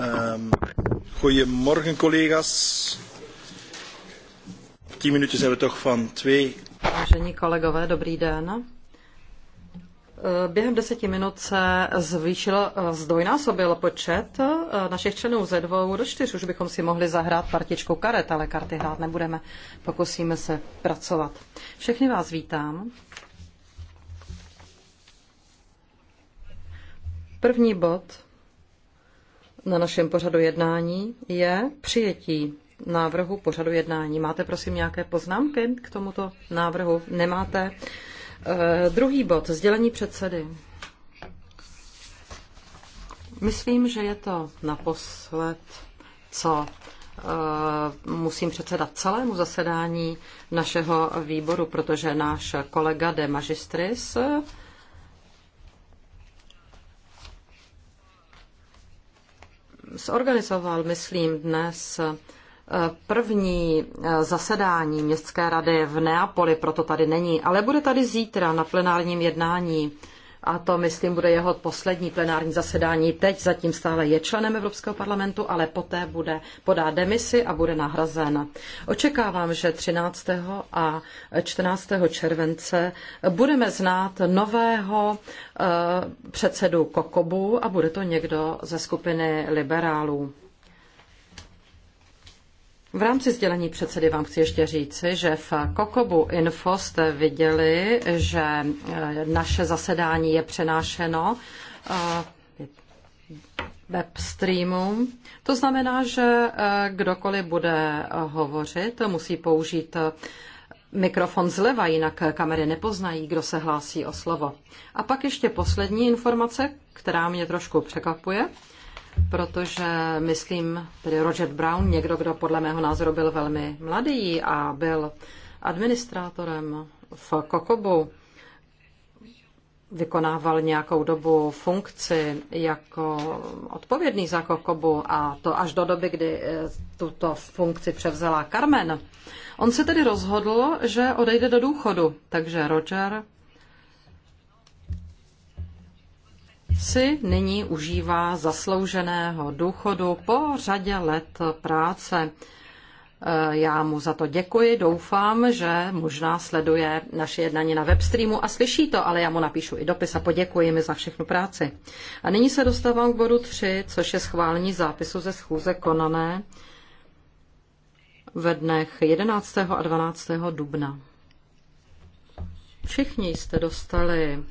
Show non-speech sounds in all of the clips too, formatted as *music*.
Um, goedemorgen collega's. Tien minuten zijn we toch van twee. Vážení kolegové, dobrý den. Eh, během deseti minut se zvýšil, eh, zdvojnásobil počet eh, našich členů ze dvou do čtyř. Už bychom si mohli zahrát partičku karet, ale karty hrát nebudeme. Pokusíme se pracovat. Všechny vás vítám. První bod na našem pořadu jednání je přijetí návrhu pořadu jednání. Máte prosím nějaké poznámky k tomuto návrhu? Nemáte? Uh, druhý bod, sdělení předsedy. Myslím, že je to naposled, co eh, musím předsedat celému zasedání našeho výboru, protože náš kolega de magistris zorganizoval, myslím, dnes eh, první eh, zasedání městské rady v Neapoli, proto tady není, ale bude tady zítra na plenárním jednání a to, myslím, bude jeho poslední plenární zasedání. Teď zatím stále je členem Evropského parlamentu, ale poté bude podá demisi a bude nahrazen. Očekávám, že 13. a 14. července budeme znát nového eh, předsedu Kokobu a bude to někdo ze skupiny liberálů. V rámci sdělení předsedy vám chci ještě říci, že v Kokobu Info jste viděli, že eh, naše zasedání je přenášeno eh, streamu. To znamená, že eh, kdokoliv bude hovořit, musí použít mikrofon zleva, jinak kamery nepoznají, kdo se hlásí o slovo. A pak ještě poslední informace, která mě trošku překvapuje protože myslím, tedy Roger Brown, někdo, kdo podle mého názoru byl velmi mladý a byl administrátorem v Kokobu, vykonával nějakou dobu funkci jako odpovědný za Kokobu a to až do doby, kdy eh, tuto funkci převzala Carmen. On se tedy rozhodl, že odejde do důchodu, takže Roger si nyní užívá zaslouženého důchodu po řadě let práce. E, já mu za to děkuji, doufám, že možná sleduje naše jednání na webstreamu a slyší to, ale já mu napíšu i dopis a poděkuji mi za všechnu práci. A nyní se dostávám k bodu 3, což je schválení zápisu ze schůze konané ve dnech 11. a 12. dubna. Všichni jste dostali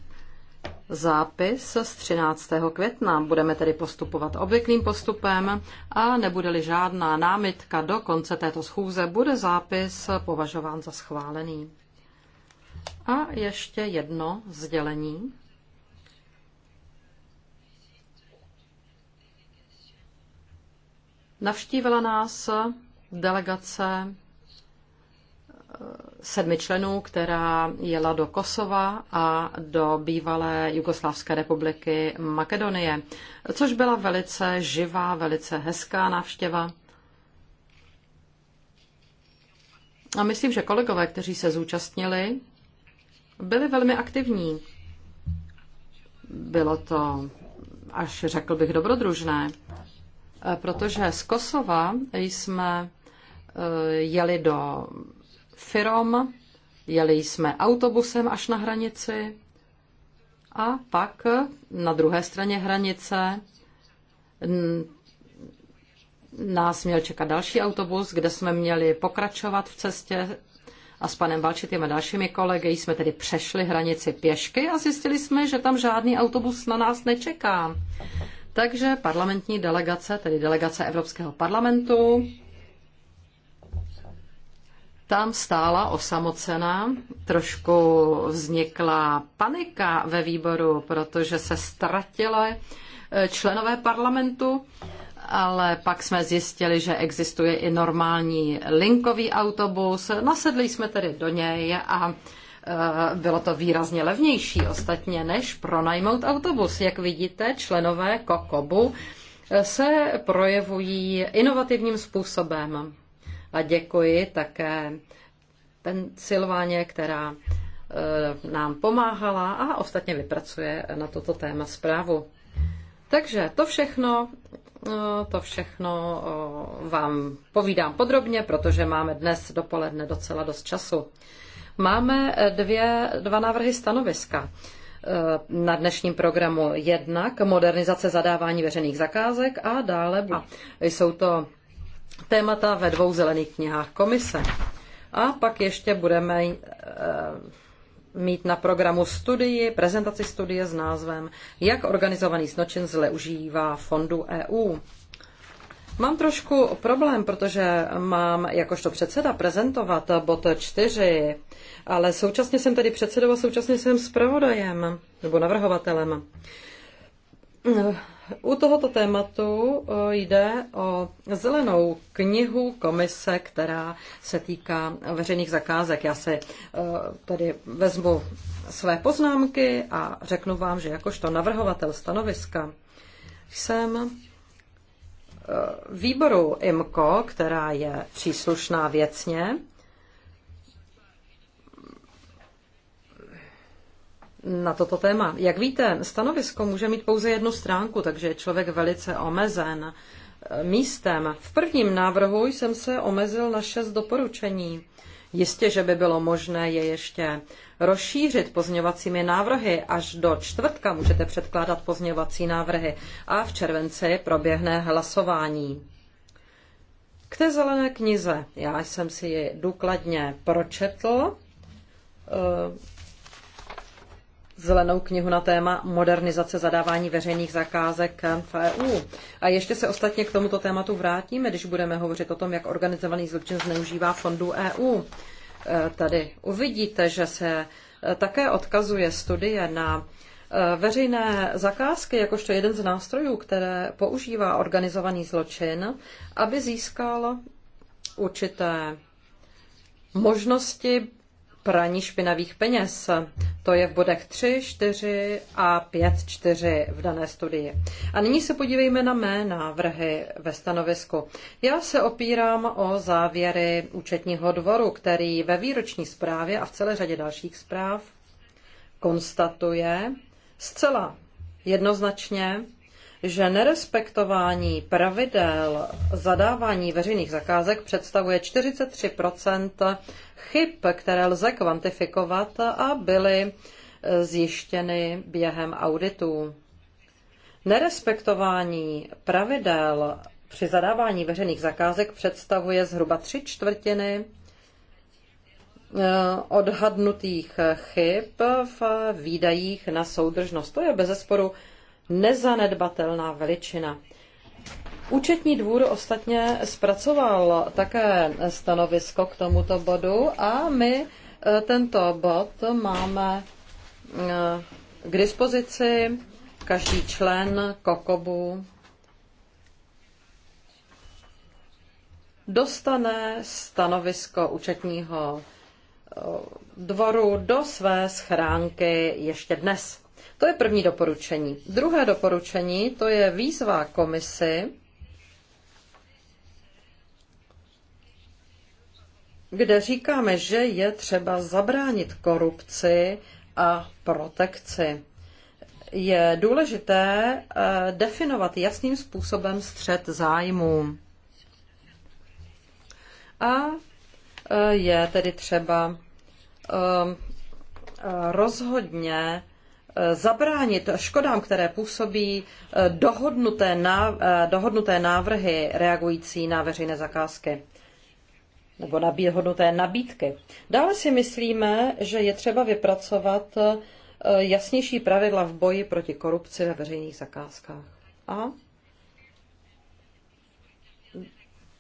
zápis z 13. května. Budeme tedy postupovat obvyklým postupem a nebude-li žádná námitka do konce této schůze, bude zápis považován za schválený. A ještě jedno sdělení. Navštívila nás delegace sedmi členů, která jela do Kosova a do bývalé Jugoslávské republiky Makedonie, což byla velice živá, velice hezká návštěva. A myslím, že kolegové, kteří se zúčastnili, byli velmi aktivní. Bylo to až řekl bych dobrodružné, protože z Kosova jsme eh, jeli do Firom jeli jsme autobusem až na hranici a pak na druhé straně hranice nás měl čekat další autobus, kde jsme měli pokračovat v cestě a s panem Balčitým a dalšími kolegy jsme tedy přešli hranici pěšky a zjistili jsme, že tam žádný autobus na nás nečeká. Takže parlamentní delegace, tedy delegace Evropského parlamentu, tam stála osamocená. Trošku vznikla panika ve výboru, protože se ztratili eh, členové parlamentu, ale pak jsme zjistili, že existuje i normální linkový autobus. Nasedli jsme tedy do něj a eh, bylo to výrazně levnější ostatně, než pronajmout autobus. Jak vidíte, členové Kokobu eh, se projevují inovativním způsobem. A děkuji také Pensylváně, která e, nám pomáhala a ostatně vypracuje na toto téma zprávu. Takže to všechno, e, to všechno e, vám povídám podrobně, protože máme dnes dopoledne docela dost času. Máme dvě, dva návrhy stanoviska na dnešním programu. Jednak modernizace zadávání veřejných zakázek a dále jsou to témata ve dvou zelených knihách komise. A pak ještě budeme eh, mít na programu studii, prezentaci studie s názvem Jak organizovaný zločin zleužívá fondu EU. Mám trošku problém, protože mám jakožto předseda prezentovat bod 4, ale současně jsem tady předsedou a současně jsem zpravodajem nebo navrhovatelem. U tohoto tématu e, jde o zelenou knihu komise, která se týká veřejných zakázek. Já si e, tady vezmu své poznámky a řeknu vám, že jakožto navrhovatel stanoviska jsem e, výboru IMCO, která je příslušná věcně, na toto téma. Jak víte, stanovisko může mít pouze jednu stránku, takže je člověk velice omezen místem. V prvním návrhu jsem se omezil na šest doporučení. Jistě, že by bylo možné je ještě rozšířit pozměňovacími návrhy. Až do čtvrtka můžete předkládat pozměňovací návrhy a v červenci proběhne hlasování. K té zelené knize. Já jsem si ji důkladně pročetl eh, zelenou knihu na téma modernizace zadávání veřejných zakázek v EU. A ještě se ostatně k tomuto tématu vrátíme, když budeme hovořit o tom, jak organizovaný zločin zneužívá fondů EU. E, tady uvidíte, že se e, také odkazuje studie na e, veřejné zakázky jakožto jeden z nástrojů, které používá organizovaný zločin, aby získal určité možnosti praní špinavých peněz. To je v bodech 3, 4 a 5, 4 v dané studii. A nyní se podívejme na mé návrhy ve stanovisku. Já se opírám o závěry účetního dvoru, který ve výroční zprávě a v celé řadě dalších zpráv konstatuje zcela jednoznačně, že nerespektování pravidel zadávání veřejných zakázek představuje 43 chyb, které lze kvantifikovat a byly eh, zjištěny během auditů. Nerespektování pravidel při zadávání veřejných zakázek představuje zhruba tři čtvrtiny eh, odhadnutých chyb v výdajích na soudržnost. To je bezesporu nezanedbatelná veličina. Účetní dvůr ostatně zpracoval také stanovisko k tomuto bodu a my e, tento bod máme e, k dispozici každý člen Kokobu dostane stanovisko účetního e, dvoru do své schránky ještě dnes. To je první doporučení. Druhé doporučení to je výzva komisi, kde říkáme, že je třeba zabránit korupci a protekci. Je důležité eh, definovat jasným způsobem střed zájmů. A eh, je tedy třeba eh, rozhodně Eh, zabránit škodám, které působí eh, dohodnuté, eh, dohodnuté návrhy reagující na veřejné zakázky nebo dohodnuté nabídky. Dále si myslíme, že je třeba vypracovat jasnější pravidla v boji proti korupci ve veřejných zakázkách. A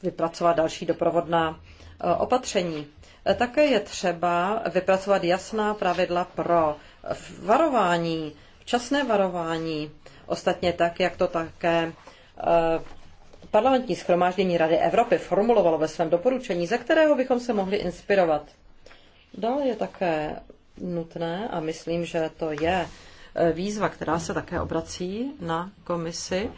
vypracovat další doprovodná opatření. Také je třeba vypracovat jasná pravidla pro varování, včasné varování, ostatně tak, jak to také eh, parlamentní schromáždění Rady Evropy formulovalo ve svém doporučení, ze kterého bychom se mohli inspirovat. Dále je také nutné, a myslím, že to je eh, výzva, která se také obrací na komisi,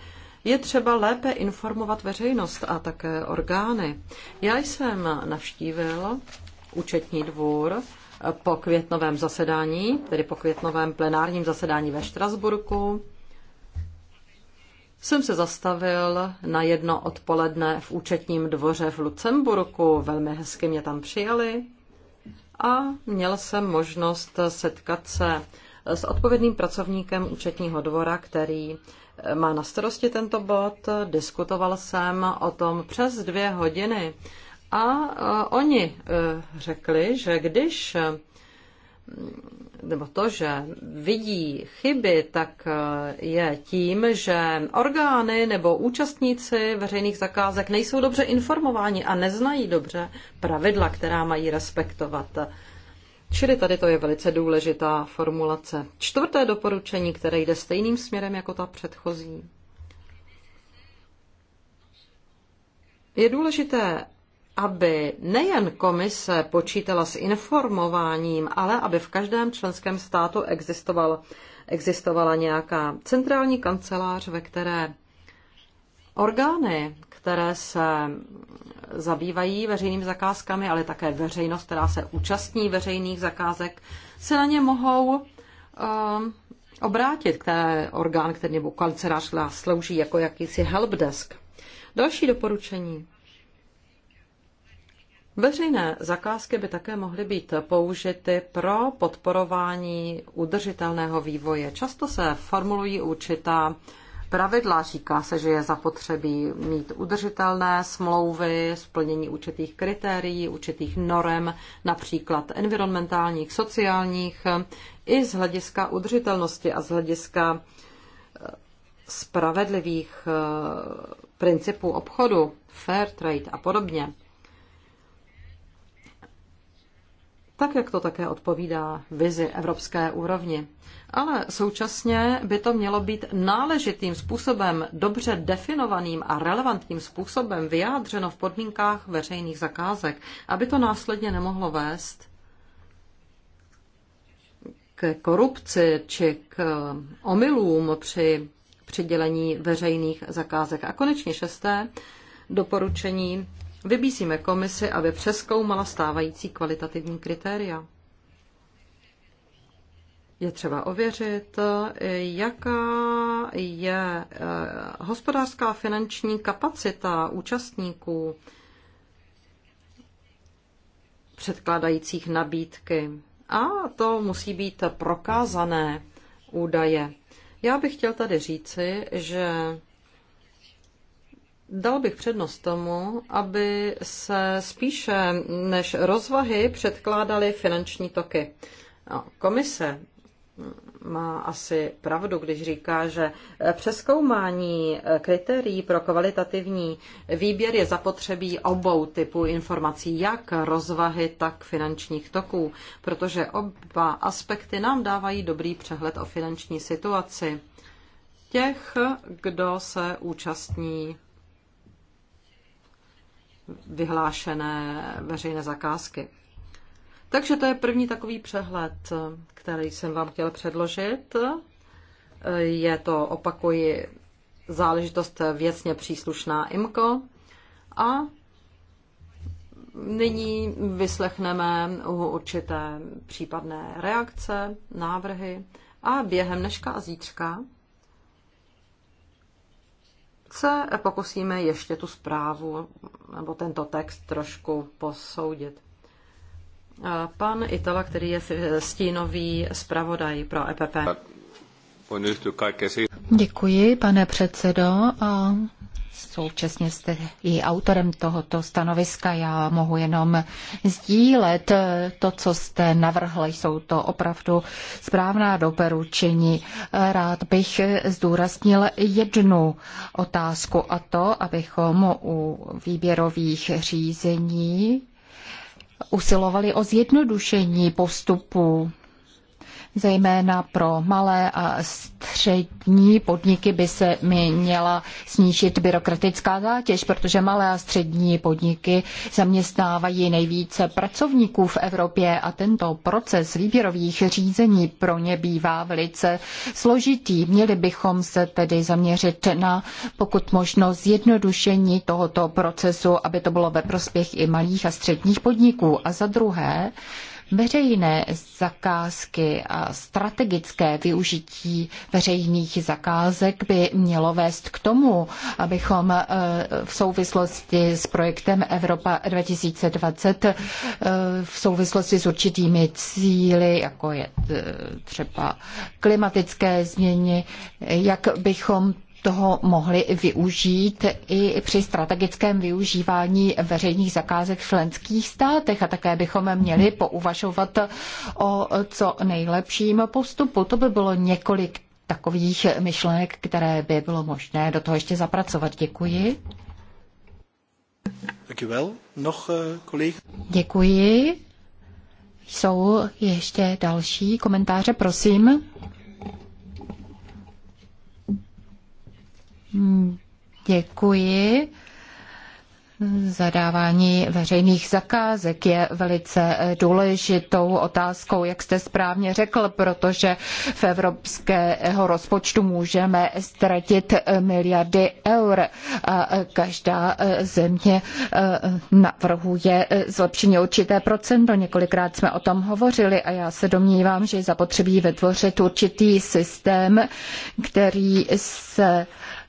je třeba lépe informovat veřejnost a také orgány. Já jsem navštívil účetní dvůr po květnovém zasedání, tedy po květnovém plenárním zasedání ve Štrasburku, jsem se zastavil na jedno odpoledne v účetním dvoře v Lucemburku. Velmi hezky mě tam přijali a měl jsem možnost setkat se s odpovědným pracovníkem účetního dvora, který eh, má na starosti tento bod. Diskutoval jsem o tom přes dvě hodiny a e, oni e, řekli, že když e, nebo to, že vidí chyby, tak je tím, že orgány nebo účastníci veřejných zakázek nejsou dobře informováni a neznají dobře pravidla, která mají respektovat. Čili tady to je velice důležitá formulace. Čtvrté doporučení, které jde stejným směrem jako ta předchozí. Je důležité aby nejen komise počítala s informováním, ale aby v každém členském státu existoval, existovala nějaká centrální kancelář, ve které orgány, které se zabývají veřejnými zakázkami, ale také veřejnost, která se účastní veřejných zakázek, se na ně mohou uh, obrátit, které orgán, který nebo kancelář slouží jako jakýsi helpdesk. Další doporučení. Veřejné zakázky by také mohly být použity pro podporování udržitelného vývoje. Často se formulují určitá pravidla. Říká se, že je zapotřebí mít udržitelné smlouvy, splnění určitých kritérií, určitých norem, například environmentálních, sociálních, i z hlediska udržitelnosti a z hlediska eh, spravedlivých eh, principů obchodu, fair trade a podobně. tak jak to také odpovídá vizi evropské úrovni. Ale současně by to mělo být náležitým způsobem, dobře definovaným a relevantním způsobem vyjádřeno v podmínkách veřejných zakázek, aby to následně nemohlo vést k korupci či k eh, omylům při přidělení veřejných zakázek. A konečně šesté doporučení Vybízíme komisi, aby přeskoumala stávající kvalitativní kritéria. Je třeba ověřit, jaká je eh, hospodářská a finanční kapacita účastníků předkládajících nabídky. A to musí být prokázané údaje. Já bych chtěl tady říci, že Dal bych přednost tomu, aby se spíše než rozvahy předkládaly finanční toky. No, komise má asi pravdu, když říká, že přeskoumání kritérií pro kvalitativní výběr je zapotřebí obou typů informací, jak rozvahy, tak finančních toků, protože oba aspekty nám dávají dobrý přehled o finanční situaci těch, kdo se účastní vyhlášené veřejné zakázky. Takže to je první takový přehled, který jsem vám chtěl předložit. Je to, opakuji, záležitost věcně příslušná IMCO a nyní vyslechneme určité případné reakce, návrhy a během dneška a zítřka se pokusíme ještě tu zprávu nebo tento text trošku posoudit. Pan Itala, který je stínový zpravodaj pro EPP. Děkuji, pane předsedo, a Současně jste i autorem tohoto stanoviska. Já mohu jenom sdílet eh, to, co jste navrhli, Jsou to opravdu správná doporučení. Eh, rád bych eh, zdůraznil jednu otázku a to, abychom u výběrových řízení usilovali o zjednodušení postupu Zejména pro malé a střední podniky by se měla snížit byrokratická zátěž, protože malé a střední podniky zaměstnávají nejvíce pracovníků v Evropě a tento proces výběrových řízení pro ně bývá velice složitý. Měli bychom se tedy zaměřit na pokud možno zjednodušení tohoto procesu, aby to bylo ve prospěch i malých a středních podniků. A za druhé, Veřejné zakázky a strategické využití veřejných zakázek by mělo vést k tomu, abychom eh, v souvislosti s projektem Evropa 2020 eh, v souvislosti s určitými cíly, jako je eh, třeba klimatické změny, jak bychom toho mohli využít i při strategickém využívání veřejných zakázek v členských státech a také bychom měli pouvažovat o co nejlepším postupu. To by bylo několik takových myšlenek, které by bylo možné do toho ještě zapracovat. Děkuji. Eh, Děkuji. Jsou ještě další komentáře, prosím. Hmm, děkuji. Zadávání veřejných zakázek je velice důležitou otázkou, jak jste správně řekl, protože v evropského rozpočtu můžeme ztratit miliardy eur. A každá země navrhuje zlepšení určité procento. Několikrát jsme o tom hovořili a já se domnívám, že je zapotřebí vytvořit určitý systém, který se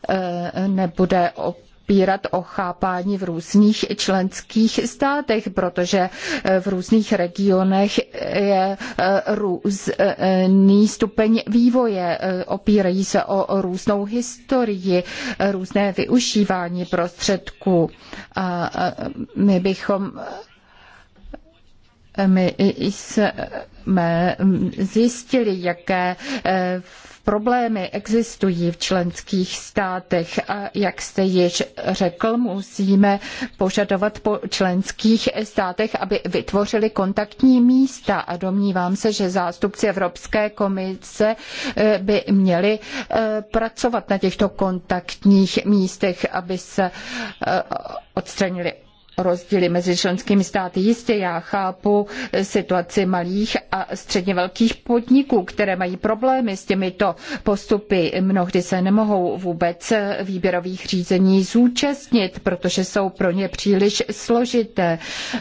Eh, nebude opírat o chápání v různých členských státech, protože eh, v různých regionech je eh, různý stupeň vývoje. Opírají se o různou historii, různé využívání prostředků. A my bychom my jsme zjistili, jaké Problémy existují v členských státech a jak jste již řekl, musíme požadovat po členských státech, aby vytvořili kontaktní místa a domnívám se, že zástupci Evropské komise eh, by měli eh, pracovat na těchto kontaktních místech, aby se eh, odstranili rozdíly mezi členskými státy. Jistě já chápu situaci malých a středně velkých podniků, které mají problémy s těmito postupy. Mnohdy se nemohou vůbec výběrových řízení zúčastnit, protože jsou pro ně příliš složité.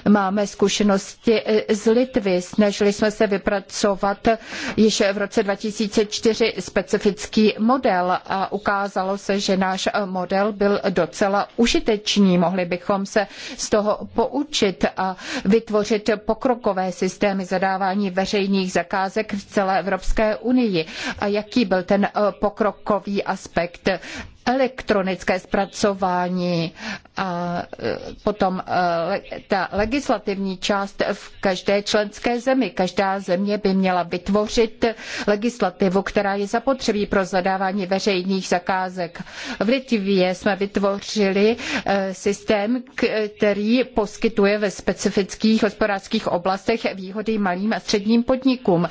Máme zkušenosti z Litvy. Snažili jsme se vypracovat již v roce 2004 specifický model a ukázalo se, že náš model byl docela užitečný. Mohli bychom se z toho poučit a vytvořit pokrokové systémy zadávání veřejných zakázek v celé Evropské unii. A jaký byl ten eh, pokrokový aspekt? elektronické zpracování a e, potom e, ta legislativní část v každé členské zemi. Každá země by měla vytvořit legislativu, která je zapotřebí pro zadávání veřejných zakázek. V Litvě jsme vytvořili e, systém, který poskytuje ve specifických hospodářských oblastech výhody malým a středním podnikům.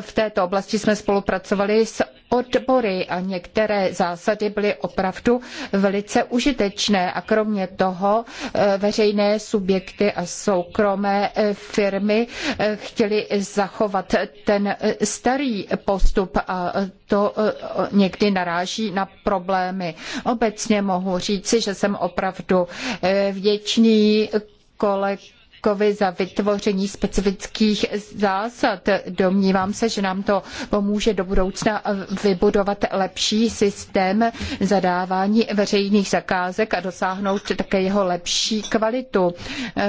V této oblasti jsme spolupracovali s odbory a některé zásady byly opravdu velice užitečné a kromě toho eh, veřejné subjekty a soukromé eh, firmy eh, chtěly zachovat ten starý postup a to někdy naráží na problémy. Obecně mohu říci, že jsem opravdu vděčný koleg Buzkovi za vytvoření specifických zásad. Domnívám se, že nám to pomůže do budoucna vybudovat lepší systém zadávání veřejných zakázek a dosáhnout také jeho lepší kvalitu.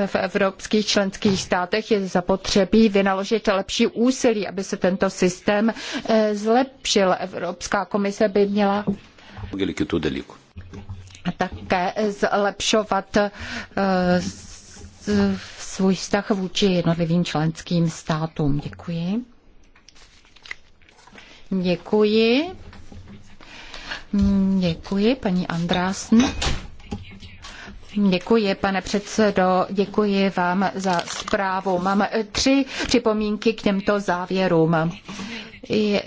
V evropských členských státech je zapotřebí vynaložit lepší úsilí, aby se tento systém eh, zlepšil. Evropská komise by měla také zlepšovat eh, svůj vztah vůči jednotlivým členským státům. Děkuji. Děkuji. Děkuji, paní Andrásn. Děkuji, pane předsedo, děkuji vám za zprávu. Mám tři připomínky k těmto závěrům. Je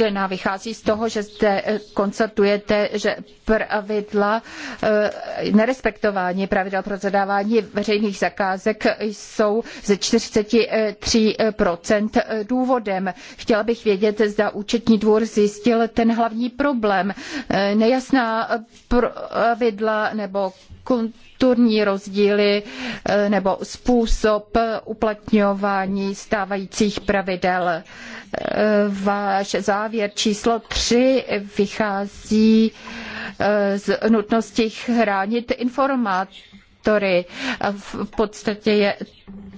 ten Vychází z toho, že zde eh, konstatujete, že pravidla eh, nerespektování pravidel pro zadávání veřejných zakázek jsou ze 43% eh, důvodem. Chtěla bych vědět, zda účetní dvůr zjistil ten hlavní problém. Nejasná pravidla nebo kontrola strukturní rozdíly eh, nebo způsob uplatňování stávajících pravidel. Eh, váš závěr číslo 3 vychází eh, z nutnosti chránit informátory. V podstatě je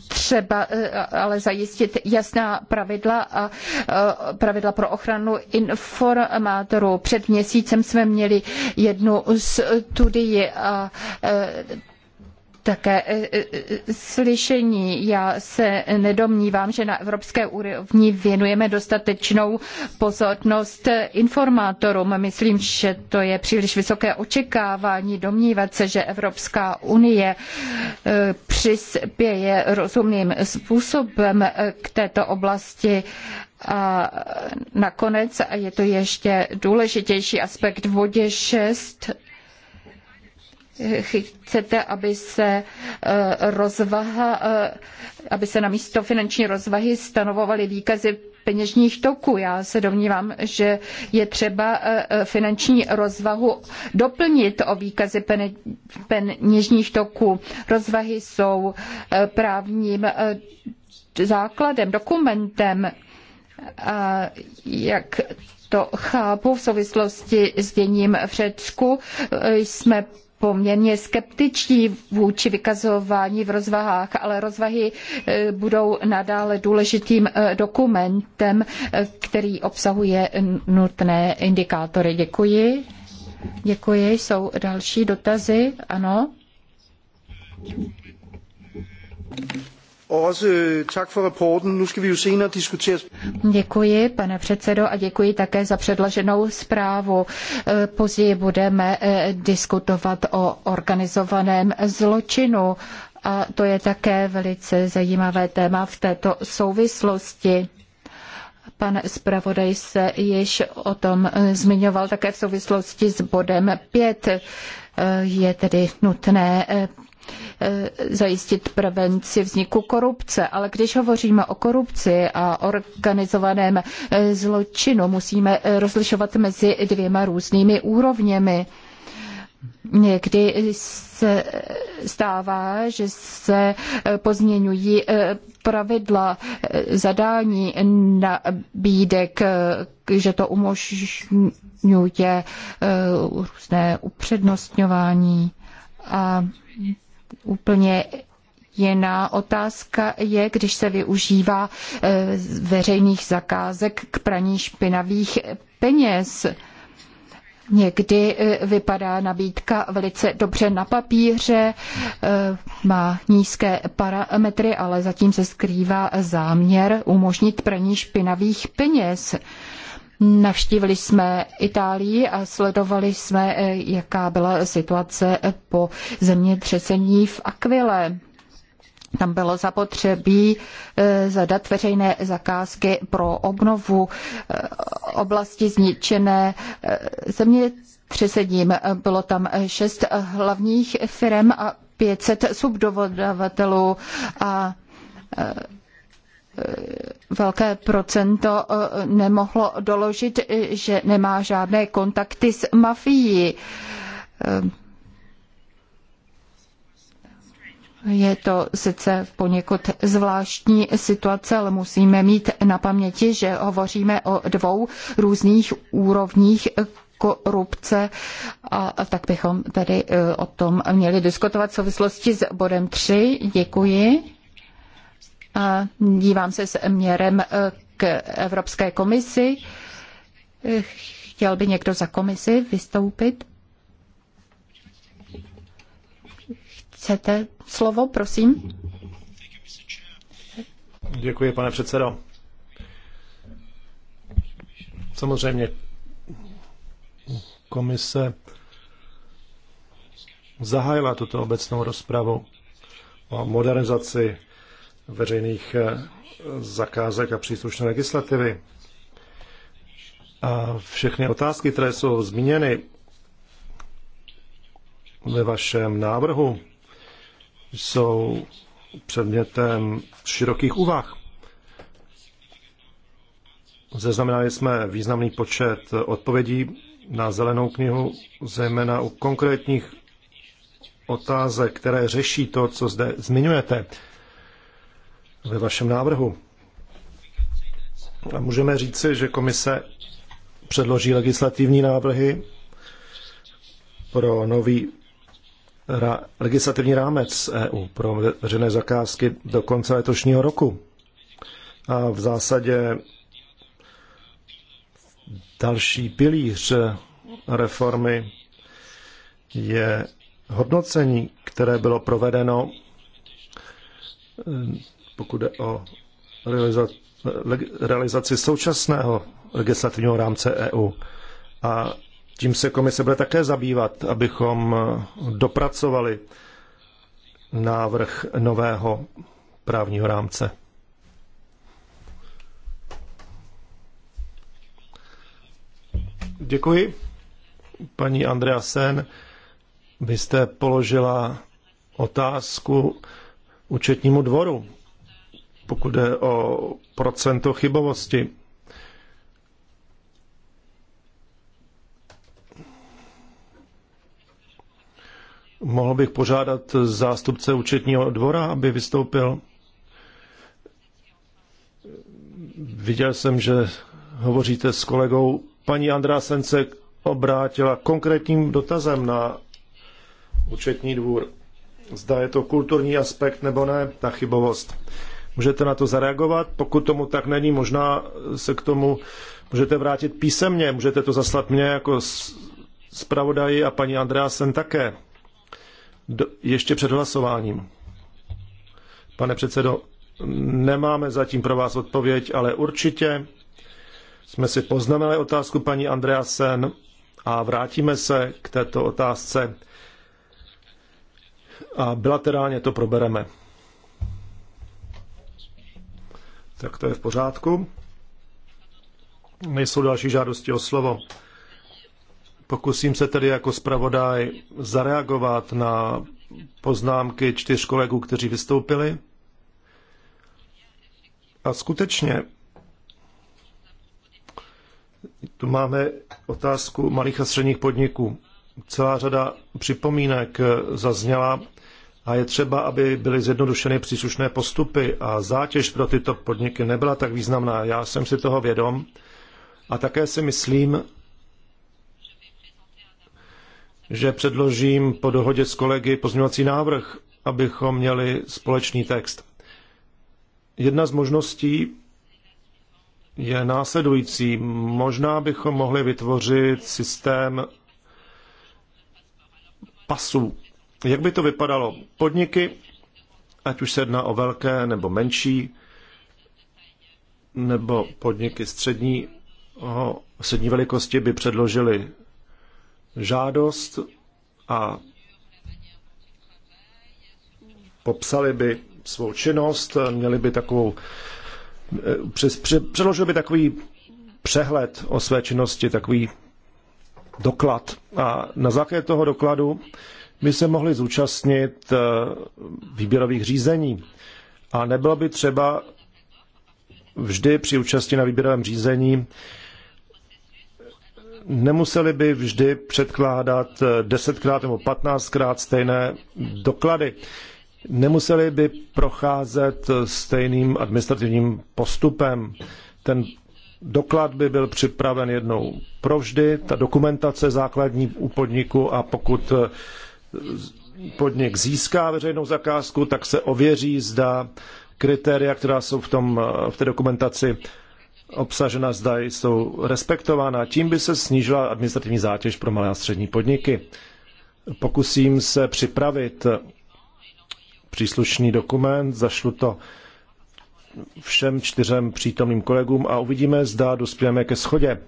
třeba eh, ale zajistit jasná pravidla a eh, pravidla pro ochranu informátorů. Před měsícem jsme měli jednu studii a eh, také e, e, e, slyšení. Já se nedomnívám, že na evropské úrovni věnujeme dostatečnou pozornost informátorům. Myslím, že to je příliš vysoké očekávání domnívat se, že Evropská unie přispěje rozumným způsobem k této oblasti a nakonec, a je to ještě důležitější aspekt v bodě 6, chcete, aby se eh, rozvaha, eh, aby se na místo finanční rozvahy stanovovaly výkazy peněžních toků. Já se domnívám, že je třeba eh, finanční rozvahu doplnit o výkazy peněžních toků. Rozvahy jsou právním základem, dokumentem, a jak to chápu v souvislosti s děním v Řecku, jsme poměrně skeptičtí vůči vykazování v rozvahách, ale rozvahy e, budou nadále důležitým e, dokumentem, e, který obsahuje nutné indikátory. Děkuji. Děkuji. Jsou další dotazy? Ano. Øh, děkuji, pane předsedo, a děkuji také za předloženou zprávu. E, později budeme e, diskutovat o organizovaném zločinu. A to je také velice zajímavé téma v této souvislosti. Pan zpravodaj se již o tom e, zmiňoval také v souvislosti s bodem 5. Je tedy nutné Eh, zajistit prevenci vzniku korupce. Ale když hovoříme o korupci a organizovaném eh, zločinu, musíme eh, rozlišovat mezi dvěma různými úrovněmi. Někdy se stává, že se pozměňují pravidla zadání nabídek, že to umožňuje různé upřednostňování. A úplně Jiná otázka je, když se využívá eh, veřejných zakázek k praní špinavých peněz. Někdy eh, vypadá nabídka velice dobře na papíře, eh, má nízké parametry, ale zatím se skrývá záměr umožnit praní špinavých peněz. Navštívili jsme Itálii a sledovali jsme, eh, jaká byla situace po zemětřesení v Aquile. Tam bylo zapotřebí eh, zadat veřejné zakázky pro obnovu eh, oblasti zničené zemětřesením. Bylo tam šest hlavních firm a 500 subdodavatelů a Eh, velké procento eh, nemohlo doložit, eh, že nemá žádné kontakty s mafií. Je to sice poněkud zvláštní situace, ale musíme mít na paměti, že hovoříme o dvou různých úrovních korupce a tak bychom tedy o tom měli diskutovat v souvislosti s bodem 3. Děkuji. A dívám se směrem eh, k Evropské komisi. Chtěl by někdo za komisi vystoupit? Chcete slovo, prosím? Děkuji, pane předsedo. Samozřejmě komise zahájila tuto obecnou rozpravu o modernizaci veřejných eh, zakázek a příslušné legislativy. A všechny otázky, které jsou zmíněny ve vašem návrhu, jsou předmětem širokých úvah. Zeznamenali jsme významný počet odpovědí na zelenou knihu, zejména u konkrétních otázek, které řeší to, co zde zmiňujete ve vašem návrhu. A můžeme říci, že komise předloží legislativní návrhy pro nový ra- legislativní rámec EU pro veřejné zakázky do konce letošního roku. A v zásadě další pilíř reformy je hodnocení, které bylo provedeno pokud jde o realizaci současného legislativního rámce EU. A tím se komise bude také zabývat, abychom dopracovali návrh nového právního rámce. Děkuji. Paní Andreasen, vy jste položila otázku účetnímu dvoru pokud jde o procento chybovosti. Mohl bych požádat zástupce účetního dvora, aby vystoupil. Viděl jsem, že hovoříte s kolegou. Paní Andrásen se obrátila konkrétním dotazem na účetní dvůr. Zda je to kulturní aspekt nebo ne, ta chybovost. Můžete na to zareagovat? Pokud tomu tak není, možná se k tomu můžete vrátit písemně. Můžete to zaslat mě jako zpravodaji a paní Andreasen také. Do, ještě před hlasováním. Pane předsedo, nemáme zatím pro vás odpověď, ale určitě jsme si poznamenali otázku paní Andreasen a vrátíme se k této otázce a bilaterálně to probereme. Tak to je v pořádku. Nejsou další žádosti o slovo. Pokusím se tedy jako zpravodaj zareagovat na poznámky čtyř kolegů, kteří vystoupili. A skutečně tu máme otázku malých a středních podniků. Celá řada připomínek zazněla a je třeba, aby byly zjednodušeny příslušné postupy a zátěž pro tyto podniky nebyla tak významná. Já jsem si toho vědom a také si myslím, že předložím po dohodě s kolegy pozměňovací návrh, abychom měli společný text. Jedna z možností je následující. Možná bychom mohli vytvořit systém pasů jak by to vypadalo? Podniky, ať už se jedná o velké nebo menší, nebo podniky střední, střední velikosti by předložili žádost a popsali by svou činnost, měli by takovou, eh, předložil by takový přehled o své činnosti, takový doklad. A na základě toho dokladu by se mohli zúčastnit eh, výběrových řízení. A nebylo by třeba vždy při účasti na výběrovém řízení nemuseli by vždy předkládat eh, desetkrát nebo patnáctkrát stejné doklady. Nemuseli by procházet eh, stejným administrativním postupem. Ten doklad by byl připraven jednou provždy, ta dokumentace základní u podniku a pokud podnik získá veřejnou zakázku, tak se ověří, zda kritéria, která jsou v, tom, v té dokumentaci obsažena, zda jsou respektována. Tím by se snížila administrativní zátěž pro malé a střední podniky. Pokusím se připravit příslušný dokument, zašlu to všem čtyřem přítomným kolegům a uvidíme, zda dospějeme ke shodě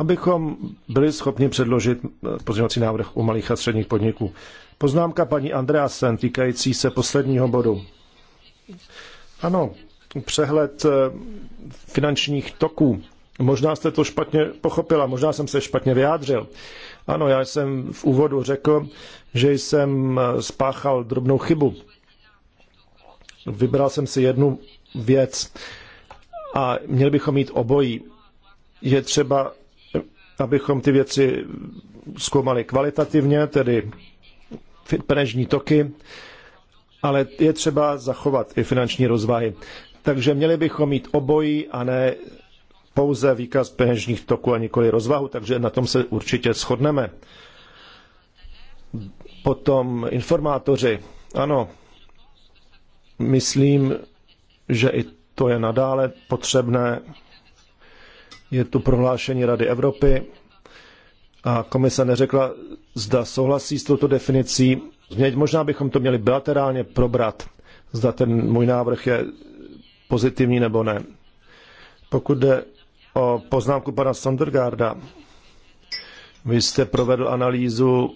abychom byli schopni předložit eh, pozměňovací návrh u malých a středních podniků. Poznámka paní Andreasen týkající se posledního bodu. Ano, přehled eh, finančních toků. Možná jste to špatně pochopila, možná jsem se špatně vyjádřil. Ano, já jsem v úvodu řekl, že jsem eh, spáchal drobnou chybu. Vybral jsem si jednu věc a měli bychom mít obojí. Je třeba abychom ty věci zkoumali kvalitativně, tedy peněžní toky, ale je třeba zachovat i finanční rozvahy. Takže měli bychom mít obojí a ne pouze výkaz peněžních toků a nikoli rozvahu, takže na tom se určitě shodneme. Potom informátoři. Ano, myslím, že i to je nadále potřebné je tu prohlášení Rady Evropy a komise neřekla, zda souhlasí s touto definicí. Změnit možná bychom to měli bilaterálně probrat, zda ten můj návrh je pozitivní nebo ne. Pokud jde o poznámku pana Sondergarda, vy jste provedl analýzu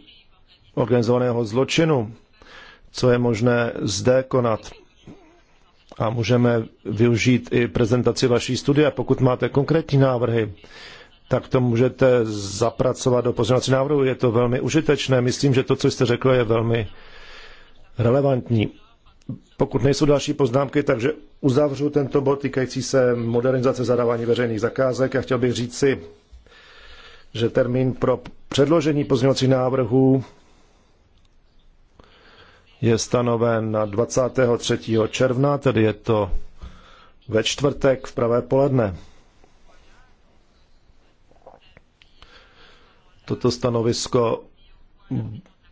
organizovaného zločinu, co je možné zde konat a můžeme využít i prezentaci vaší studie. Pokud máte konkrétní návrhy, tak to můžete zapracovat do pozornosti návrhu. Je to velmi užitečné. Myslím, že to, co jste řekl, je velmi relevantní. Pokud nejsou další poznámky, takže uzavřu tento bod týkající se modernizace zadávání veřejných zakázek. Já chtěl bych říci, že termín pro předložení pozměňovacích návrhů je stanoven na 23. června, tedy je to ve čtvrtek v pravé poledne. Toto stanovisko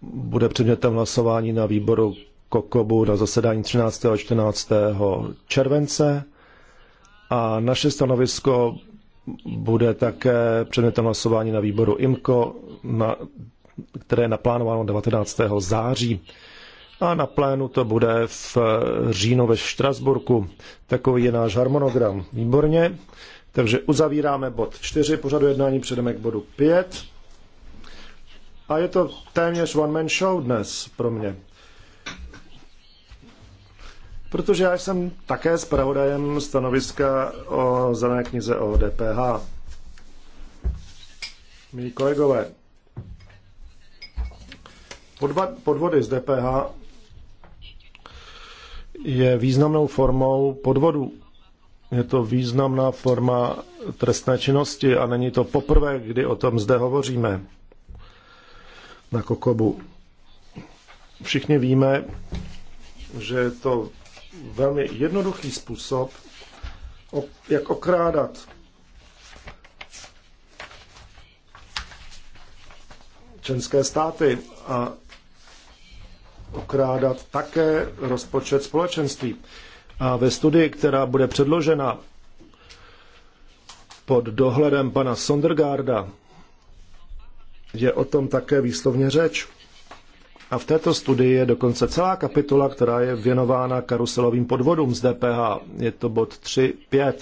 bude předmětem hlasování na výboru Kokobu na zasedání 13. a 14. července a naše stanovisko bude také předmětem hlasování na výboru IMKO, na, které je naplánováno 19. září a na plénu to bude v říjnu ve Štrasburku. Takový je náš harmonogram. Výborně. Takže uzavíráme bod 4 pořadu jednání, předeme k bodu 5. A je to téměř one-man show dnes pro mě. Protože já jsem také zpravodajem stanoviska o zelené knize o DPH. Milí kolegové, podvody z DPH je významnou formou podvodu. Je to významná forma trestné činnosti a není to poprvé, kdy o tom zde hovoříme na Kokobu. Všichni víme, že je to velmi jednoduchý způsob, jak okrádat členské státy a okrádat také rozpočet společenství. A ve studii, která bude předložena pod dohledem pana Sondergarda, je o tom také výslovně řeč. A v této studii je dokonce celá kapitola, která je věnována karuselovým podvodům z DPH. Je to bod 3.5.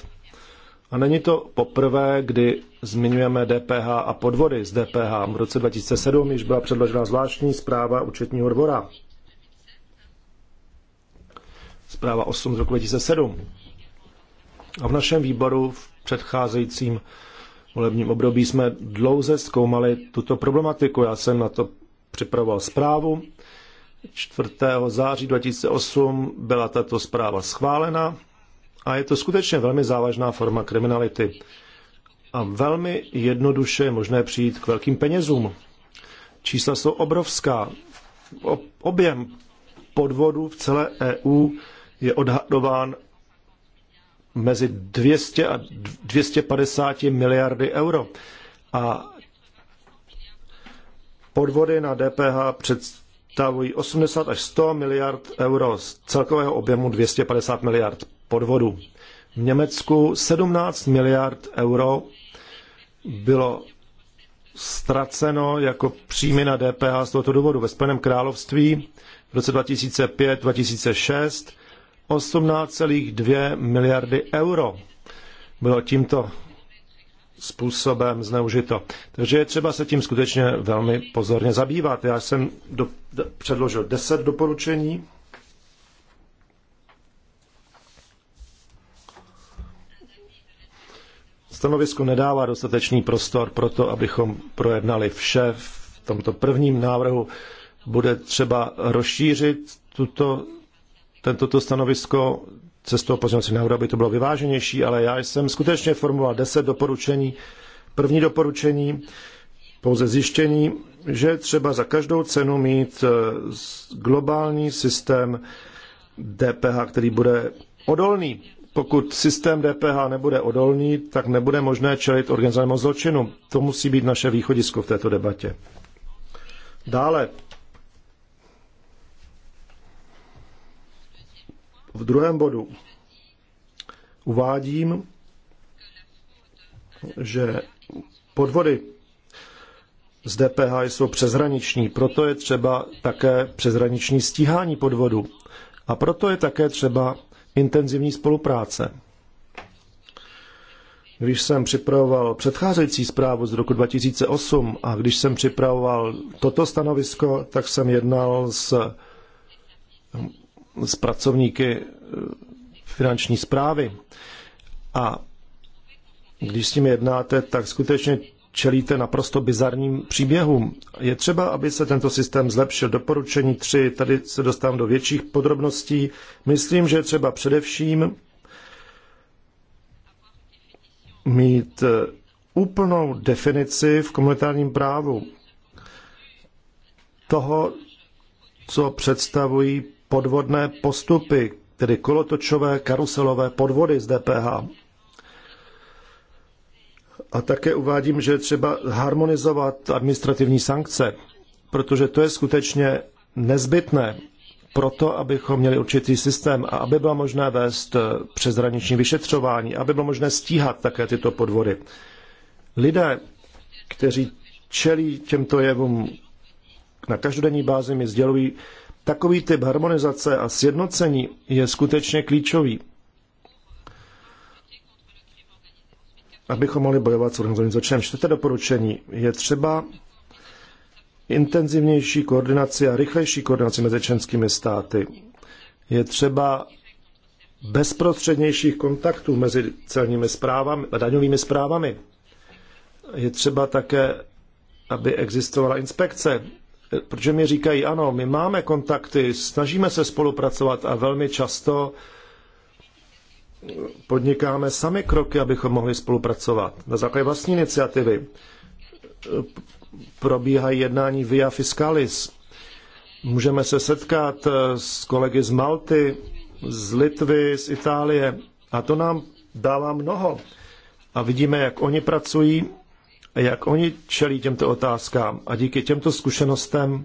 A není to poprvé, kdy zmiňujeme DPH a podvody z DPH. V roce 2007 již byla předložena zvláštní zpráva účetního dvora zpráva 8 z roku 2007. A v našem výboru v předcházejícím volebním období jsme dlouze zkoumali tuto problematiku. Já jsem na to připravoval zprávu. 4. září 2008 byla tato zpráva schválena a je to skutečně velmi závažná forma kriminality. A velmi jednoduše je možné přijít k velkým penězům. Čísla jsou obrovská. Objem podvodu v celé EU je odhadován mezi 200 a 250 miliardy euro. A podvody na DPH představují 80 až 100 miliard euro z celkového objemu 250 miliard podvodů. V Německu 17 miliard euro bylo ztraceno jako příjmy na DPH z tohoto důvodu. Ve Spojeném království v roce 2005-2006 18,2 miliardy euro bylo tímto způsobem zneužito. Takže je třeba se tím skutečně velmi pozorně zabývat. Já jsem do, do, předložil 10 doporučení. Stanovisko nedává dostatečný prostor pro to, abychom projednali vše v tomto prvním návrhu. Bude třeba rozšířit tuto tento stanovisko cestou pozornosti na aby to bylo vyváženější, ale já jsem skutečně formuloval deset doporučení. První doporučení, pouze zjištění, že třeba za každou cenu mít eh, globální systém DPH, který bude odolný. Pokud systém DPH nebude odolný, tak nebude možné čelit organizovanému zločinu. To musí být naše východisko v této debatě. Dále V druhém bodu uvádím, že podvody z DPH jsou přezhraniční, proto je třeba také přezhraniční stíhání podvodu a proto je také třeba intenzivní spolupráce. Když jsem připravoval předcházející zprávu z roku 2008 a když jsem připravoval toto stanovisko, tak jsem jednal s s pracovníky eh, finanční zprávy. A když s tím jednáte, tak skutečně čelíte naprosto bizarním příběhům. Je třeba, aby se tento systém zlepšil. Doporučení 3, tady se dostávám do větších podrobností. Myslím, že je třeba především mít eh, úplnou definici v komunitárním právu toho, co představují podvodné postupy, tedy kolotočové, karuselové podvody z DPH. A také uvádím, že je třeba harmonizovat administrativní sankce, protože to je skutečně nezbytné proto, abychom měli určitý systém a aby bylo možné vést eh, přeshraniční vyšetřování, aby bylo možné stíhat také tyto podvody. Lidé, kteří čelí těmto jevům na každodenní bázi, mi sdělují, Takový typ harmonizace a sjednocení je skutečně klíčový. Abychom mohli bojovat s organizovaným zločinem. Čtvrté doporučení je třeba intenzivnější koordinaci a rychlejší koordinaci mezi členskými státy. Je třeba bezprostřednějších kontaktů mezi celními zprávami a daňovými zprávami. Je třeba také, aby existovala inspekce protože mi říkají, ano, my máme kontakty, snažíme se spolupracovat a velmi často podnikáme sami kroky, abychom mohli spolupracovat. Na základě vlastní iniciativy probíhají jednání via fiscalis. Můžeme se setkat s kolegy z Malty, z Litvy, z Itálie a to nám dává mnoho. A vidíme, jak oni pracují jak oni čelí těmto otázkám. A díky těmto zkušenostem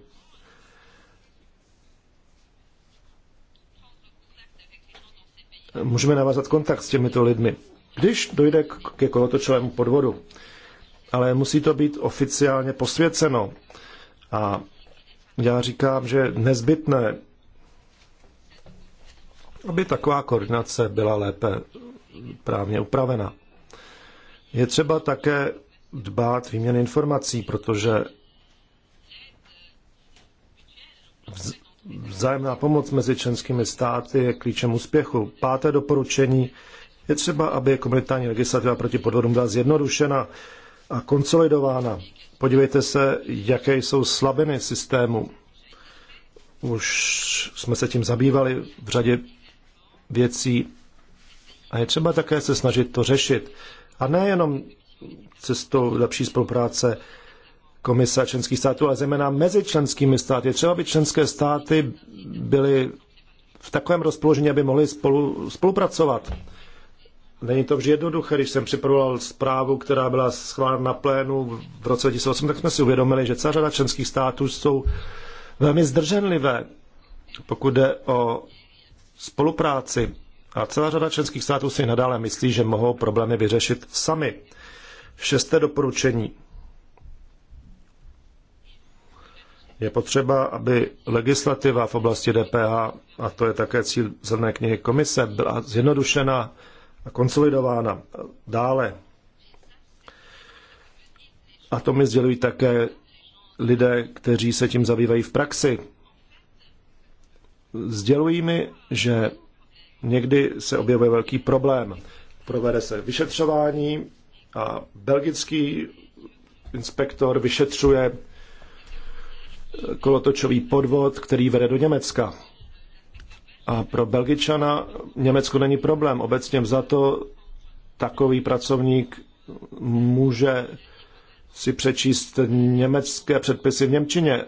můžeme navázat kontakt s těmito lidmi. Když dojde ke kolotočovému podvodu, ale musí to být oficiálně posvěceno. A já říkám, že nezbytné, aby taková koordinace byla lépe právně upravena. Je třeba také dbát výměny informací, protože vzájemná pomoc mezi členskými státy je klíčem úspěchu. Páté doporučení je třeba, aby komunitární legislativa proti podvodům byla zjednodušena a konsolidována. Podívejte se, jaké jsou slabiny systému. Už jsme se tím zabývali v řadě věcí a je třeba také se snažit to řešit. A nejenom cestou lepší spolupráce komise a členských států, ale zejména mezi členskými státy. Třeba by členské státy byly v takovém rozpoložení, aby mohly spolu, spolupracovat. Není to vždy jednoduché. Když jsem připravoval zprávu, která byla schválena na plénu v roce 2008, tak jsme si uvědomili, že celá řada členských států jsou velmi zdrženlivé, pokud jde o spolupráci. A celá řada členských států si nadále myslí, že mohou problémy vyřešit sami. Šesté doporučení. Je potřeba, aby legislativa v oblasti DPH, a to je také cíl zelené knihy komise, byla zjednodušena a konsolidována dále. A to mi sdělují také lidé, kteří se tím zabývají v praxi. Sdělují mi, že někdy se objevuje velký problém. Provede se vyšetřování, a belgický inspektor vyšetřuje eh, kolotočový podvod, který vede do Německa. A pro Belgičana Německo není problém. Obecně za to takový pracovník může si přečíst německé předpisy v Němčině.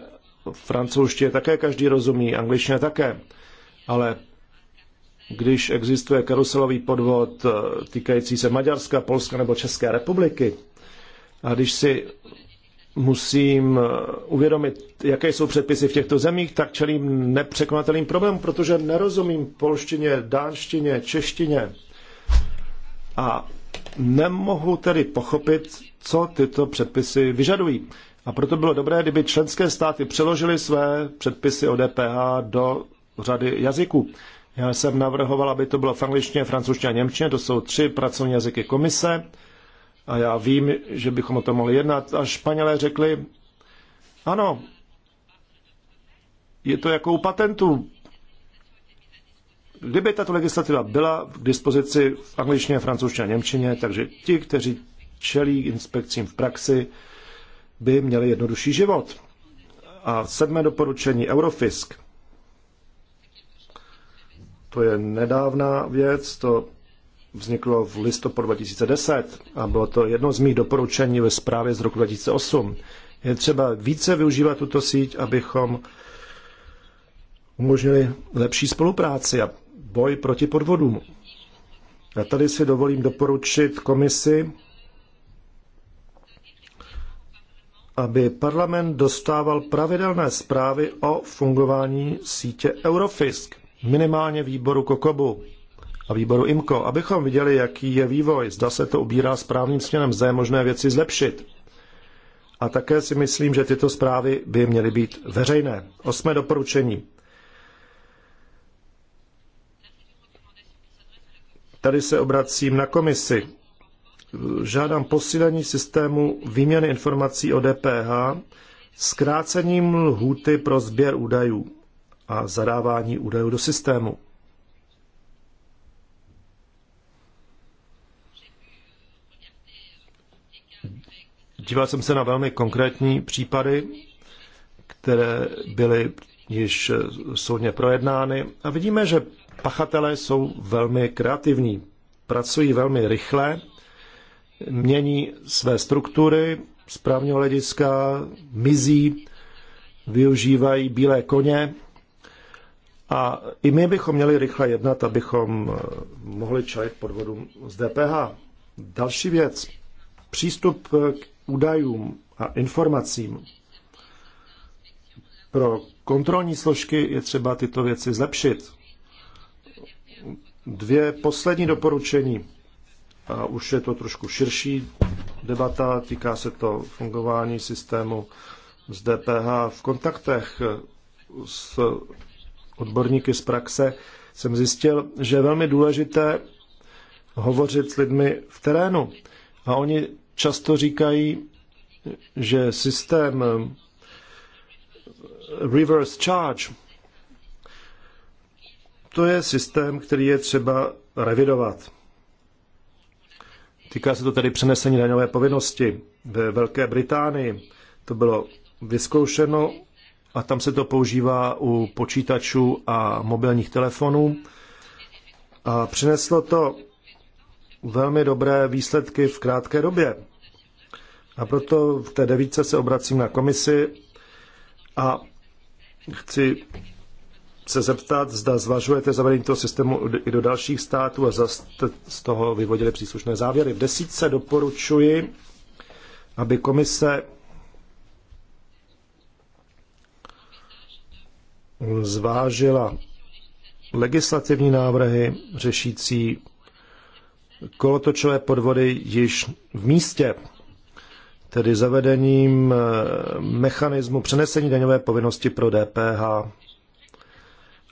Francouzštině také každý rozumí, angličtině také. Ale když existuje karuselový podvod eh, týkající se Maďarska, Polska nebo České republiky, a když si musím eh, uvědomit, jaké jsou předpisy v těchto zemích, tak čelím nepřekonatelným problémům, protože nerozumím polštině, dánštině, češtině. A nemohu tedy pochopit, co tyto předpisy vyžadují. A proto bylo dobré, kdyby členské státy přeložily své předpisy o DPH do řady jazyků. Já jsem navrhoval, aby to bylo v angličtině, francouzštině a němčině, to jsou tři pracovní jazyky komise. A já vím, že bychom o tom mohli jednat. A Španělé řekli, ano, je to jako u patentů. Kdyby tato legislativa byla k dispozici v angličtině, francouzštině a němčině, takže ti, kteří čelí inspekcím v praxi, by měli jednodušší život. A sedmé doporučení Eurofisk – to je nedávná věc, to vzniklo v listopadu 2010 a bylo to jedno z mých doporučení ve zprávě z roku 2008. Je třeba více využívat tuto síť, abychom umožnili lepší spolupráci a boj proti podvodům. Já tady si dovolím doporučit komisi, aby parlament dostával pravidelné zprávy o fungování sítě Eurofisk – minimálně výboru Kokobu a výboru IMKO, abychom viděli, jaký je vývoj, zda se to ubírá správným směrem, zda je možné věci zlepšit. A také si myslím, že tyto zprávy by měly být veřejné. Osmé doporučení. Tady se obracím na komisi. Žádám posílení systému výměny informací o DPH, zkrácením lhůty pro sběr údajů a zadávání údajů do systému. Díval jsem se na velmi konkrétní případy, které byly již soudně projednány a vidíme, že pachatelé jsou velmi kreativní, pracují velmi rychle, mění své struktury správního hlediska, mizí, využívají bílé koně a i my bychom měli rychle jednat, abychom eh, mohli čelit podvodům z DPH. Další věc. Přístup eh, k údajům a informacím. Pro kontrolní složky je třeba tyto věci zlepšit. Dvě poslední doporučení. A už je to trošku širší debata, týká se to fungování systému z DPH v kontaktech eh, s odborníky z praxe jsem zjistil, že je velmi důležité hovořit s lidmi v terénu. A oni často říkají, že systém eh, reverse charge, to je systém, který je třeba revidovat. Týká se to tedy přenesení daňové povinnosti. Ve Velké Británii to bylo vyzkoušeno a tam se to používá u počítačů a mobilních telefonů. A přineslo to velmi dobré výsledky v krátké době. A proto v té devíce se obracím na komisi a chci se zeptat, zda zvažujete zavedení toho systému i do dalších států a z toho vyvodili příslušné závěry. V desítce doporučuji, aby komise zvážila legislativní návrhy řešící kolotočové podvody již v místě, tedy zavedením eh, mechanismu přenesení daňové povinnosti pro DPH.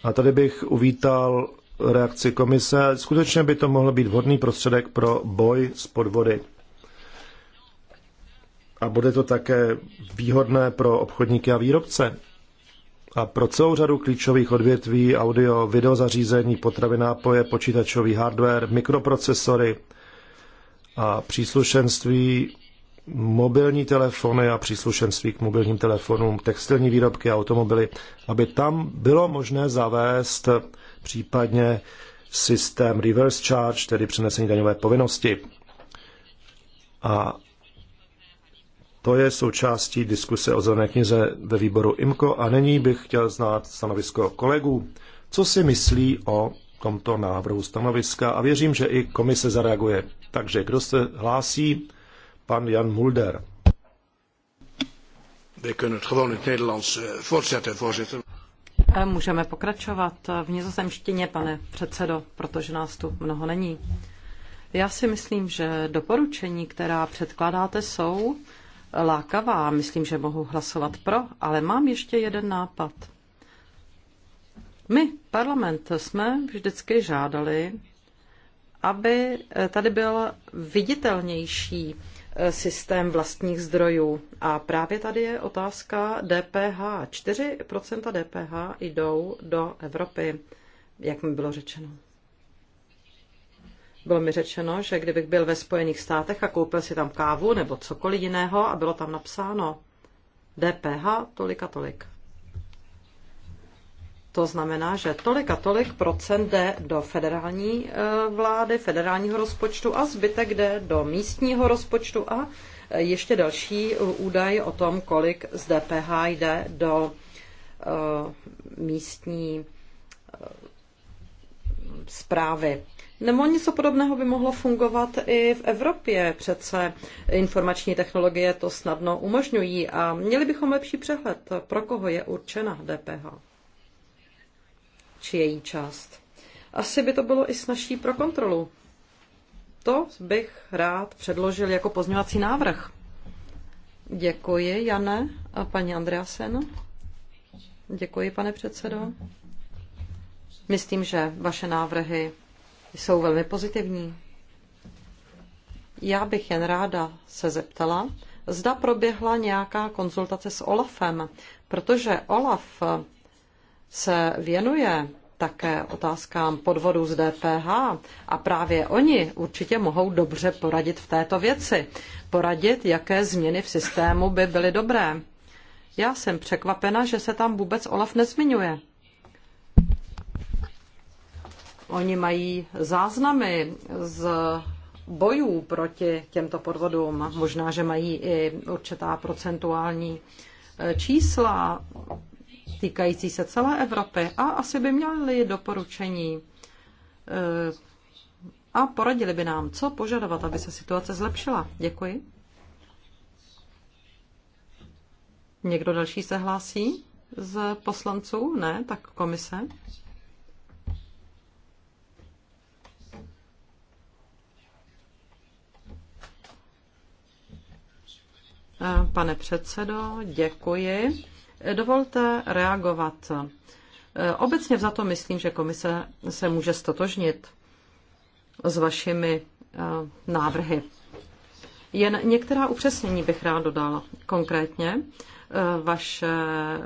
A tady bych uvítal reakci komise. Skutečně by to mohl být vhodný prostředek pro boj s podvody. A bude to také výhodné pro obchodníky a výrobce, a pro celou řadu klíčových odvětví audio, video zařízení, potravy, nápoje, počítačový hardware, mikroprocesory a příslušenství mobilní telefony a příslušenství k mobilním telefonům, textilní výrobky a automobily, aby tam bylo možné zavést případně systém reverse charge, tedy přenesení daňové povinnosti. A to je součástí diskuse o zelené knize ve výboru IMCO a nyní bych chtěl znát stanovisko kolegů, co si myslí o tomto návrhu stanoviska a věřím, že i komise zareaguje. Takže kdo se hlásí? Pan Jan Mulder. Eh, eh, můžeme pokračovat v nizozemštině, pane předsedo, protože nás tu mnoho není. Já si myslím, že doporučení, která předkládáte, jsou lákavá, myslím, že mohu hlasovat pro, ale mám ještě jeden nápad. My, parlament, jsme vždycky žádali, aby tady byl viditelnější eh, systém vlastních zdrojů. A právě tady je otázka DPH. 4% DPH jdou do Evropy, jak mi bylo řečeno. Bylo mi řečeno, že kdybych byl ve Spojených státech a koupil si tam kávu nebo cokoliv jiného a bylo tam napsáno DPH tolik a tolik. To znamená, že tolik a tolik procent jde do federální eh, vlády, federálního rozpočtu a zbytek jde do místního rozpočtu a eh, ještě další eh, údaj o tom, kolik z DPH jde do místní zprávy. Nebo něco podobného by mohlo fungovat i v Evropě. Přece informační technologie to snadno umožňují a měli bychom lepší přehled, pro koho je určena DPH. Či její část. Asi by to bylo i snažší pro kontrolu. To bych rád předložil jako pozměňovací návrh. Děkuji, Jane a paní Andreasen. Děkuji, pane předsedo. Myslím, že vaše návrhy jsou velmi pozitivní. Já bych jen ráda se zeptala, zda proběhla nějaká konzultace s Olafem, protože Olaf se věnuje také otázkám podvodu z DPH a právě oni určitě mohou dobře poradit v této věci. Poradit, jaké změny v systému by byly dobré. Já jsem překvapena, že se tam vůbec Olaf nezmiňuje. Oni mají záznamy z bojů proti těmto podvodům. Možná, že mají i určitá procentuální eh, čísla týkající se celé Evropy a asi by měli doporučení eh, a poradili by nám, co požadovat, aby se situace zlepšila. Děkuji. Někdo další se hlásí z poslanců? Ne, tak komise. Pane předsedo, děkuji. Dovolte reagovat. E, obecně za to myslím, že komise se může stotožnit s vašimi e, návrhy. Jen některá upřesnění bych rád dodala. Konkrétně e, vaše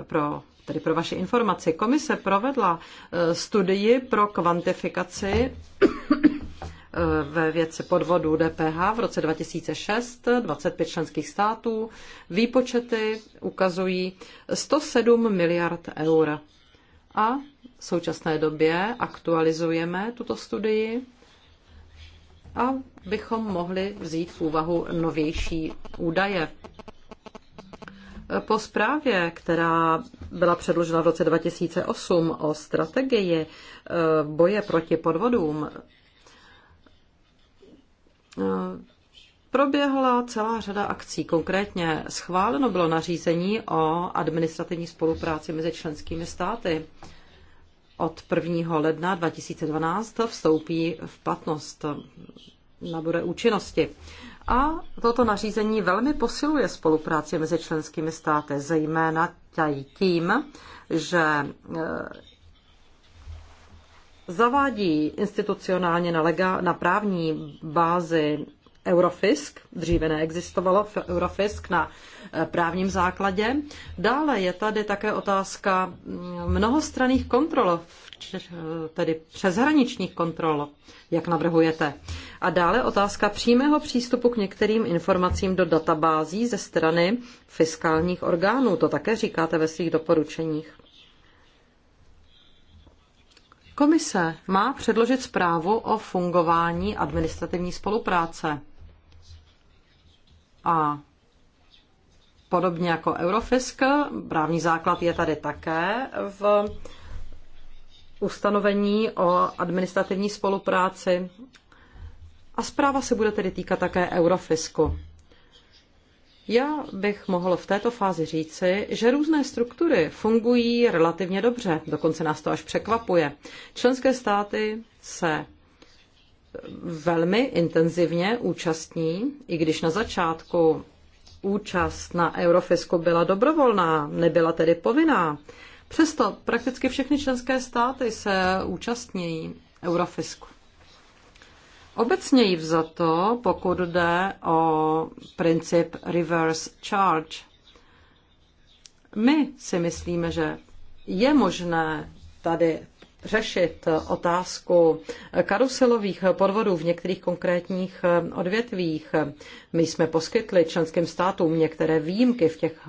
pro Tedy pro vaši informaci, komise provedla studii pro kvantifikaci Eh, ve věci podvodu DPH v roce 2006, 25 členských států. Výpočety ukazují 107 miliard eur. A v současné době aktualizujeme tuto studii, a bychom mohli vzít v úvahu novější údaje. Po zprávě, která byla předložena v roce 2008 o strategii eh, boje proti podvodům, Eh, proběhla celá řada akcí. Konkrétně schváleno bylo nařízení o administrativní spolupráci mezi členskými státy. Od 1. ledna 2012 vstoupí v platnost, eh, nabude účinnosti. A toto nařízení velmi posiluje spolupráci mezi členskými státy, zejména tím, že eh, zavádí institucionálně na, lega, na právní bázi Eurofisk, dříve neexistovalo Eurofisk na eh, právním základě. Dále je tady také otázka mm, mnohostranných kontrol, eh, tedy přeshraničních kontrol, jak navrhujete. A dále otázka přímého přístupu k některým informacím do databází ze strany fiskálních orgánů. To také říkáte ve svých doporučeních. Komise má předložit zprávu o fungování administrativní spolupráce. A podobně jako Eurofisk, právní základ je tady také v ustanovení o administrativní spolupráci. A zpráva se bude tedy týkat také Eurofisku. Já bych mohl v této fázi říci, že různé struktury fungují relativně dobře, dokonce nás to až překvapuje. Členské státy se velmi intenzivně účastní, i když na začátku účast na Eurofisku byla dobrovolná, nebyla tedy povinná. Přesto prakticky všechny členské státy se účastní Eurofisku. Obecněji vzato, pokud jde o princip reverse charge, my si myslíme, že je možné tady řešit otázku karuselových podvodů v některých konkrétních odvětvích. My jsme poskytli členským státům některé výjimky v těch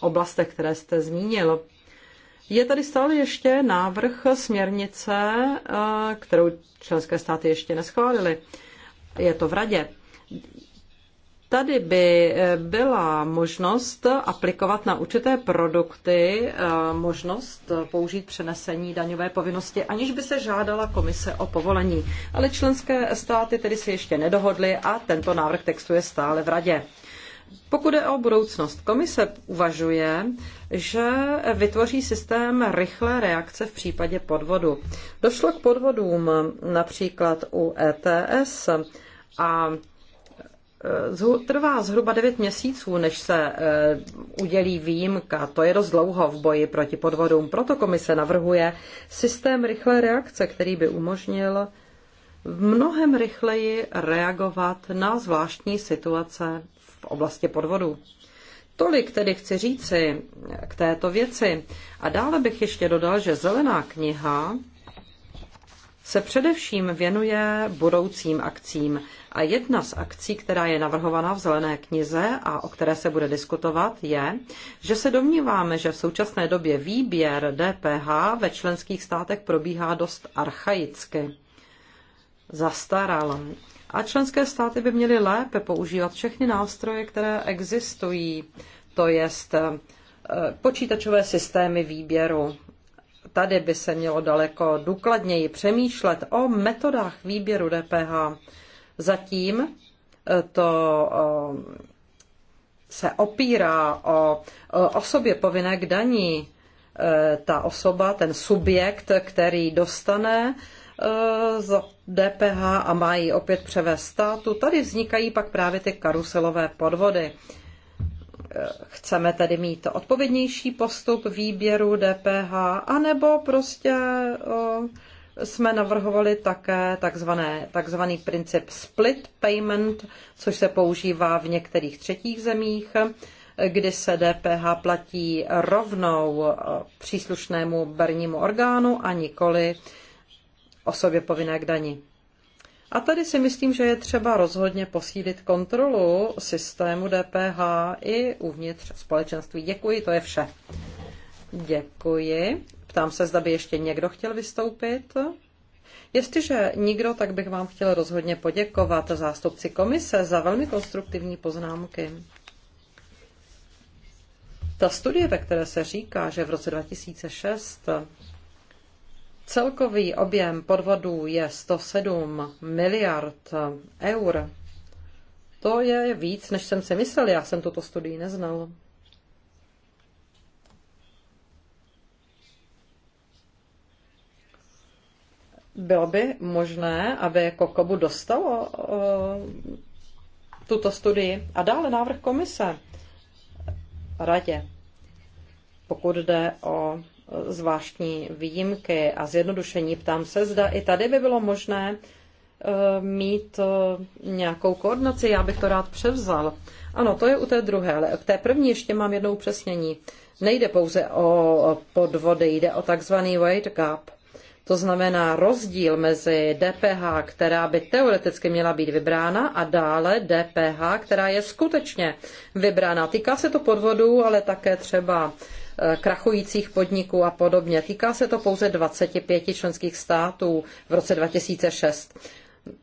oblastech, které jste zmínil. Je tady stále ještě návrh směrnice, eh, kterou členské státy ještě neschválily. Je to v radě. Tady by eh, byla možnost aplikovat na určité produkty eh, možnost použít přenesení daňové povinnosti, aniž by se žádala komise o povolení. Ale členské státy tedy se ještě nedohodly a tento návrh textu je stále v radě. Pokud je o budoucnost, komise uvažuje, že vytvoří systém rychlé reakce v případě podvodu. Došlo k podvodům například u ETS a e, trvá zhruba 9 měsíců, než se e, udělí výjimka. To je dost dlouho v boji proti podvodům. Proto komise navrhuje systém rychlé reakce, který by umožnil mnohem rychleji reagovat na zvláštní situace oblasti podvodů. Tolik tedy chci říci k této věci. A dále bych ještě dodal, že zelená kniha se především věnuje budoucím akcím. A jedna z akcí, která je navrhovaná v zelené knize a o které se bude diskutovat, je, že se domníváme, že v současné době výběr DPH ve členských státech probíhá dost archaicky. Zastaral. A členské státy by měly lépe používat všechny nástroje, které existují, to jest eh, počítačové systémy výběru. Tady by se mělo daleko důkladněji přemýšlet o metodách výběru DPH. Zatím eh, to eh, se opírá o osobě povinné k daní. Ta osoba, ten subjekt, který dostane Eh, za DPH a mají opět převést státu. Tady vznikají pak právě ty karuselové podvody. Eh, chceme tedy mít odpovědnější postup výběru DPH, anebo prostě eh, jsme navrhovali také takzvané, takzvaný princip split payment, což se používá v některých třetích zemích, kdy se DPH platí rovnou příslušnému bernímu orgánu a nikoli osobě povinné k daní. A tady si myslím, že je třeba rozhodně posílit kontrolu systému DPH i uvnitř společenství. Děkuji, to je vše. Děkuji. Ptám se, zda by ještě někdo chtěl vystoupit. Jestliže nikdo, tak bych vám chtěl rozhodně poděkovat zástupci komise za velmi konstruktivní poznámky. Ta studie, ve které se říká, že v roce 2006 Celkový objem podvodů je 107 miliard eur. To je víc, než jsem si myslel. Já jsem tuto studii neznal. Bylo by možné, aby Kokobu jako dostalo uh, tuto studii. A dále návrh komise radě, pokud jde o zvláštní výjimky a zjednodušení. Ptám se, zda i tady by bylo možné eh, mít eh, nějakou koordinaci, já bych to rád převzal. Ano, to je u té druhé, ale k té první ještě mám jedno upřesnění. Nejde pouze o podvody, jde o takzvaný weight gap. To znamená rozdíl mezi DPH, která by teoreticky měla být vybrána, a dále DPH, která je skutečně vybrána. Týká se to podvodů, ale také třeba Eh, krachujících podniků a podobně. Týká se to pouze 25 členských států v roce 2006.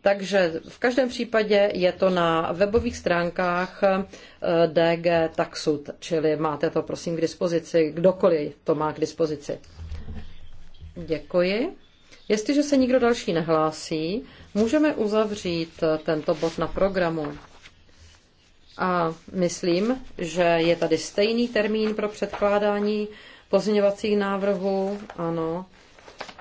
Takže v každém případě je to na webových stránkách eh, DG Taxud, čili máte to prosím k dispozici, kdokoliv to má k dispozici. Děkuji. Jestliže se nikdo další nehlásí, můžeme uzavřít eh, tento bod na programu. A myslím, že je tady stejný termín pro předkládání pozměňovacích návrhů. Ano,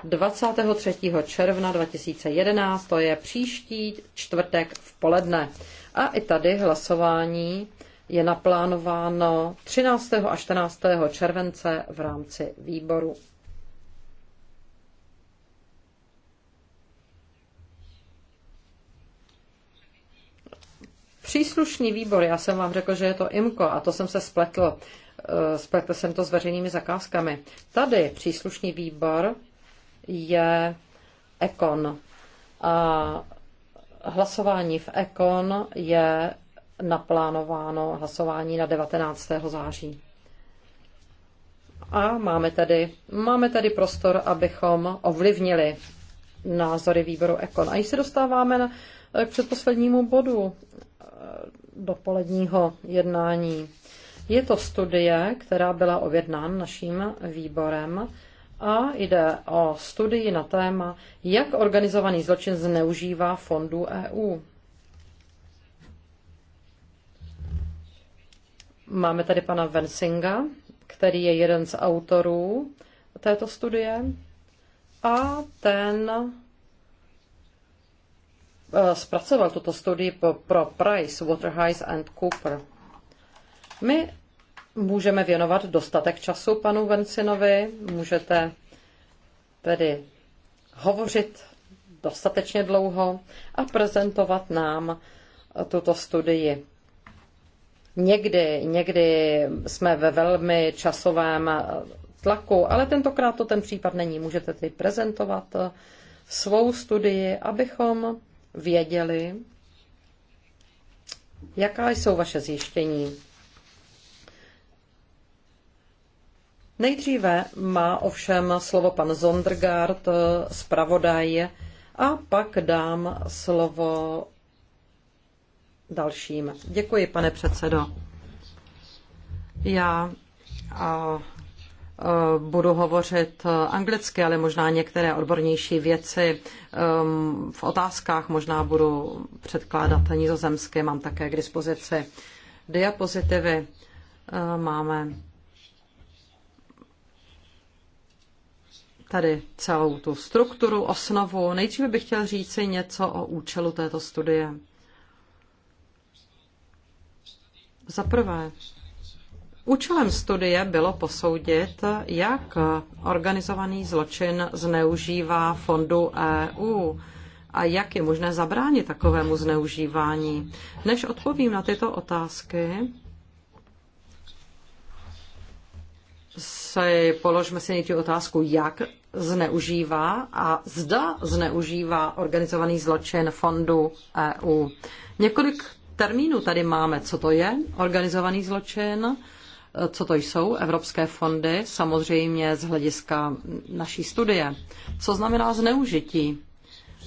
23. června 2011, to je příští čtvrtek v poledne. A i tady hlasování je naplánováno 13. a 14. července v rámci výboru. Příslušný výbor, já jsem vám řekl, že je to IMKO a to jsem se spletl. Eh, spletl jsem to s veřejnými zakázkami. Tady příslušný výbor je Ekon. A hlasování v Ekon je naplánováno hlasování na 19. září. A máme tady, máme tady prostor, abychom ovlivnili názory výboru Ekon. A již se dostáváme na, k předposlednímu bodu dopoledního jednání. Je to studie, která byla objednána naším výborem a jde o studii na téma, jak organizovaný zločin zneužívá fondů EU. Máme tady pana Vensinga, který je jeden z autorů této studie a ten Eh, zpracoval tuto studii pro Price, Waterhouse and Cooper. My můžeme věnovat dostatek času panu Vencinovi, můžete tedy hovořit dostatečně dlouho a prezentovat nám tuto studii. Někdy, někdy jsme ve velmi časovém tlaku, ale tentokrát to ten případ není. Můžete tedy prezentovat svou studii, abychom věděli, jaká jsou vaše zjištění. Nejdříve má ovšem slovo pan Zondergaard, zpravodaj, a pak dám slovo dalším. Děkuji, pane předsedo. Já a Eh, budu hovořit eh, anglicky, ale možná některé odbornější věci ehm, v otázkách možná budu předkládat nizozemsky, mám také k dispozici diapozitivy. Eh, máme tady celou tu strukturu, osnovu. Nejdříve bych chtěl říci něco o účelu této studie. Za prvé, Účelem studie bylo posoudit, jak organizovaný zločin zneužívá fondu EU a jak je možné zabránit takovému zneužívání. Než odpovím na tyto otázky, si položme si tu otázku, jak zneužívá a zda zneužívá organizovaný zločin fondu EU. Několik termínů tady máme, co to je organizovaný zločin, co to jsou evropské fondy, samozřejmě z hlediska naší studie. Co znamená zneužití?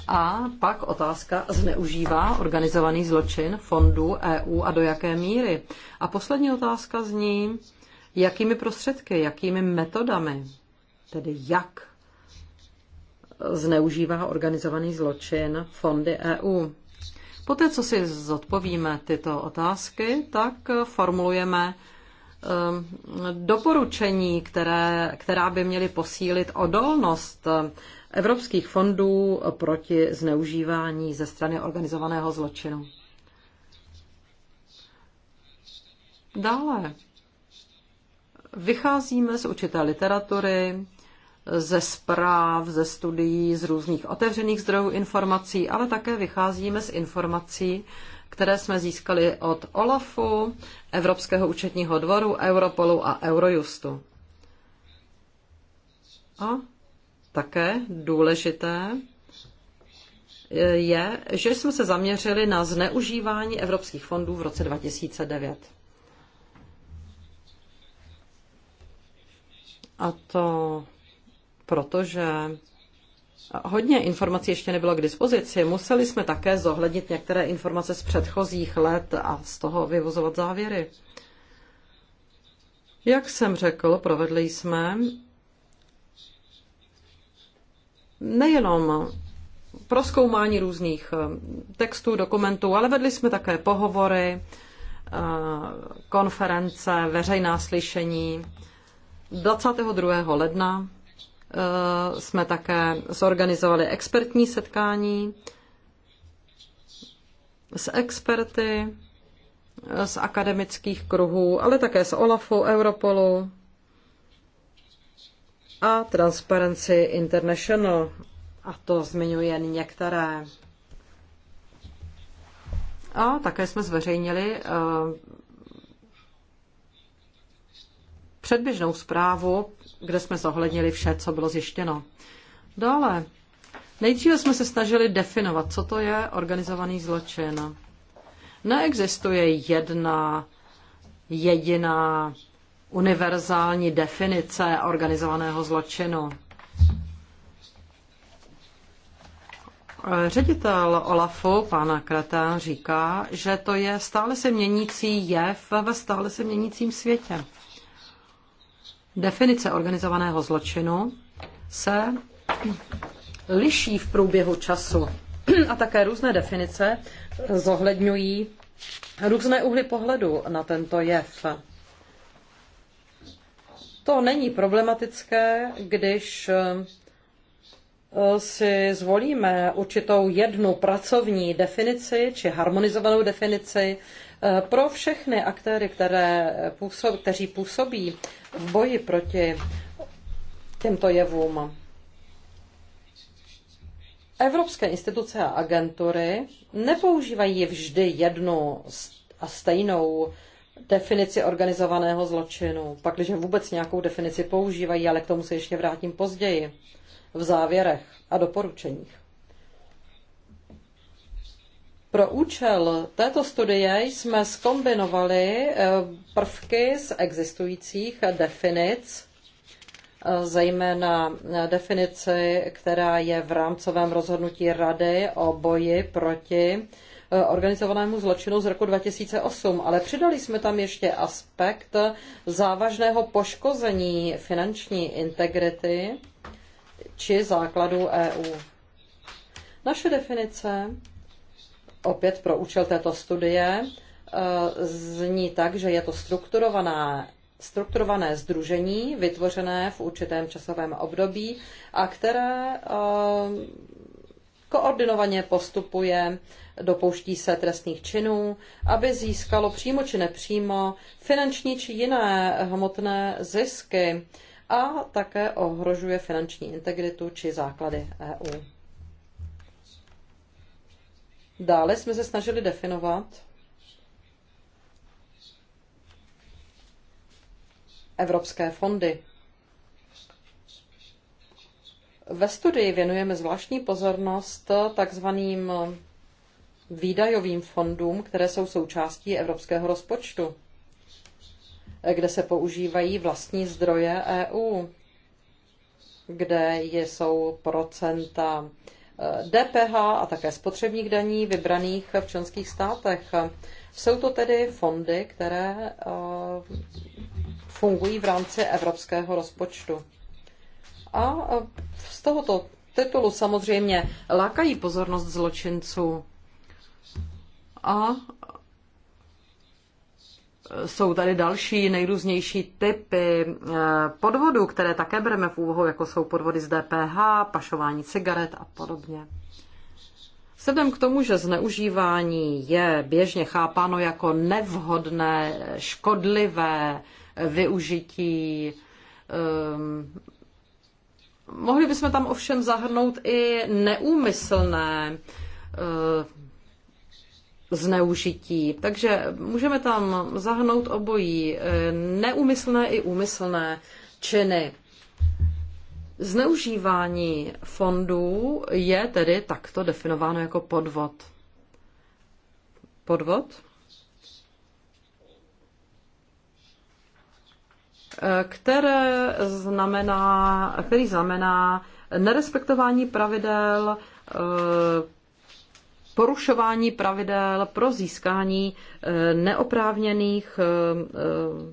A pak otázka, zneužívá organizovaný zločin fondů EU a do jaké míry? A poslední otázka zní, jakými prostředky, jakými metodami, tedy jak zneužívá organizovaný zločin fondy EU. Poté, co si zodpovíme tyto otázky, tak formulujeme Eh, doporučení, které, která by měly posílit odolnost evropských fondů proti zneužívání ze strany organizovaného zločinu. Dále vycházíme z určité literatury, ze zpráv, ze studií, z různých otevřených zdrojů informací, ale také vycházíme z informací, které jsme získali od OLAFu, Evropského účetního dvoru, Europolu a Eurojustu. A také důležité je, že jsme se zaměřili na zneužívání evropských fondů v roce 2009. A to protože hodně informací ještě nebylo k dispozici, museli jsme také zohlednit některé informace z předchozích let a z toho vyvozovat závěry. Jak jsem řekl, provedli jsme nejenom proskoumání různých eh, textů, dokumentů, ale vedli jsme také pohovory, eh, konference, veřejná slyšení. 22. ledna Eh, jsme také zorganizovali expertní setkání s experty eh, z akademických kruhů, ale také z OLAFu, Europolu a Transparency International. A to zmiňuji jen některé. A také jsme zveřejnili eh, předběžnou zprávu kde jsme zohlednili vše, co bylo zjištěno. Dále, nejdříve jsme se snažili definovat, co to je organizovaný zločin. Neexistuje jedna jediná univerzální definice organizovaného zločinu. Ředitel Olafu, pana Kreta, říká, že to je stále se měnící jev ve stále se měnícím světě. Definice organizovaného zločinu se liší v průběhu času a také různé definice zohledňují různé úhly pohledu na tento jev. To není problematické, když eh, si zvolíme určitou jednu pracovní definici či harmonizovanou definici pro všechny aktéry, které působ, kteří působí v boji proti těmto jevům, Evropské instituce a agentury nepoužívají vždy jednu a stejnou definici organizovaného zločinu, pakliže vůbec nějakou definici používají, ale k tomu se ještě vrátím později v závěrech a doporučeních. Pro účel této studie jsme skombinovali eh, prvky z existujících definic, eh, zejména eh, definici, která je v rámcovém rozhodnutí Rady o boji proti organizovanému zločinu z roku 2008, ale přidali jsme tam ještě aspekt závažného poškození finanční integrity či základů EU. Naše definice opět pro účel této studie eh, zní tak, že je to strukturovaná strukturované združení vytvořené v určitém časovém období a které eh, koordinovaně postupuje, dopouští se trestných činů, aby získalo přímo či nepřímo finanční či jiné hmotné zisky a také ohrožuje finanční integritu či základy EU. Dále jsme se snažili definovat evropské fondy. Ve studii věnujeme zvláštní pozornost takzvaným výdajovým fondům, které jsou součástí evropského rozpočtu, kde se používají vlastní zdroje EU, kde jsou procenta Eh, DPH a také spotřebních daní vybraných v členských státech. Jsou to tedy fondy, které eh, fungují v rámci evropského rozpočtu. A eh, z tohoto titulu samozřejmě lákají pozornost zločinců a jsou tady další nejrůznější typy eh, podvodů, které také bereme v úvahu, jako jsou podvody z DPH, pašování cigaret a podobně. Vzhledem k tomu, že zneužívání je běžně chápáno jako nevhodné, škodlivé využití, um, mohli bychom tam ovšem zahrnout i neúmyslné uh, zneužití. Takže můžeme tam zahnout obojí eh, neúmyslné i úmyslné činy. Zneužívání fondů je tedy takto definováno jako podvod. Podvod? Eh, které znamená, který znamená nerespektování pravidel eh, porušování pravidel pro získání eh, neoprávněných eh, eh,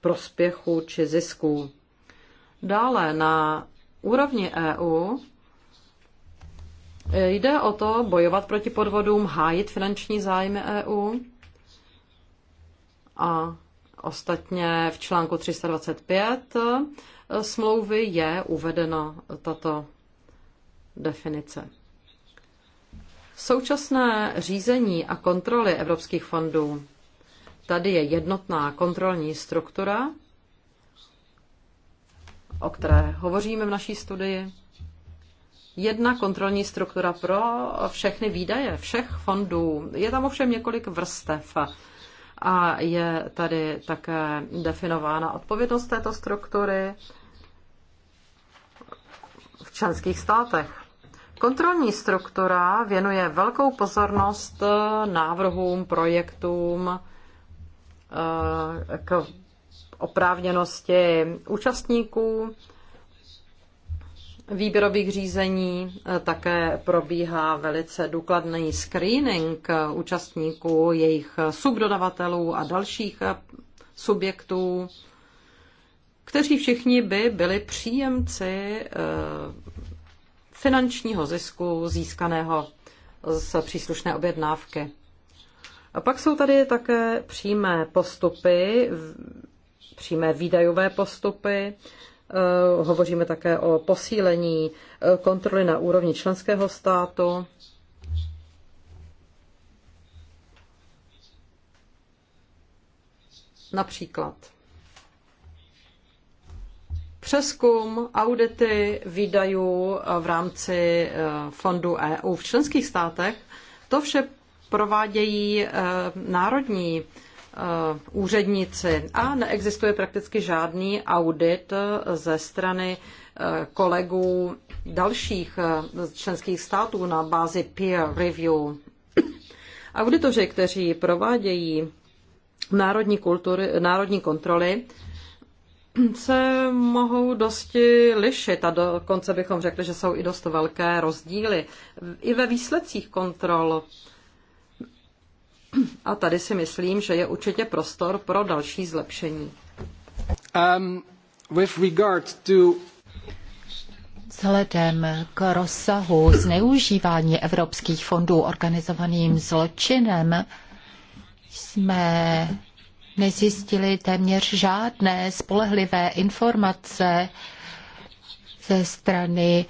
prospěchů či zisků. Dále na úrovni EU jde o to bojovat proti podvodům, hájit finanční zájmy EU a ostatně v článku 325 smlouvy je uvedena tato definice. Současné řízení a kontroly evropských fondů. Tady je jednotná kontrolní struktura, o které hovoříme v naší studii. Jedna kontrolní struktura pro všechny výdaje, všech fondů. Je tam ovšem několik vrstev a je tady také definována odpovědnost této struktury v členských státech. Kontrolní struktura věnuje velkou pozornost eh, návrhům, projektům, eh, k oprávněnosti účastníků výběrových řízení. Eh, také probíhá velice důkladný screening účastníků, jejich subdodavatelů a dalších subjektů, kteří všichni by byli příjemci finančního zisku získaného z příslušné objednávky. A pak jsou tady také přímé postupy, přímé výdajové postupy. Eh, hovoříme také o posílení eh, kontroly na úrovni členského státu. Například přeskum, audity výdajů eh, v rámci eh, fondu EU v členských státech, to vše provádějí eh, národní úředníci a neexistuje prakticky žádný audit ze strany kolegů dalších členských států na bázi peer review. Auditoři, kteří provádějí národní, kultury, národní kontroly, se mohou dosti lišit a dokonce bychom řekli, že jsou i dost velké rozdíly i ve výsledcích kontrol. A tady si myslím, že je určitě prostor pro další zlepšení. Um, with regard to Vzhledem k rozsahu zneužívání evropských fondů organizovaným zločinem jsme nezjistili téměř žádné spolehlivé informace ze strany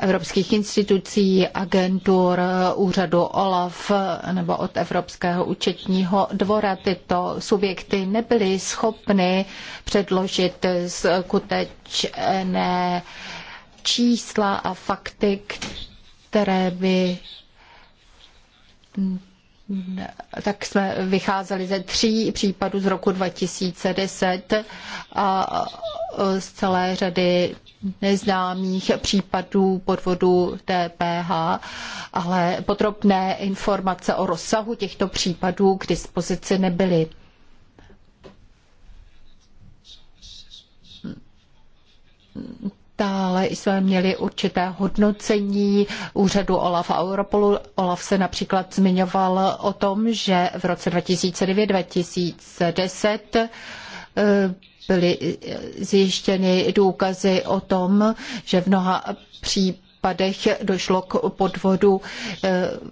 evropských institucí, agentur, úřadu OLAF nebo od Evropského účetního dvora. Tyto subjekty nebyly schopny předložit skutečné čísla a fakty, které by tak jsme vycházeli ze tří případů z roku 2010 a e, z celé řady neznámých případů podvodu DPH, ale podrobné informace o rozsahu těchto případů k dispozici nebyly stále jsme měli určité hodnocení úřadu OLAF a Europolu. OLAF se například zmiňoval o tom, že v roce 2009-2010 eh, byly zjištěny důkazy o tom, že v mnoha případech došlo k podvodu eh,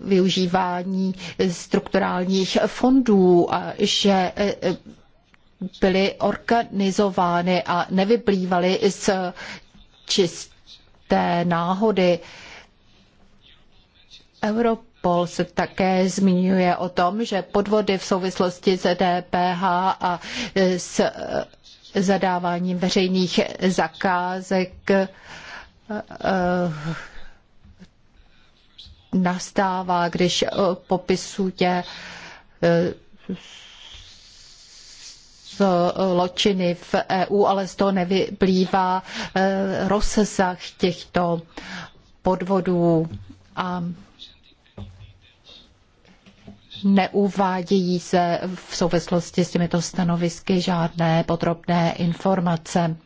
využívání strukturálních fondů a že eh, byly organizovány a nevyplývaly z čisté náhody. Europol se také zmiňuje o tom, že podvody v souvislosti s DPH a s eh, zadáváním veřejných zakázek eh, nastává, když eh, popisuje zločiny v EU, ale z toho nevyplývá eh, rozsah těchto podvodů a neuvádějí se v souvislosti s těmito stanovisky žádné podrobné informace.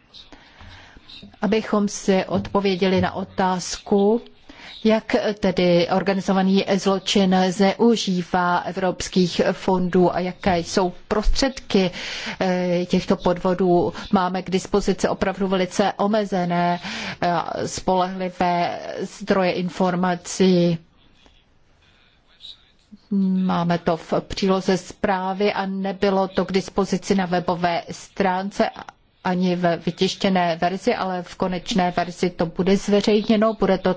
Abychom si odpověděli na otázku, jak tedy organizovaný zločin zneužívá evropských fondů a jaké jsou prostředky eh, těchto podvodů? Máme k dispozici opravdu velice omezené eh, spolehlivé zdroje informací. Máme to v příloze zprávy a nebylo to k dispozici na webové stránce ani ve vytištěné verzi, ale v konečné verzi to bude zveřejněno, bude to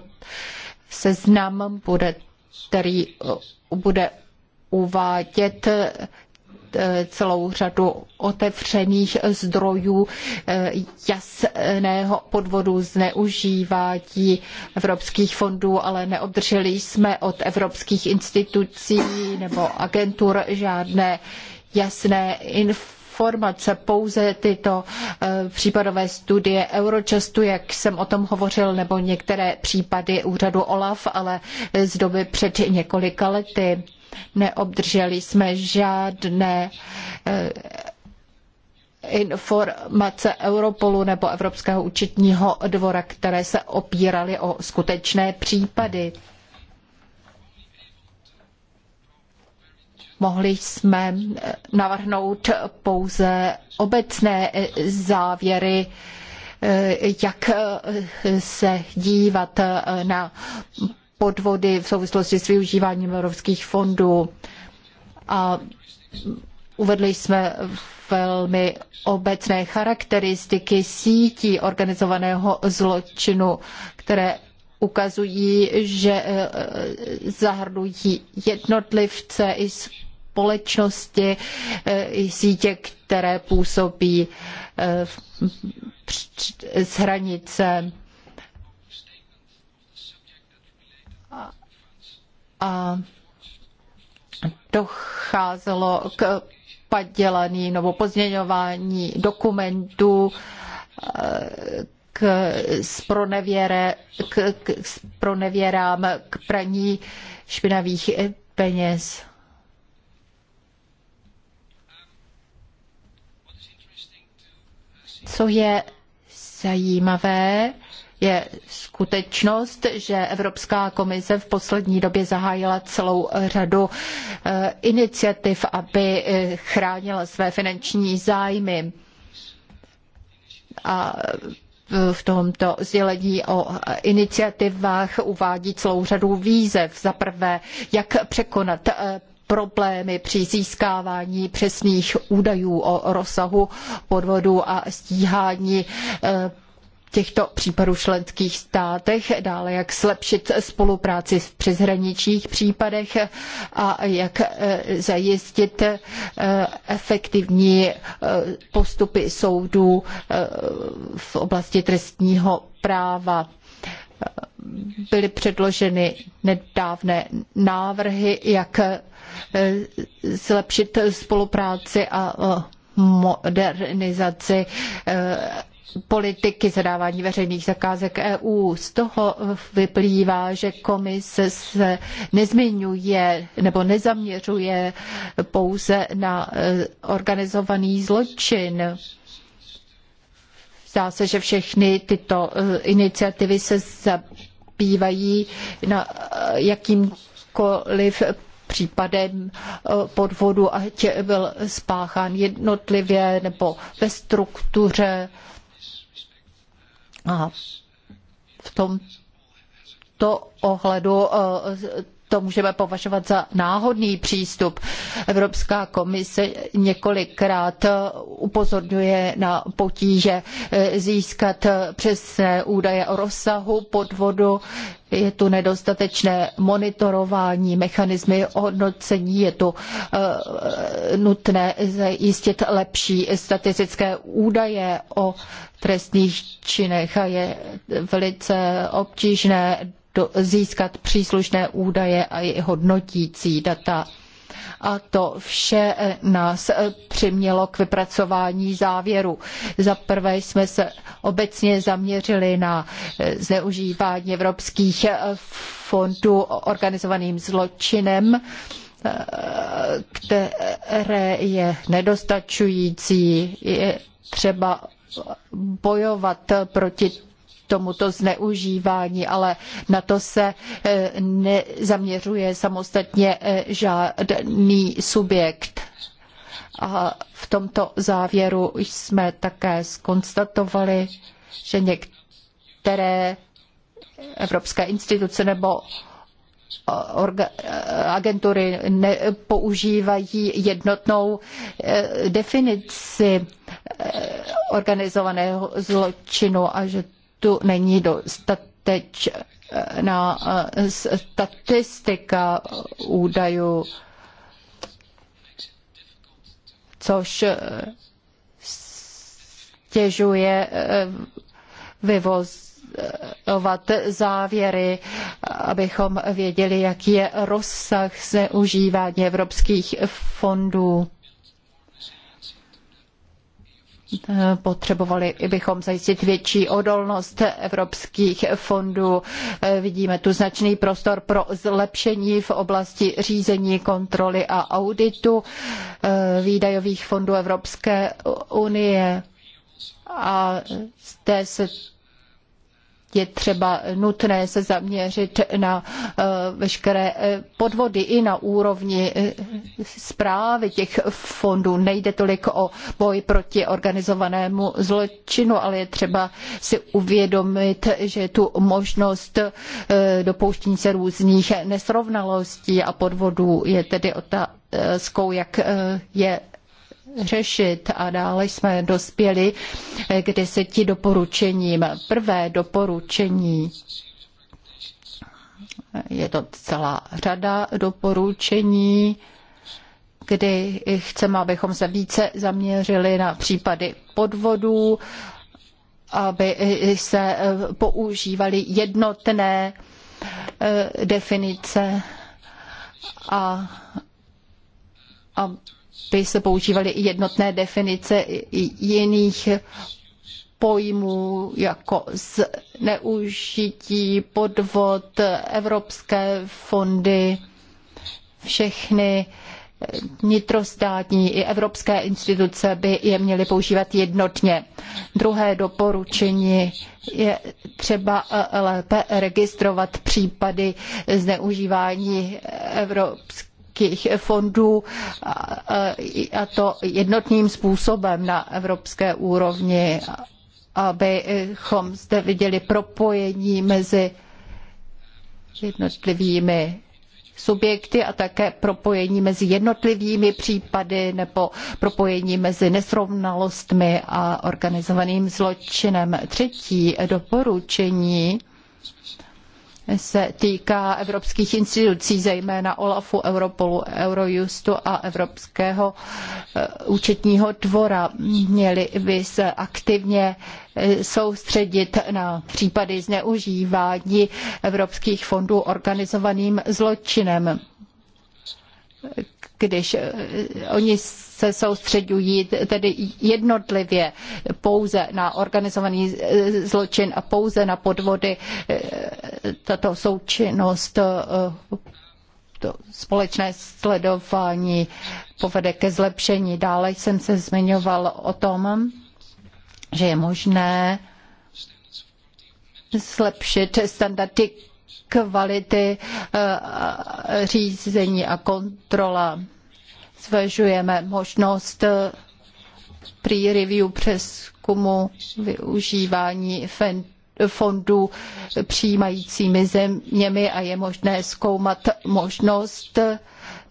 seznam, bude, který eh, bude uvádět eh, celou řadu otevřených zdrojů eh, jasného podvodu zneužívání evropských fondů, ale neobdrželi jsme od evropských institucí nebo agentur žádné jasné informace informace, pouze tyto eh, případové studie Eurojustu, jak jsem o tom hovořil, nebo některé případy úřadu OLAF, ale z doby před několika lety. Neobdrželi jsme žádné eh, informace Europolu nebo Evropského účetního dvora, které se opíraly o skutečné případy. Mohli jsme eh, navrhnout pouze obecné eh, závěry, eh, jak se dívat na podvody v souvislosti s využíváním evropských fondů. A uvedli jsme velmi obecné charakteristiky sítí organizovaného zločinu, které ukazují, že eh, eh, zahrnují jednotlivce i společnosti, eh, i sítě, které působí z hranice. A docházelo k padělaným nebo pozměňování dokumentů, k, spronevěre, k, k spronevěrám, k praní špinavých peněz. Co je zajímavé, je skutečnost, že Evropská komise v poslední době zahájila celou řadu eh, iniciativ, aby eh, chránila své finanční zájmy. A v tomto sdělení o iniciativách uvádí celou řadu výzev. Za prvé, jak překonat eh, problémy při získávání přesných údajů o rozsahu podvodu a stíhání eh, těchto případů v členských státech, dále jak zlepšit spolupráci v přeshraničních případech a jak eh, zajistit eh, efektivní eh, postupy soudů v oblasti trestního práva byly předloženy nedávné návrhy, jak zlepšit spolupráci a modernizaci politiky zadávání veřejných zakázek EU. Z toho vyplývá, že komise se nezmiňuje nebo nezaměřuje pouze na eh, organizovaný zločin. Zdá se, že všechny tyto eh, iniciativy se zabývají na eh, jakýmkoliv případem podvodu, ať byl spáchán jednotlivě nebo ve struktuře a v tomto ohledu eh, to můžeme považovat za náhodný přístup. Evropská komise několikrát upozorňuje na potíže eh, získat eh, přesné údaje o rozsahu podvodu, je tu nedostatečné monitorování, mechanismy hodnocení, je tu eh, nutné zajistit lepší statistické údaje o trestných činech a je velice obtížné získat příslušné údaje a i hodnotící data. A to vše eh, nás eh, přimělo k vypracování závěru. Za prvé jsme se obecně zaměřili na eh, zneužívání evropských fondů organizovaným zločinem které je nedostačující, je třeba bojovat proti tomuto zneužívání, ale na to se eh, nezaměřuje samostatně eh, žádný subjekt. A v tomto závěru jsme také skonstatovali, že některé evropské instituce nebo eh, agentury nepoužívají jednotnou definici organizovaného zločinu a že tu není dostatečná eh, statistika údajů, což eh, stěžuje eh, vyvozovat závěry, abychom věděli, jaký je rozsah zneužívání evropských fondů. Eh, potřebovali bychom zajistit větší odolnost evropských fondů. Eh, vidíme tu značný prostor pro zlepšení v oblasti řízení, kontroly a auditu eh, výdajových fondů Evropské unie. A zde se je třeba nutné se zaměřit na eh, veškeré eh, podvody i na úrovni zprávy eh, těch fondů. Nejde tolik o boj proti organizovanému zločinu, ale je třeba si uvědomit, že je tu možnost dopouštění se různých nesrovnalostí a podvodů je tedy otázkou, jak je řešit. A dále jsme dospěli k deseti doporučením. Prvé doporučení je to celá řada doporučení, kdy chceme, abychom se více zaměřili na případy podvodů, aby se používaly jednotné eh, definice a by se používaly i jednotné definice jiných pojmů jako zneužití, podvod, evropské fondy, všechny eh, nitrostátní i evropské instituce by je měly používat jednotně. Druhé doporučení je třeba eh, lépe registrovat případy zneužívání evropských velkých fondů a to jednotným způsobem na evropské úrovni, abychom zde viděli propojení mezi jednotlivými subjekty a také propojení mezi jednotlivými případy nebo propojení mezi nesrovnalostmi a organizovaným zločinem. Třetí doporučení se týká evropských institucí, zejména OLAFu, Europolu, Eurojustu a Evropského eh, účetního dvora. Měli by se aktivně eh, soustředit na případy zneužívání evropských fondů organizovaným zločinem když eh, oni se soustředují tedy jednotlivě pouze na organizovaný eh, zločin a pouze na podvody. Eh, tato součinnost, to společné sledování povede ke zlepšení. Dále jsem se zmiňoval o tom, že je možné zlepšit standardy kvality eh, řízení a kontrola. Zvažujeme možnost eh, pre-review přeskumu využívání fondů přijímajícími zeměmi a je možné zkoumat možnost eh,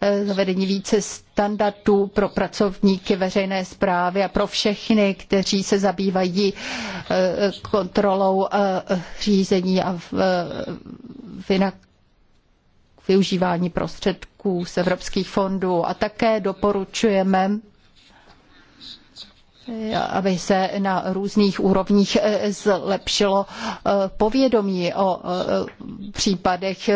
Eh, zavedení více standardů pro pracovníky veřejné zprávy a pro všechny, kteří se zabývají eh, kontrolou eh, řízení a využívání prostředků z evropských fondů a také doporučujeme aby se na různých úrovních eh, zlepšilo eh, povědomí o eh, případech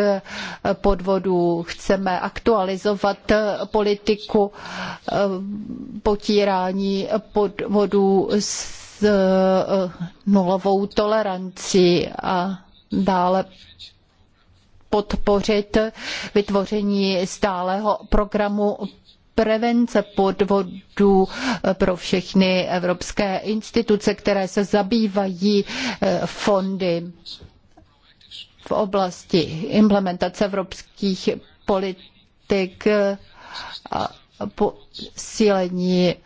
podvodů. Chceme aktualizovat politiku potírání podvodů s nulovou tolerancí a dále podpořit vytvoření stálého programu prevence podvodů eh, pro všechny evropské instituce, které se zabývají eh, fondy v oblasti implementace evropských politik a posílení eh,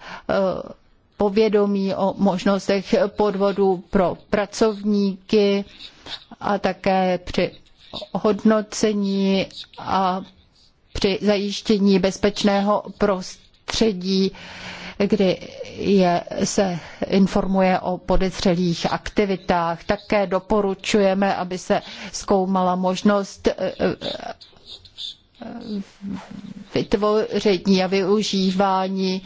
povědomí o možnostech podvodů pro pracovníky a také při hodnocení a při zajištění bezpečného prostředí, kdy je, se informuje o podezřelých aktivitách. Také doporučujeme, aby se zkoumala možnost eh, eh, vytvoření a využívání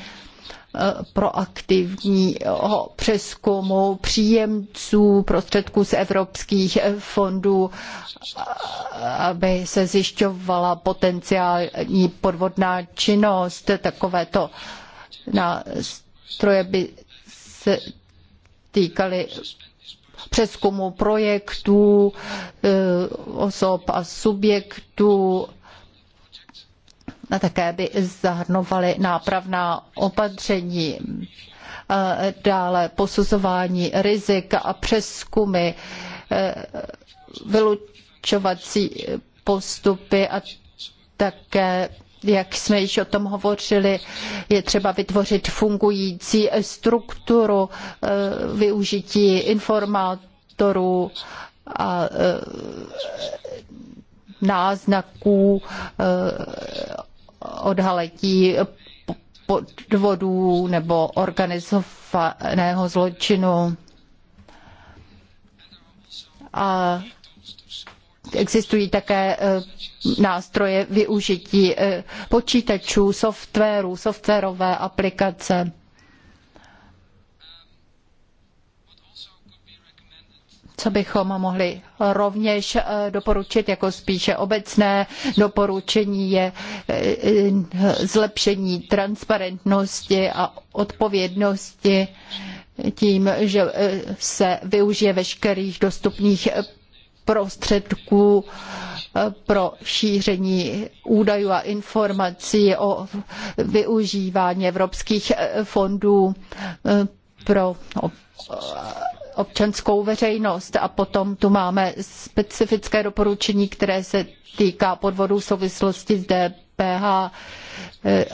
Eh, proaktivního přeskumu příjemců prostředků z evropských fondů, aby se zjišťovala potenciální podvodná činnost. Takovéto nástroje by se týkaly přeskumu projektů, eh, osob a subjektů, a také by zahrnovaly nápravná opatření, dále posuzování rizik a přeskumy, e, vylučovací postupy a také jak jsme již o tom hovořili, je třeba vytvořit fungující strukturu e, využití informátorů a e, náznaků odhaletí podvodů nebo organizovaného zločinu. A existují také eh, nástroje využití eh, počítačů, softwaru, softwarové aplikace. co bychom mohli rovněž eh, doporučit jako spíše obecné doporučení je eh, zlepšení transparentnosti a odpovědnosti tím, že eh, se využije veškerých dostupných prostředků pro šíření údajů a informací o využívání evropských fondů pro občanskou veřejnost. A potom tu máme specifické doporučení, které se týká podvodů v souvislosti s DPH, eh,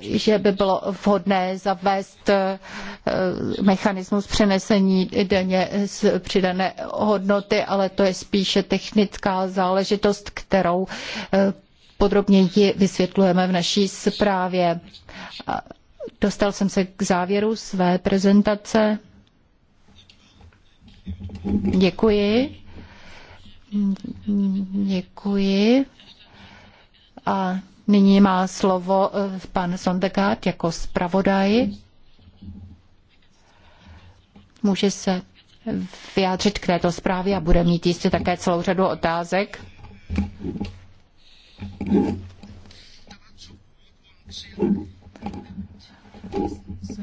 že by bylo vhodné zavést eh, mechanismus přenesení daně z přidané hodnoty, ale to je spíše technická záležitost, kterou eh, podrobněji vysvětlujeme v naší zprávě. Dostal jsem se k závěru své prezentace. Děkuji. Děkuji. A nyní má slovo eh, pan Sondegard jako zpravodaj. Může se vyjádřit k této zprávě a bude mít jistě také celou řadu otázek.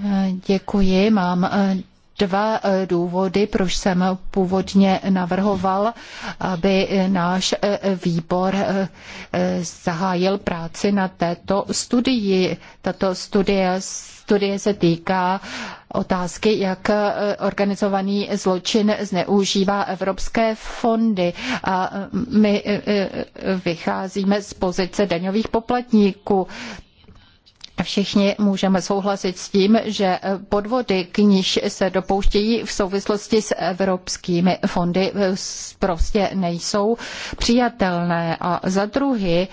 Eh, děkuji, mám eh, dva eh, důvody, proč jsem původně navrhoval, aby náš eh, výbor eh, zahájil práci na této studii. Tato studie, studie se týká otázky, jak organizovaný zločin zneužívá evropské fondy. A my vycházíme z pozice daňových poplatníků. Všichni můžeme souhlasit s tím, že podvody, k níž se dopouštějí v souvislosti s evropskými fondy, prostě nejsou přijatelné. A za druhy,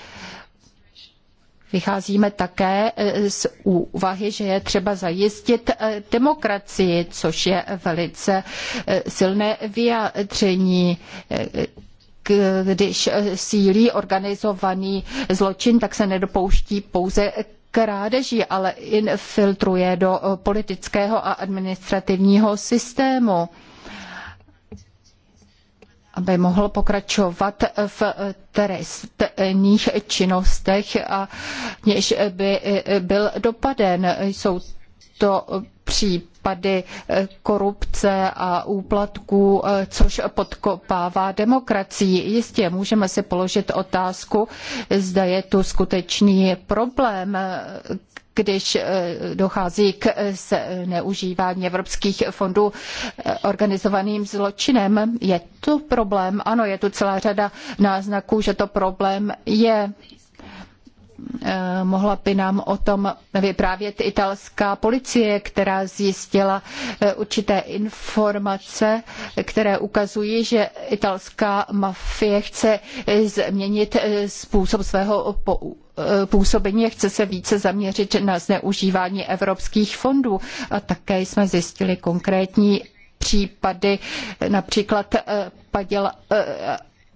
Vycházíme také z úvahy, že je třeba zajistit demokracii, což je velice silné vyjádření když sílí organizovaný zločin, tak se nedopouští pouze krádeží, ale infiltruje do eh, politického a administrativního systému aby mohl pokračovat v eh, trestných činnostech a něž by eh, byl dopaden. Jsou to případy případy eh, korupce a úplatků, eh, což podkopává demokracii. Jistě můžeme si položit otázku, zda je tu skutečný problém, eh, když dochází k neužívání evropských fondů organizovaným zločinem. Je to problém? Ano, je tu celá řada náznaků, že to problém je Eh, mohla by nám o tom vyprávět italská policie, která zjistila eh, určité informace, které ukazují, že italská mafie chce eh, změnit způsob svého působení a chce se více zaměřit na zneužívání evropských fondů. A také jsme zjistili konkrétní případy, například paděl,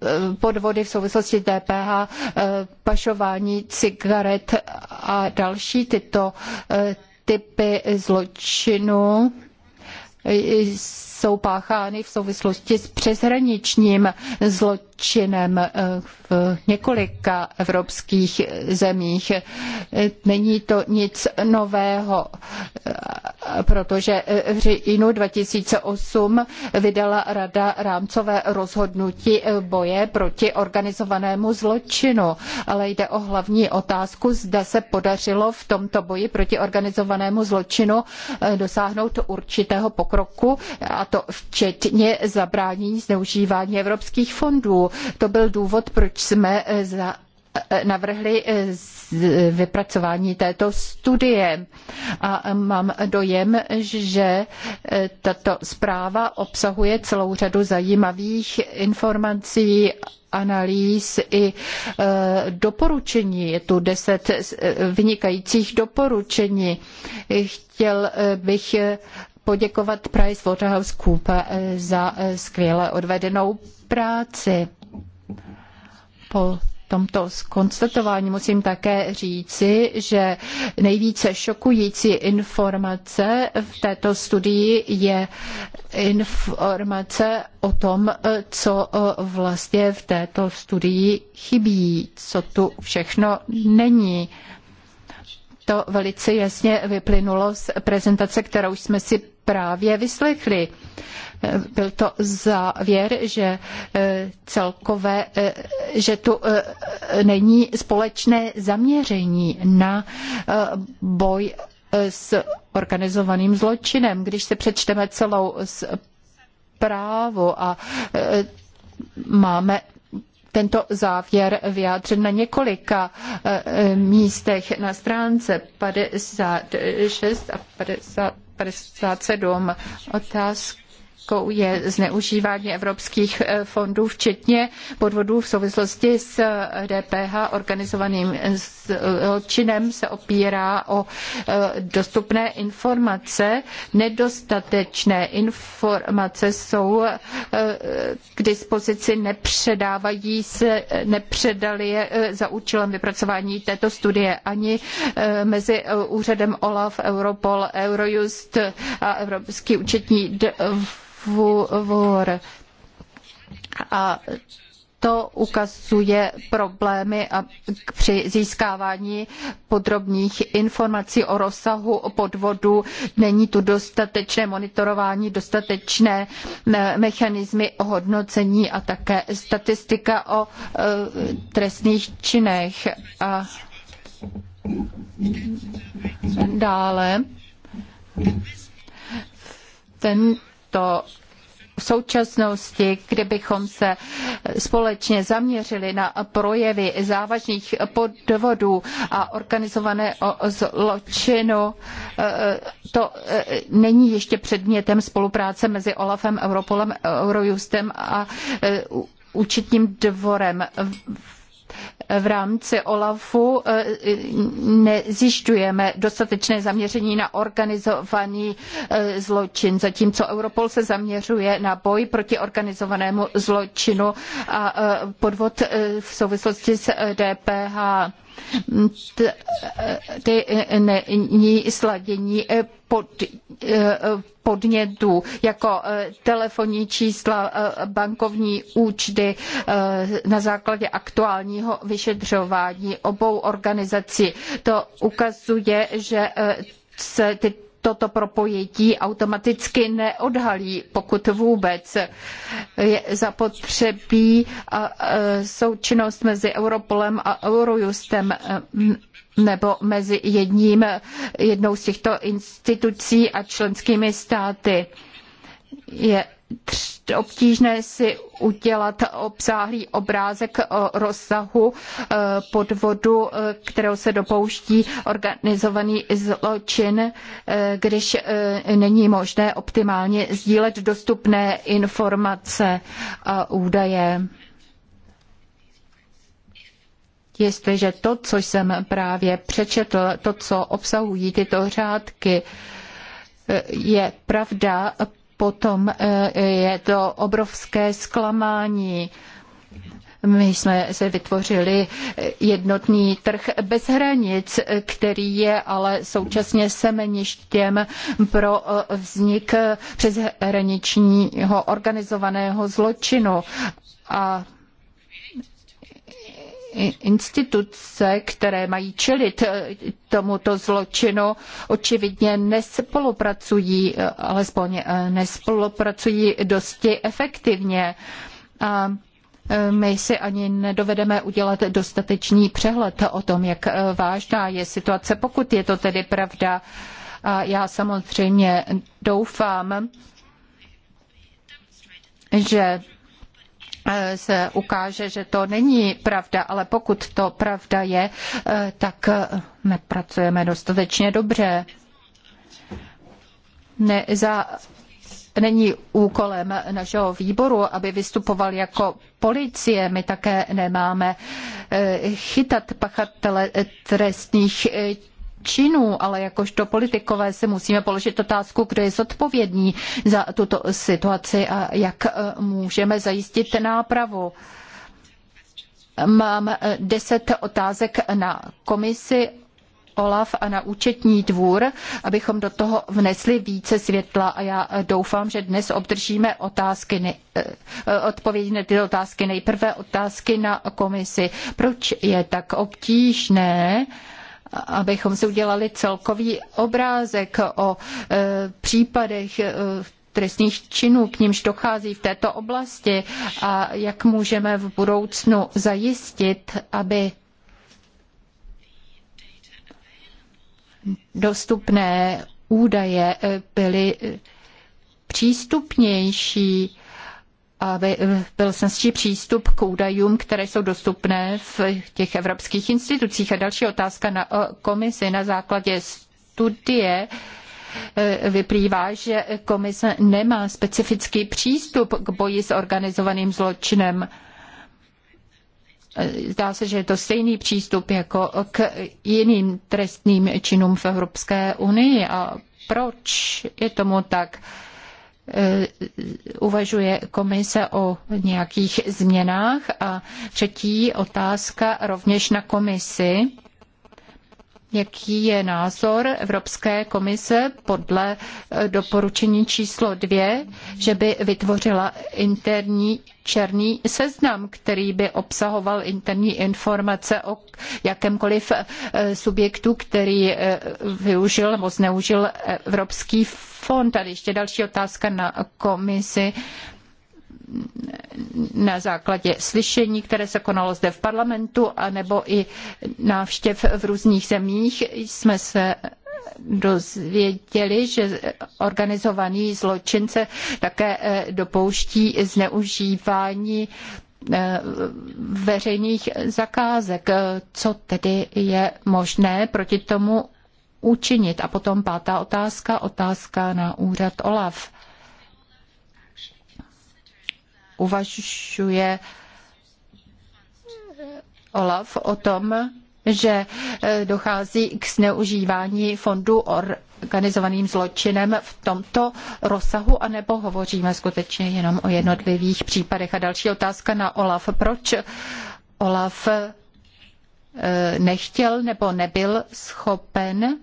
Eh, podvody v souvislosti s DPH, eh, pašování cigaret a další tyto eh, typy zločinu jsou páchány v souvislosti s přeshraničním zločinem eh, v několika evropských zemích. Není to nic nového, eh, protože eh, v říjnu 2008 vydala Rada rámcové rozhodnutí boje proti organizovanému zločinu, ale jde o hlavní otázku, zda se podařilo v tomto boji proti organizovanému zločinu dosáhnout určitého pokroku a to včetně zabránění zneužívání evropských fondů. To byl důvod, proč jsme eh, za eh, navrhli eh, vypracování této studie. A mám dojem, že tato zpráva obsahuje celou řadu zajímavých informací analýz i doporučení. Je tu deset vynikajících doporučení. Chtěl bych poděkovat PricewaterhouseCoopers eh, za eh, skvěle odvedenou práci. Po tomto skonstatování musím také říci, že nejvíce šokující informace v této studii je informace o tom, eh, co vlastně v této studii chybí, co tu všechno není. To velice jasně vyplynulo z prezentace, kterou jsme si právě vyslechli. Byl to závěr, že eh, celkové, eh, že tu eh, není společné zaměření na boj s organizovaným zločinem. Když se přečteme celou zprávu a máme tento závěr vyjádřen na několika místech na stránce 56 a 50 57. Otázka otázkou je zneužívání evropských eh, fondů, včetně podvodů v souvislosti s DPH eh, organizovaným eh, zločinem se opírá o dostupné informace. Nedostatečné informace jsou k dispozici, nepředávají se, nepředali je za účelem vypracování této studie ani mezi úřadem OLAF, Europol, Eurojust a Evropský účetní vůr. A to ukazuje problémy při získávání podrobných informací o rozsahu podvodu. Není tu dostatečné monitorování, dostatečné eh, mechanismy o hodnocení a také statistika o eh, trestných činech. A dále ten to v současnosti, kdybychom se společně zaměřili na projevy závažných podvodů a organizované zločinu, eh, to eh, není ještě předmětem spolupráce mezi OLAFem, Europolem, Eurojustem a eh, účetním dvorem v rámci OLAFu e, e, nezjišťujeme dostatečné zaměření na organizovaný e, zločin, zatímco Europol se zaměřuje na boj proti organizovanému zločinu a podvod v souvislosti s DPH ty není sladění eh, pod, eh, podnětů, jako eh, telefonní čísla, bankovní účty na základě aktuálního vyšetřování obou organizací. To ukazuje, že se ty toto propojení automaticky neodhalí, pokud vůbec je zapotřebí součinnost mezi Europolem a Eurojustem nebo mezi jedním, jednou z těchto institucí a členskými státy. Je obtížné si udělat obsáhlý obrázek o rozsahu e, podvodu, e, kterého se dopouští organizovaný zločin, e, když není možné optimálně sdílet dostupné informace a údaje. Jestliže to, co jsem právě přečetl, to, co obsahují tyto řádky, je pravda, potom eh, je to obrovské zklamání. My jsme se vytvořili jednotný trh bez hranic, který je ale současně semeništěm pro eh, vznik přeshraničního organizovaného zločinu. A instituce, které mají čelit eh, tomuto zločinu, očividně nespolupracují, eh, alespoň eh, nespolupracují dosti efektivně. A my si ani nedovedeme udělat dostatečný přehled o tom, jak vážná je situace, pokud je to tedy pravda. A já samozřejmě doufám, že Eh, se ukáže, že to není pravda, ale pokud to pravda je, eh, tak eh, nepracujeme dostatečně dobře. Ne, za, není úkolem našeho výboru, aby vystupoval jako policie. My také nemáme chytat pachatele trestných činů, ale jakožto politikové si musíme položit otázku, kdo je zodpovědný za tuto situaci a jak eh, můžeme zajistit nápravu. Mám eh, deset otázek na komisi OLAF a na účetní dvůr, abychom do toho vnesli více světla a já eh, doufám, že dnes obdržíme otázky, odpovědi na ty otázky. Nejprve otázky na komisi. Proč je tak obtížné uh, abychom si udělali celkový obrázek o e, případech e, trestných činů, k nímž dochází v této oblasti a jak můžeme v budoucnu zajistit, aby dostupné údaje e, byly přístupnější aby eh, byl snazší přístup k údajům, které jsou dostupné v těch evropských institucích. A další otázka na komisi na základě studie eh, vyplývá, že komise nemá specifický přístup k boji s organizovaným zločinem. Eh, zdá se, že je to stejný přístup jako k jiným trestným činům v Evropské unii. A proč je tomu tak? Eh, uvažuje komise o nějakých změnách? A třetí otázka rovněž na komisi jaký je názor Evropské komise podle eh, doporučení číslo dvě, že by vytvořila interní černý seznam, který by obsahoval interní informace o jakémkoliv eh, subjektu, který eh, využil nebo zneužil Evropský fond. Tady ještě další otázka na komisi na základě slyšení, které se konalo zde v parlamentu, anebo i návštěv v různých zemích, jsme se dozvěděli, že organizovaný zločin se také eh, dopouští zneužívání eh, veřejných zakázek. Co tedy je možné proti tomu učinit? A potom pátá otázka, otázka na úřad OLAF uvažuje Olaf o tom, že eh, dochází k zneužívání fondu organizovaným zločinem v tomto rozsahu, anebo hovoříme skutečně jenom o jednotlivých případech. A další otázka na Olaf. Proč Olaf eh, nechtěl nebo nebyl schopen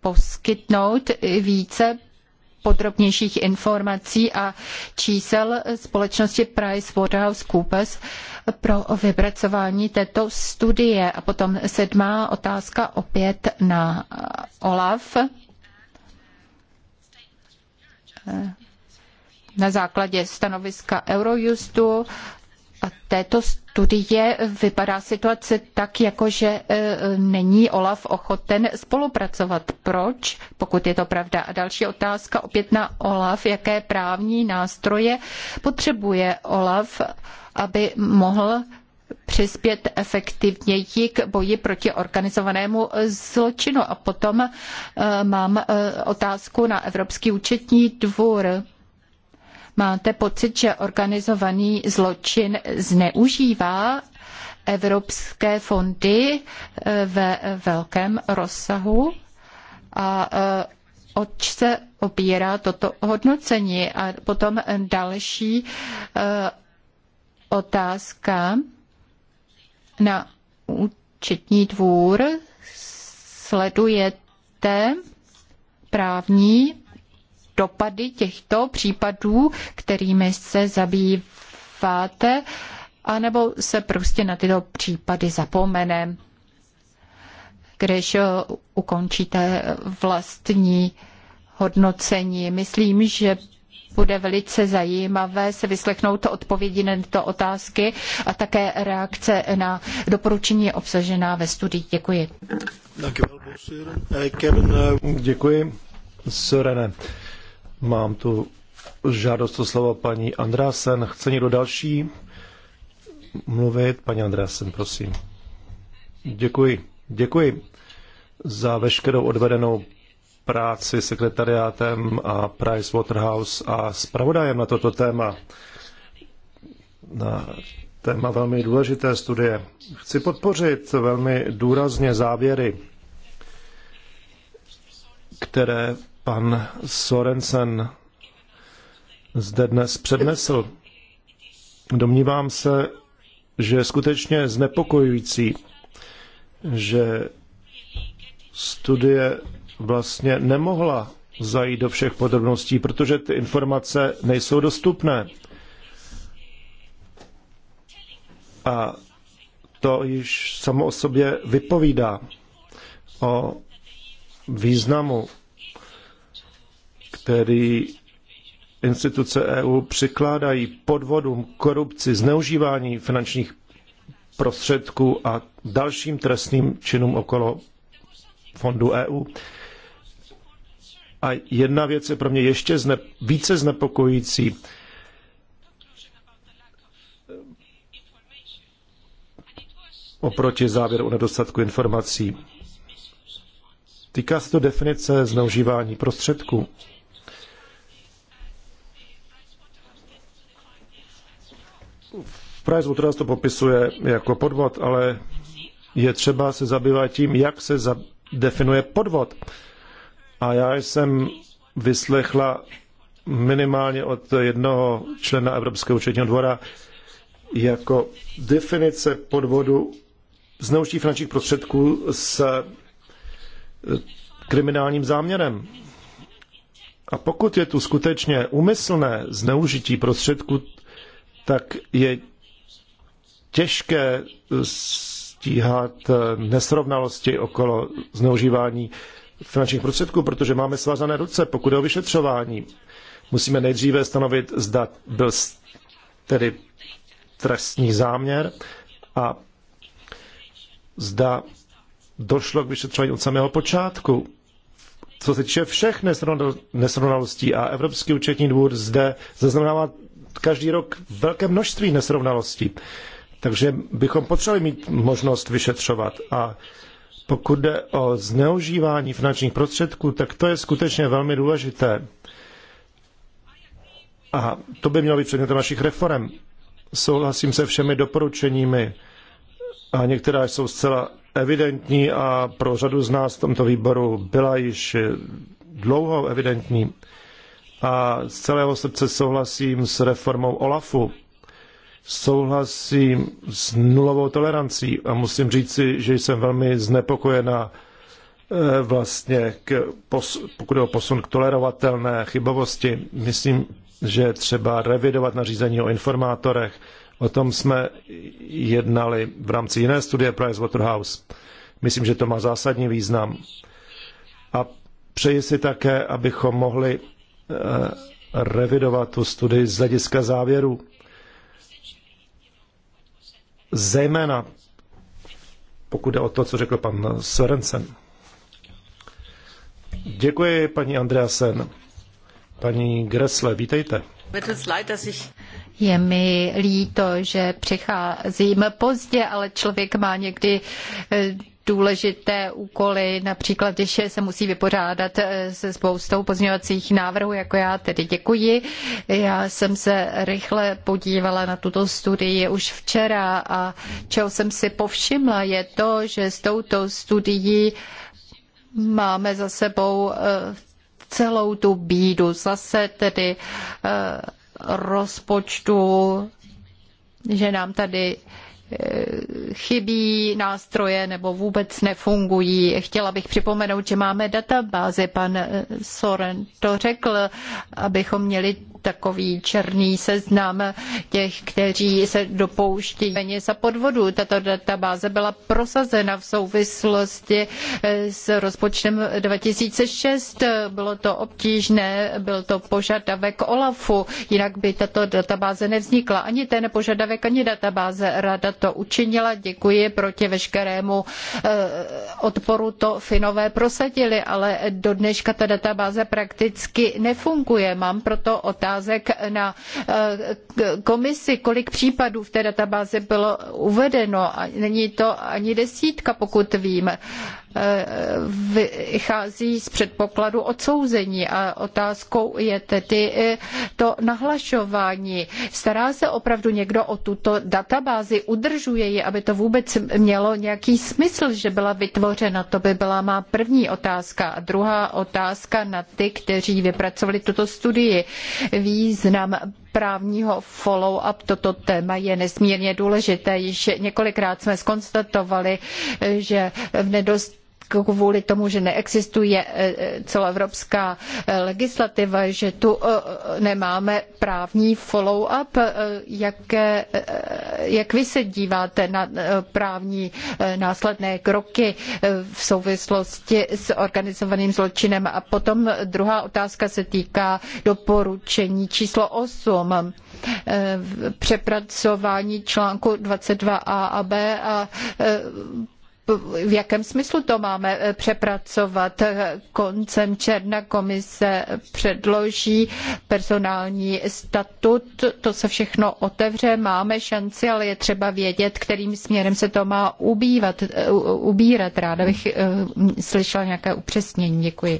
poskytnout více podrobnějších informací a čísel společnosti PricewaterhouseCoopers pro vypracování této studie. A potom sedmá otázka opět na OLAF. Na základě stanoviska Eurojustu této studie vypadá situace tak, jako že e, není Olaf ochoten spolupracovat. Proč? Pokud je to pravda. A další otázka opět na Olaf. Jaké právní nástroje potřebuje Olaf, aby mohl přispět efektivněji k boji proti organizovanému zločinu. A potom e, mám e, otázku na Evropský účetní dvůr Máte pocit, že organizovaný zločin zneužívá evropské fondy eh, ve velkém rozsahu? A eh, oč se opírá toto hodnocení? A potom eh, další otázka na účetní dvůr. Sledujete právní dopady těchto případů, kterými se zabýváte, anebo se prostě na tyto případy zapomene, když ukončíte vlastní hodnocení. Myslím, že bude velice zajímavé se vyslechnout odpovědi na tyto otázky a také reakce na doporučení obsažená ve studii. Děkuji. Děkuji. Sorene. Mám tu žádost o slovo paní Andrásen. Chce někdo další mluvit? Paní Andrásen, prosím. Děkuji. Děkuji za veškerou odvedenou práci sekretariátem a Price Waterhouse a zpravodajem na toto téma. Na téma velmi důležité studie. Chci podpořit velmi důrazně závěry, které pan Sorensen zde dnes přednesl. Domnívám se, že je skutečně znepokojující, že studie vlastně nemohla zajít do všech podrobností, protože ty informace nejsou dostupné. A to již samo o sobě vypovídá o významu který instituce EU přikládají podvodům, korupci, zneužívání finančních prostředků a dalším trestným činům okolo fondu EU. A jedna věc je pro mě ještě zne, více znepokojící. oproti závěru o nedostatku informací. Týká se to definice zneužívání prostředků. Pricewaterhouse to popisuje jako podvod, ale je třeba se zabývat tím, jak se definuje podvod. A já jsem vyslechla minimálně od jednoho člena Evropského účetního dvora jako definice podvodu zneužití finančních prostředků s eh, kriminálním záměrem. A pokud je tu skutečně umyslné zneužití prostředků, tak je těžké stíhat nesrovnalosti okolo zneužívání finančních prostředků, protože máme svázané ruce, pokud je o vyšetřování. Musíme nejdříve stanovit, zda byl tedy trestní záměr a zda došlo k vyšetřování od samého počátku. Co se týče všech nesrovnalostí a Evropský účetní dvůr zde zaznamenává každý rok velké množství nesrovnalostí. Takže bychom potřebovali mít možnost vyšetřovat. A pokud jde o zneužívání finančních prostředků, tak to je skutečně velmi důležité. A to by mělo být předmětem našich reform. Souhlasím se všemi doporučeními a některá jsou zcela evidentní a pro řadu z nás v tomto výboru byla již dlouho evidentní a z celého srdce souhlasím s reformou OLAFu. Souhlasím s nulovou tolerancí a musím říci, že jsem velmi znepokojena e, vlastně, k pos, pokud je o posun k tolerovatelné chybovosti. Myslím, že třeba revidovat nařízení o informátorech. O tom jsme jednali v rámci jiné studie Pricewaterhouse. Myslím, že to má zásadní význam. A přeji si také, abychom mohli Eh, revidovat tu studii z hlediska závěru. Zejména pokud jde o to, co řekl pan Sorensen. Děkuji, paní Andreasen. Paní Gresle, vítejte. Je mi líto, že přicházím pozdě, ale člověk má někdy eh, důležité úkoly, například když se musí vypořádat eh, se spoustou pozměňovacích návrhů, jako já tedy děkuji. Já jsem se rychle podívala na tuto studii už včera a čeho jsem si povšimla je to, že s touto studií máme za sebou eh, celou tu bídu, zase tedy eh, rozpočtu, že nám tady chybí nástroje nebo vůbec nefungují. Chtěla bych připomenout, že máme databázy. Pan Soren to řekl, abychom měli takový černý seznam těch, kteří se dopouštějí peněz a podvodu. Tato databáze byla prosazena v souvislosti s rozpočtem 2006. Bylo to obtížné, byl to požadavek OLAFu, jinak by tato databáze nevznikla. Ani ten požadavek, ani databáze rada to učinila. Děkuji proti veškerému eh, odporu to Finové prosadili, ale do dneška ta databáze prakticky nefunguje. Mám proto otázek na eh, komisi, kolik případů v té databázi bylo uvedeno. Není to ani desítka, pokud vím. Eh, vychází z předpokladu odsouzení a otázkou je tedy eh, to nahlašování. Stará se opravdu někdo o tuto databázi, udržuje ji, aby to vůbec mělo nějaký smysl, že byla vytvořena? To by byla má první otázka. A druhá otázka na ty, kteří vypracovali tuto studii. Význam právního follow-up. Toto téma je nesmírně důležité. Již několikrát jsme skonstatovali, že v nedostatku kvůli tomu, že neexistuje eh, celoevropská eh, legislativa, že tu eh, nemáme právní follow-up. Jak, jak vy se díváte na právní následné kroky v souvislosti s organizovaným zločinem? A potom druhá otázka se týká doporučení číslo 8 přepracování článku 22a a b a v jakém smyslu to máme eh, přepracovat. Koncem června komise předloží personální statut, to se všechno otevře, máme šanci, ale je třeba vědět, kterým směrem se to má ubývat, eh, ubírat. Ráda bych eh, slyšela nějaké upřesnění. Děkuji.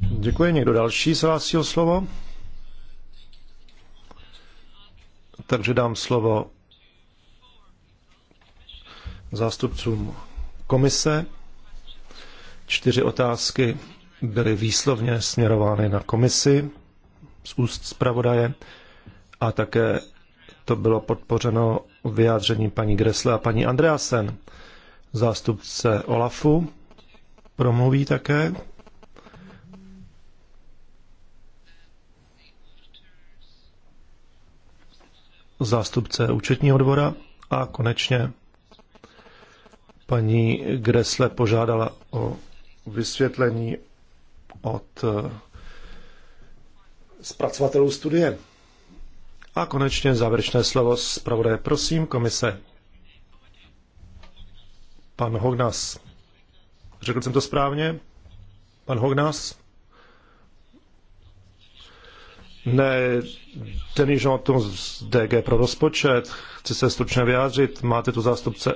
Děkuji. Někdo další se hlásí o slovo? Takže dám slovo zástupcům komise. Čtyři otázky byly výslovně směrovány na komisi z úst zpravodaje a také to bylo podpořeno vyjádřením paní Gresle a paní Andreasen. Zástupce Olafu promluví také. Zástupce účetního dvora a konečně Paní Gresle požádala o vysvětlení od eh, zpracovatelů studie. A konečně závěrečné slovo zpravodaje. Prosím, komise. Pan Hognas. Řekl jsem to správně? Pan Hognas? Ne, ten již o tom z DG pro rozpočet. Chci se stručně vyjádřit. Máte tu zástupce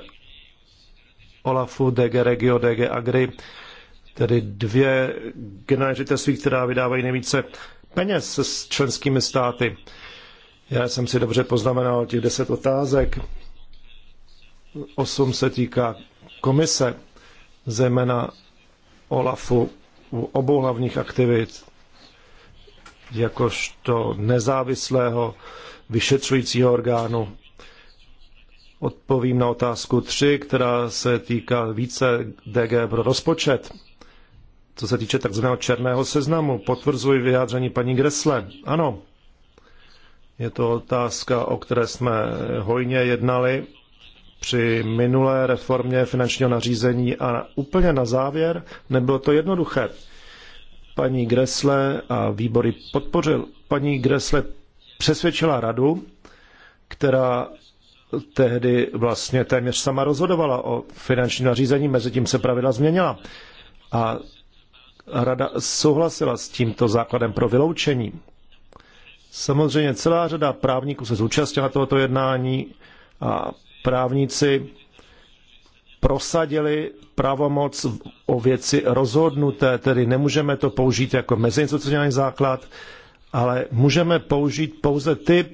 OLAFu, DG Regio, DG Agri, tedy dvě generální která vydávají nejvíce peněz s členskými státy. Já jsem si dobře poznamenal těch deset otázek. Osm se týká komise, zejména OLAFu u obou hlavních aktivit, jakožto nezávislého vyšetřujícího orgánu Odpovím na otázku 3, která se týká více DG pro rozpočet. Co se týče takzvaného černého seznamu, potvrzuji vyjádření paní Gresle. Ano, je to otázka, o které jsme hojně jednali při minulé reformě finančního nařízení a úplně na závěr nebylo to jednoduché. Paní Gresle a výbory podpořil. Paní Gresle přesvědčila radu, která tehdy vlastně téměř sama rozhodovala o finančním nařízení, mezi tím se pravidla změnila. A rada souhlasila s tímto základem pro vyloučení. Samozřejmě celá řada právníků se zúčastnila tohoto jednání a právníci prosadili pravomoc o věci rozhodnuté, tedy nemůžeme to použít jako mezinstitucionální základ, ale můžeme použít pouze ty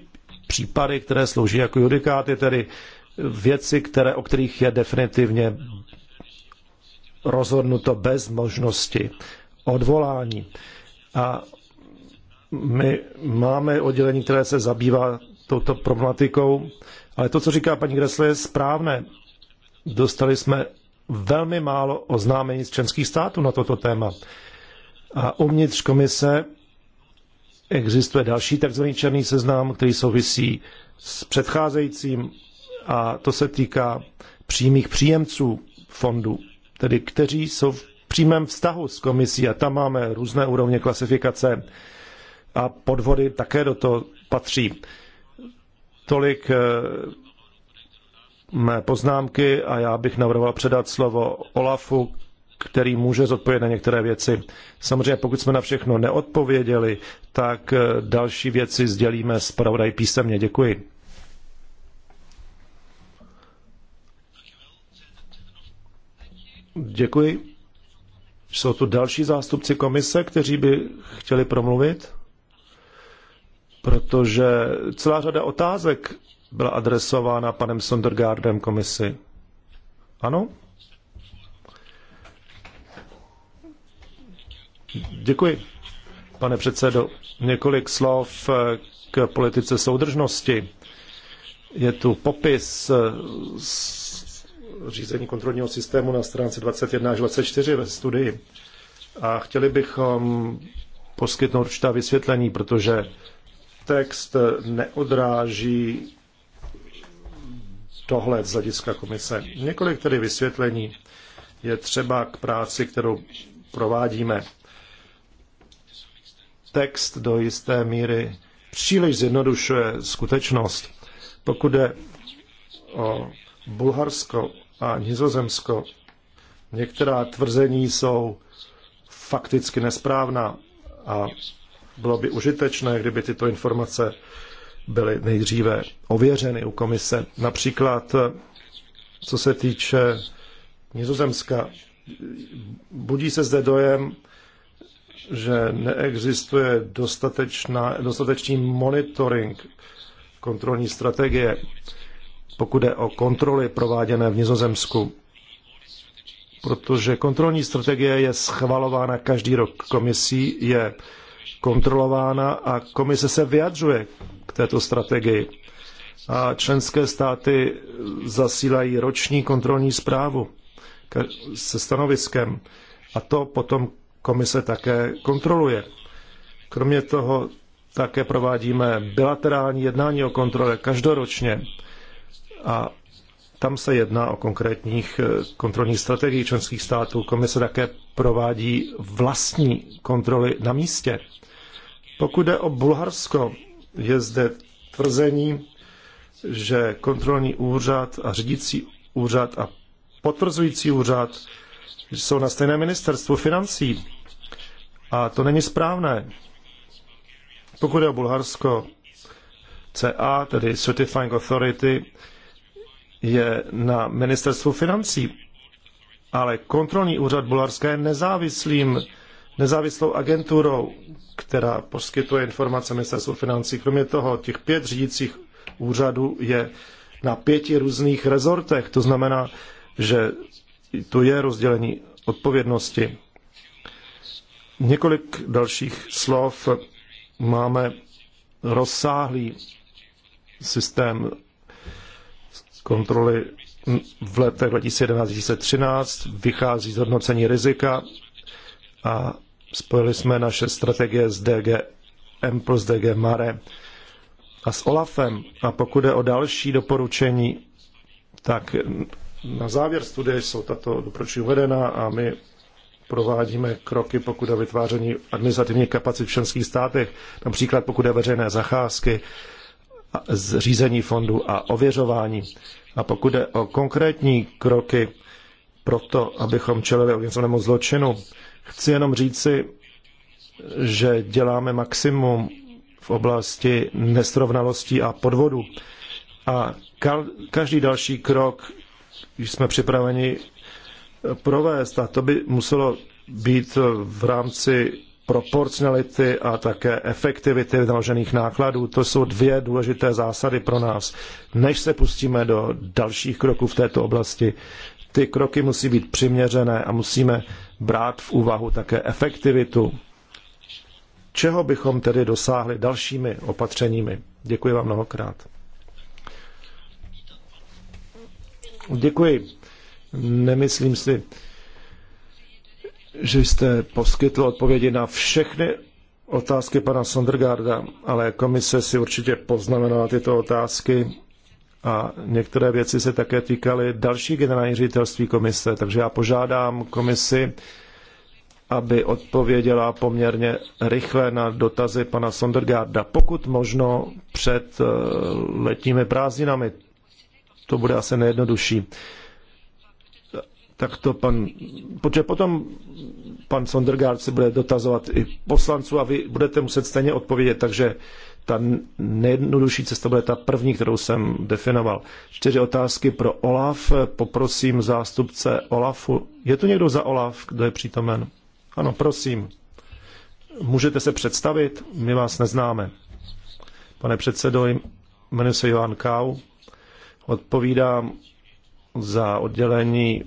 případy, které slouží jako judikáty, tedy věci, které, o kterých je definitivně rozhodnuto bez možnosti odvolání. A my máme oddělení, které se zabývá touto problematikou, ale to, co říká paní Gressle, je správné. Dostali jsme velmi málo oznámení z členských států na toto téma. A uvnitř komise existuje další takzvaný černý seznam, který souvisí s předcházejícím a to se týká přímých příjemců fondu, tedy kteří jsou v přímém vztahu s komisí a tam máme různé úrovně klasifikace a podvody také do toho patří. Tolik eh, mé poznámky a já bych navrhoval předat slovo Olafu, který může zodpovědět na některé věci. Samozřejmě, pokud jsme na všechno neodpověděli, tak eh, další věci sdělíme zpravodaj písemně. Děkuji. Děkuji. Jsou tu další zástupci komise, kteří by chtěli promluvit? Protože celá řada otázek byla adresována panem Sondergaardem komisi. Ano? Děkuji, pane předsedo. Několik slov eh, k politice soudržnosti. Je tu popis eh, řízení kontrolního systému na stránce 21 až 24 ve studii. A chtěli bychom poskytnout určitá vysvětlení, protože text neodráží dohled z hlediska komise. Několik tedy vysvětlení je třeba k práci, kterou provádíme text do jisté míry příliš zjednodušuje skutečnost. Pokud jde o Bulharsko a Nizozemsko, některá tvrzení jsou fakticky nesprávná a bylo by užitečné, kdyby tyto informace byly nejdříve ověřeny u komise. Například, co se týče Nizozemska, budí se zde dojem, že neexistuje dostatečná, dostatečný monitoring kontrolní strategie, pokud je o kontroly prováděné v Nizozemsku. Protože kontrolní strategie je schvalována každý rok komisí, je kontrolována a komise se vyjadřuje k této strategii. A členské státy zasílají roční kontrolní zprávu se stanoviskem. A to potom komise také kontroluje. Kromě toho také provádíme bilaterální jednání o kontrole každoročně a tam se jedná o konkrétních eh, kontrolních strategií členských států. Komise také provádí vlastní kontroly na místě. Pokud jde o Bulharsko, je zde tvrzení, že kontrolní úřad a řídící úřad a potvrzující úřad jsou na stejné ministerstvu financí. A to není správné. Pokud je o Bulharsko, CA, tedy Certifying Authority, je na ministerstvu financí, ale kontrolní úřad Bulharska je nezávislým, nezávislou agenturou, která poskytuje informace ministerstvu financí. Kromě toho, těch pět řídících úřadů je na pěti různých rezortech. To znamená, že tu je rozdělení odpovědnosti. Několik dalších slov. Máme rozsáhlý systém kontroly v letech 2011-2013, vychází z hodnocení rizika a spojili jsme naše strategie s DG M plus DG Mare a s OLAFem. A pokud je o další doporučení, tak na závěr studie jsou tato doporučení uvedena a my provádíme kroky, pokud je vytváření administrativních kapacit v členských státech, například pokud je veřejné zacházky, zřízení fondu a ověřování. A pokud je o konkrétní kroky pro to, abychom čelili organizovanému zločinu, chci jenom říci, že děláme maximum v oblasti nesrovnalostí a podvodu. A každý další krok jsme připraveni provést a to by muselo být v rámci proporcionality a také efektivity vynaložených nákladů. To jsou dvě důležité zásady pro nás. Než se pustíme do dalších kroků v této oblasti, ty kroky musí být přiměřené a musíme brát v úvahu také efektivitu. Čeho bychom tedy dosáhli dalšími opatřeními? Děkuji vám mnohokrát. Děkuji. Nemyslím si, že jste poskytl odpovědi na všechny otázky pana Sondergarda, ale komise si určitě poznamenala tyto otázky a některé věci se také týkaly další generální ředitelství komise, takže já požádám komisi, aby odpověděla poměrně rychle na dotazy pana Sondergarda, pokud možno před eh, letními prázdninami. To bude asi nejjednodušší tak to pan, protože potom pan Sondergaard se bude dotazovat i poslanců a vy budete muset stejně odpovědět, takže ta nejjednodušší cesta bude ta první, kterou jsem definoval. Čtyři otázky pro Olaf. Poprosím zástupce Olafu. Je tu někdo za Olaf, kdo je přítomen? Ano, prosím. Můžete se představit? My vás neznáme. Pane předsedo, jmenuji se Johan Kau. Odpovídám za oddělení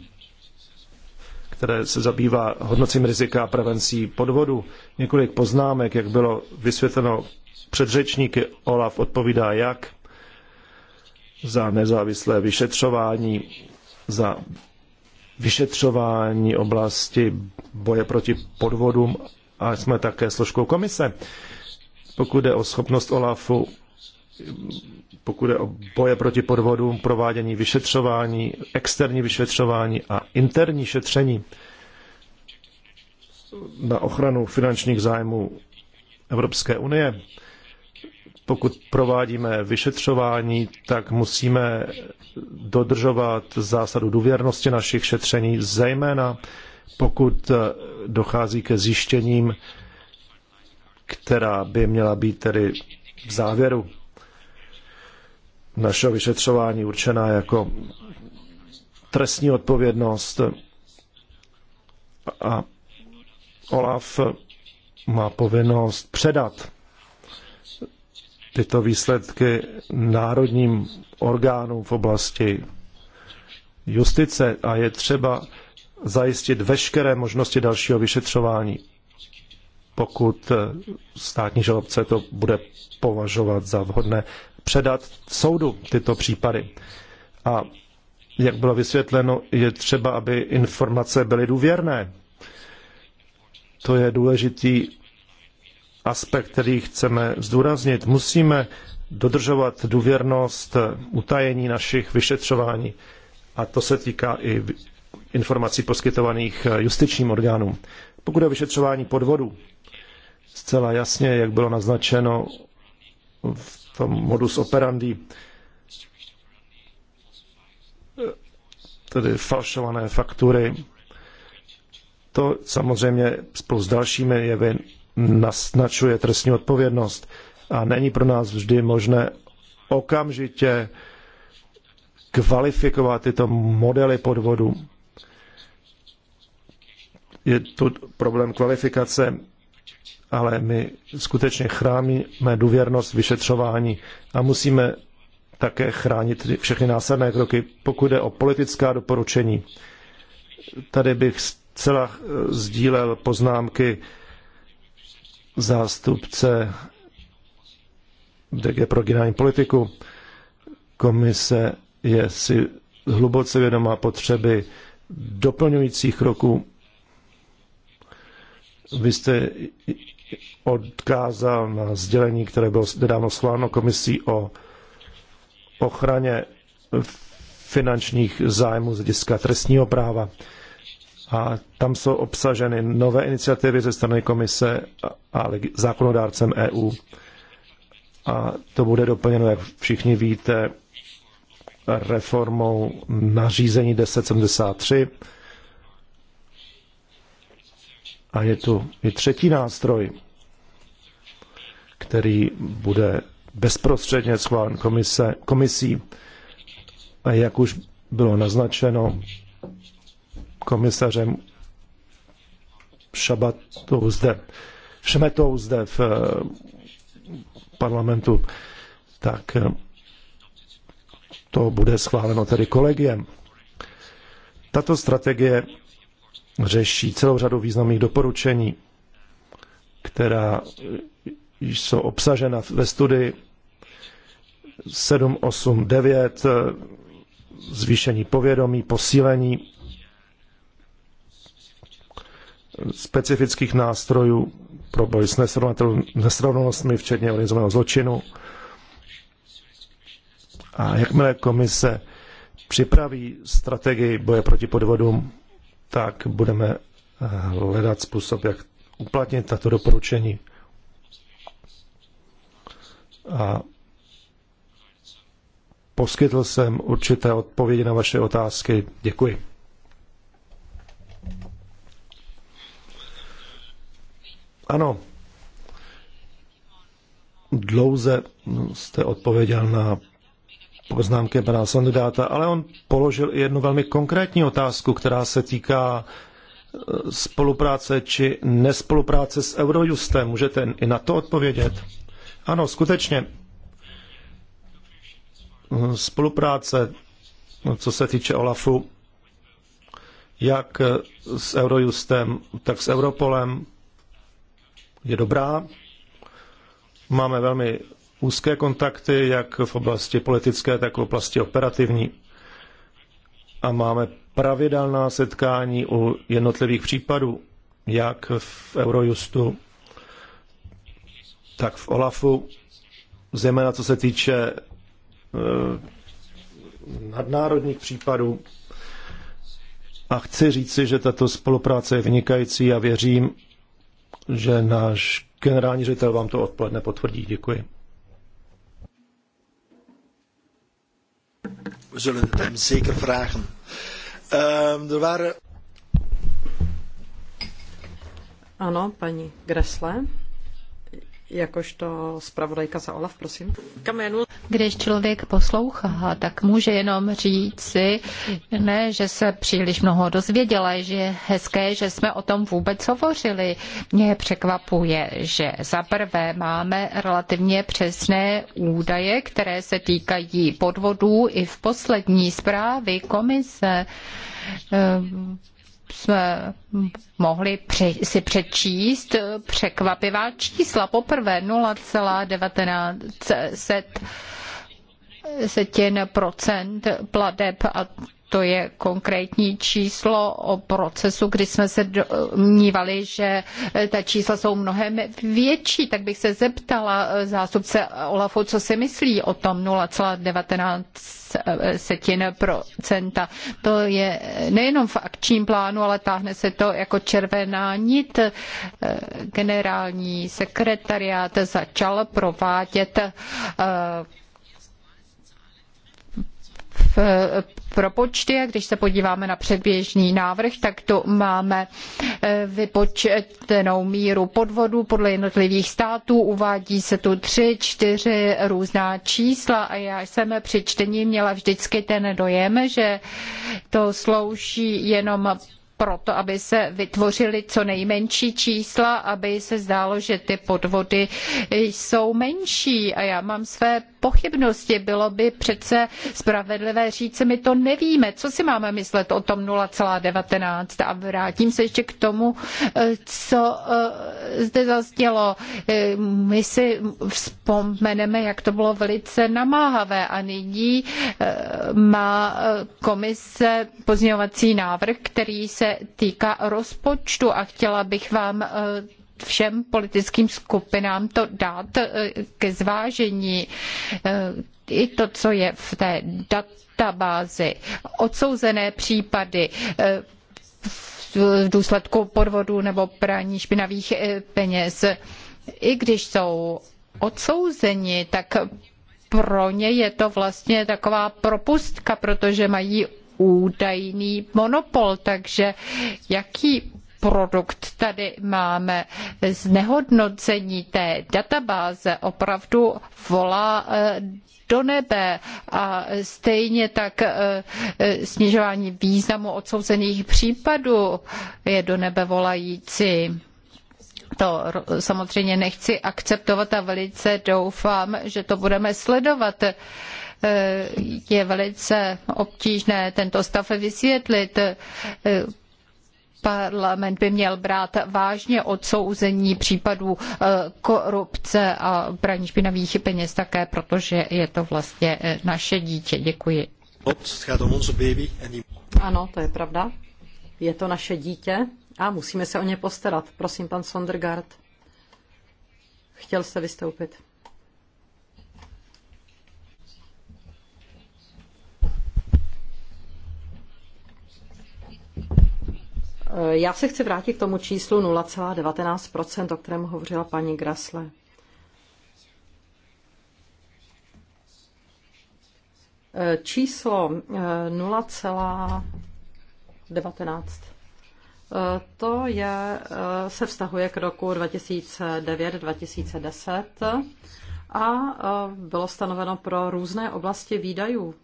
které se zabývá hodnocím rizika a prevencí podvodu. Několik poznámek, jak bylo vysvětleno předřečníky, Olaf odpovídá jak za nezávislé vyšetřování, za vyšetřování oblasti boje proti podvodům a jsme také složkou komise. Pokud jde o schopnost Olafu pokud je o boje proti podvodům, provádění vyšetřování, externí vyšetřování a interní šetření na ochranu finančních zájmů Evropské unie. Pokud provádíme vyšetřování, tak musíme dodržovat zásadu důvěrnosti našich šetření, zejména pokud dochází ke zjištěním, která by měla být tedy v závěru našeho vyšetřování určená jako trestní odpovědnost a Olaf má povinnost předat tyto výsledky národním orgánům v oblasti justice a je třeba zajistit veškeré možnosti dalšího vyšetřování, pokud státní žalobce to bude považovat za vhodné předat soudu tyto případy. A jak bylo vysvětleno, je třeba, aby informace byly důvěrné. To je důležitý aspekt, který chceme zdůraznit. Musíme dodržovat důvěrnost utajení našich vyšetřování. A to se týká i informací poskytovaných justičním orgánům. Pokud je vyšetřování podvodu, zcela jasně, jak bylo naznačeno v tom modus operandi, tedy falšované faktury. To samozřejmě spolu s dalšími jevy naznačuje trestní odpovědnost a není pro nás vždy možné okamžitě kvalifikovat tyto modely podvodu. Je tu problém kvalifikace ale my skutečně chráníme důvěrnost vyšetřování a musíme také chránit všechny následné kroky. Pokud jde o politická doporučení, tady bych zcela eh, sdílel poznámky zástupce DG pro generální politiku. Komise je si hluboce vědomá potřeby doplňujících kroků. Vy jste odkázal na sdělení, které bylo nedávno schváleno komisí o ochraně finančních zájmů z hlediska trestního práva. A tam jsou obsaženy nové iniciativy ze strany komise a zákonodárcem EU. A to bude doplněno, jak všichni víte, reformou nařízení 1073 a je tu i třetí nástroj, který bude bezprostředně schválen komise, komisí. A jak už bylo naznačeno komisařem Šabatou zde, Šemetou zde v eh, parlamentu, tak eh, to bude schváleno tedy kolegiem. Tato strategie řeší celou řadu významných doporučení, která jsou obsažena ve studii 7, 8, 9, zvýšení povědomí, posílení specifických nástrojů pro boj s nesrovnalostmi, včetně organizovaného zločinu. A jakmile komise připraví strategii boje proti podvodům, tak budeme eh, hledat způsob, jak uplatnit tato doporučení. A poskytl jsem určité odpovědi na vaše otázky. Děkuji. Ano, dlouze jste odpověděl na poznámky pana Sandidáta, ale on položil i jednu velmi konkrétní otázku, která se týká eh, spolupráce či nespolupráce s Eurojustem. Můžete i na to odpovědět? Ano, skutečně. Eh, spolupráce, eh, co se týče OLAFu, jak s Eurojustem, tak s Europolem, je dobrá. Máme velmi úzké kontakty, jak v oblasti politické, tak v oblasti operativní. A máme pravidelná setkání u jednotlivých případů, jak v Eurojustu, tak v OLAFu, zejména co se týče e, nadnárodních případů. A chci říci, že tato spolupráce je vynikající a věřím, že náš generální ředitel vám to odpoledne potvrdí. Děkuji. We zullen het hem zeker vragen. Uh, er waren... Ano, paní Gressle. Jakožto zpravodajka za OLAF, prosím. Když člověk poslouchá, tak může jenom říci, ne, že se příliš mnoho dozvěděla, že je hezké, že jsme o tom vůbec hovořili. Mě překvapuje, že za prvé máme relativně přesné údaje, které se týkají podvodů i v poslední zprávy komise jsme mohli pře- si přečíst překvapivá čísla. Poprvé 0,19 procent plateb a to je konkrétní číslo o procesu, kdy jsme se domnívali, že eh, ta čísla jsou mnohem větší, tak bych se zeptala eh, zástupce Olafu, co si myslí o tom 0,19%. Eh, to je nejenom v akčním plánu, ale táhne se to jako červená nit. Generální sekretariát začal provádět propočty a když se podíváme na předběžný návrh, tak tu máme eh, vypočtenou míru podvodu podle jednotlivých států. Uvádí se tu tři, čtyři různá čísla a já jsem při čtení měla vždycky ten dojem, že to slouží jenom proto, aby se vytvořily co nejmenší čísla, aby se zdálo, že ty podvody jsou menší. A já mám své pochybnosti. Bylo by přece spravedlivé říct, my to nevíme. Co si máme myslet o tom 0,19? A vrátím se ještě k tomu, co eh, zde zaznělo. Eh, my si vzpomeneme, jak to bylo velice namáhavé a nyní eh, má komise pozměňovací návrh, který se se týká rozpočtu a chtěla bych vám eh, všem politickým skupinám to dát eh, ke zvážení. Eh, I to, co je v té databázi, odsouzené případy v důsledku podvodu nebo praní špinavých peněz, i když jsou odsouzeni, tak pro ně je to vlastně taková propustka, protože mají údajný monopol. Takže jaký produkt tady máme. Znehodnocení té databáze opravdu volá eh, do nebe a stejně tak eh, snižování významu odsouzených případů je do nebe volající. To samozřejmě nechci akceptovat a velice doufám, že to budeme sledovat je velice obtížné tento stav vysvětlit. Parlament by měl brát vážně odsouzení případů eh, korupce a praní špinavých peněz také, protože je to vlastně eh, naše dítě. Děkuji. Ano, to je pravda. Je to naše dítě a musíme se o ně postarat. Prosím, pan Sondergaard. Chtěl jste vystoupit. Eh, já se chci vrátit k tomu číslu 0,19%, o kterém hovořila paní Grasle. Eh, číslo 0,19. Eh, to je, se vztahuje k roku 2009-2010 a bylo stanoveno pro různé oblasti výdajů.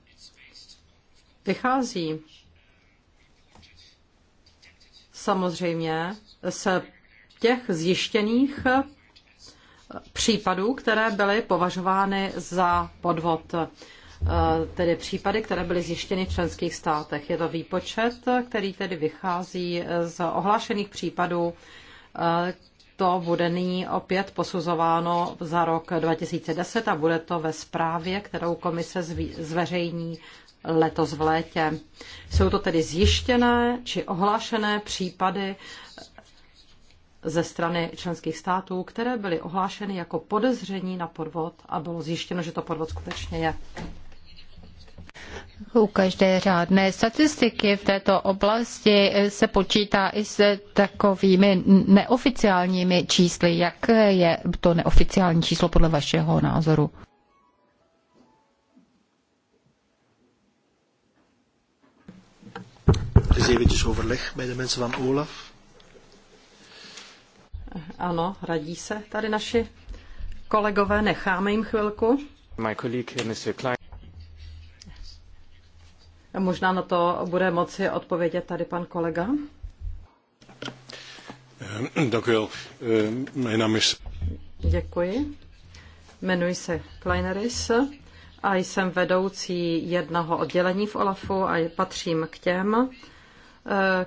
Vychází samozřejmě z těch zjištěných případů, které byly považovány za podvod eh, tedy případy, které byly zjištěny v členských státech. Je to výpočet, který tedy vychází z ohlášených případů. Eh, to bude nyní opět posuzováno za rok 2010 a bude to ve zprávě, kterou komise zveřejní letos v létě. Jsou to tedy zjištěné či ohlášené případy ze strany členských států, které byly ohlášeny jako podezření na podvod a bylo zjištěno, že to podvod skutečně je. U každé řádné statistiky v této oblasti se počítá i s takovými neoficiálními čísly. Jak je to neoficiální číslo podle vašeho názoru? Het is eventjes overleg bij de mensen van OLAF. Ano, radí se tady naši kolegové, necháme jim chvilku. My colleague, eh, Mr. Klein. Možná na to bude moci odpovědět tady pan kolega. Ehm, ehm, Děkuji. Jmenuji se Kleineris a jsem vedoucí jednoho oddělení v OLAFu a patřím k těm,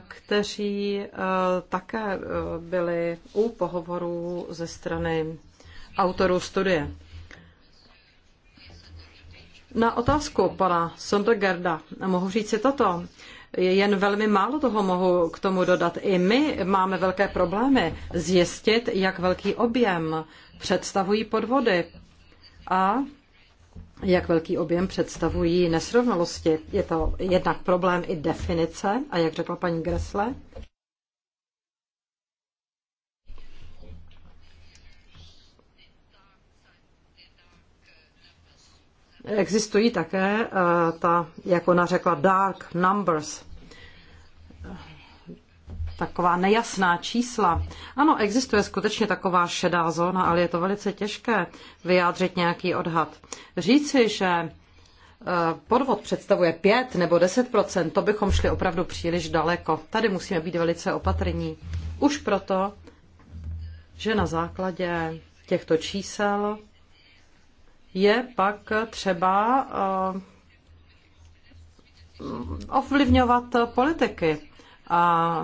kteří eh, také eh, byli u pohovorů ze strany autorů studie. Na otázku pana Sondergerda mohu říct si toto. Jen velmi málo toho mohu k tomu dodat. I my máme velké problémy zjistit, jak velký objem představují podvody. A jak velký objem představují nesrovnalosti. Je to jednak problém i definice, a jak řekla paní Gresle, Existují také eh, ta, jak ona řekla, dark numbers, taková nejasná čísla. Ano, existuje skutečně taková šedá zóna, ale je to velice těžké vyjádřit nějaký odhad. Říci, že e, podvod představuje 5 nebo 10 to bychom šli opravdu příliš daleko. Tady musíme být velice opatrní. Už proto, že na základě těchto čísel je pak třeba e, ovlivňovat politiky. A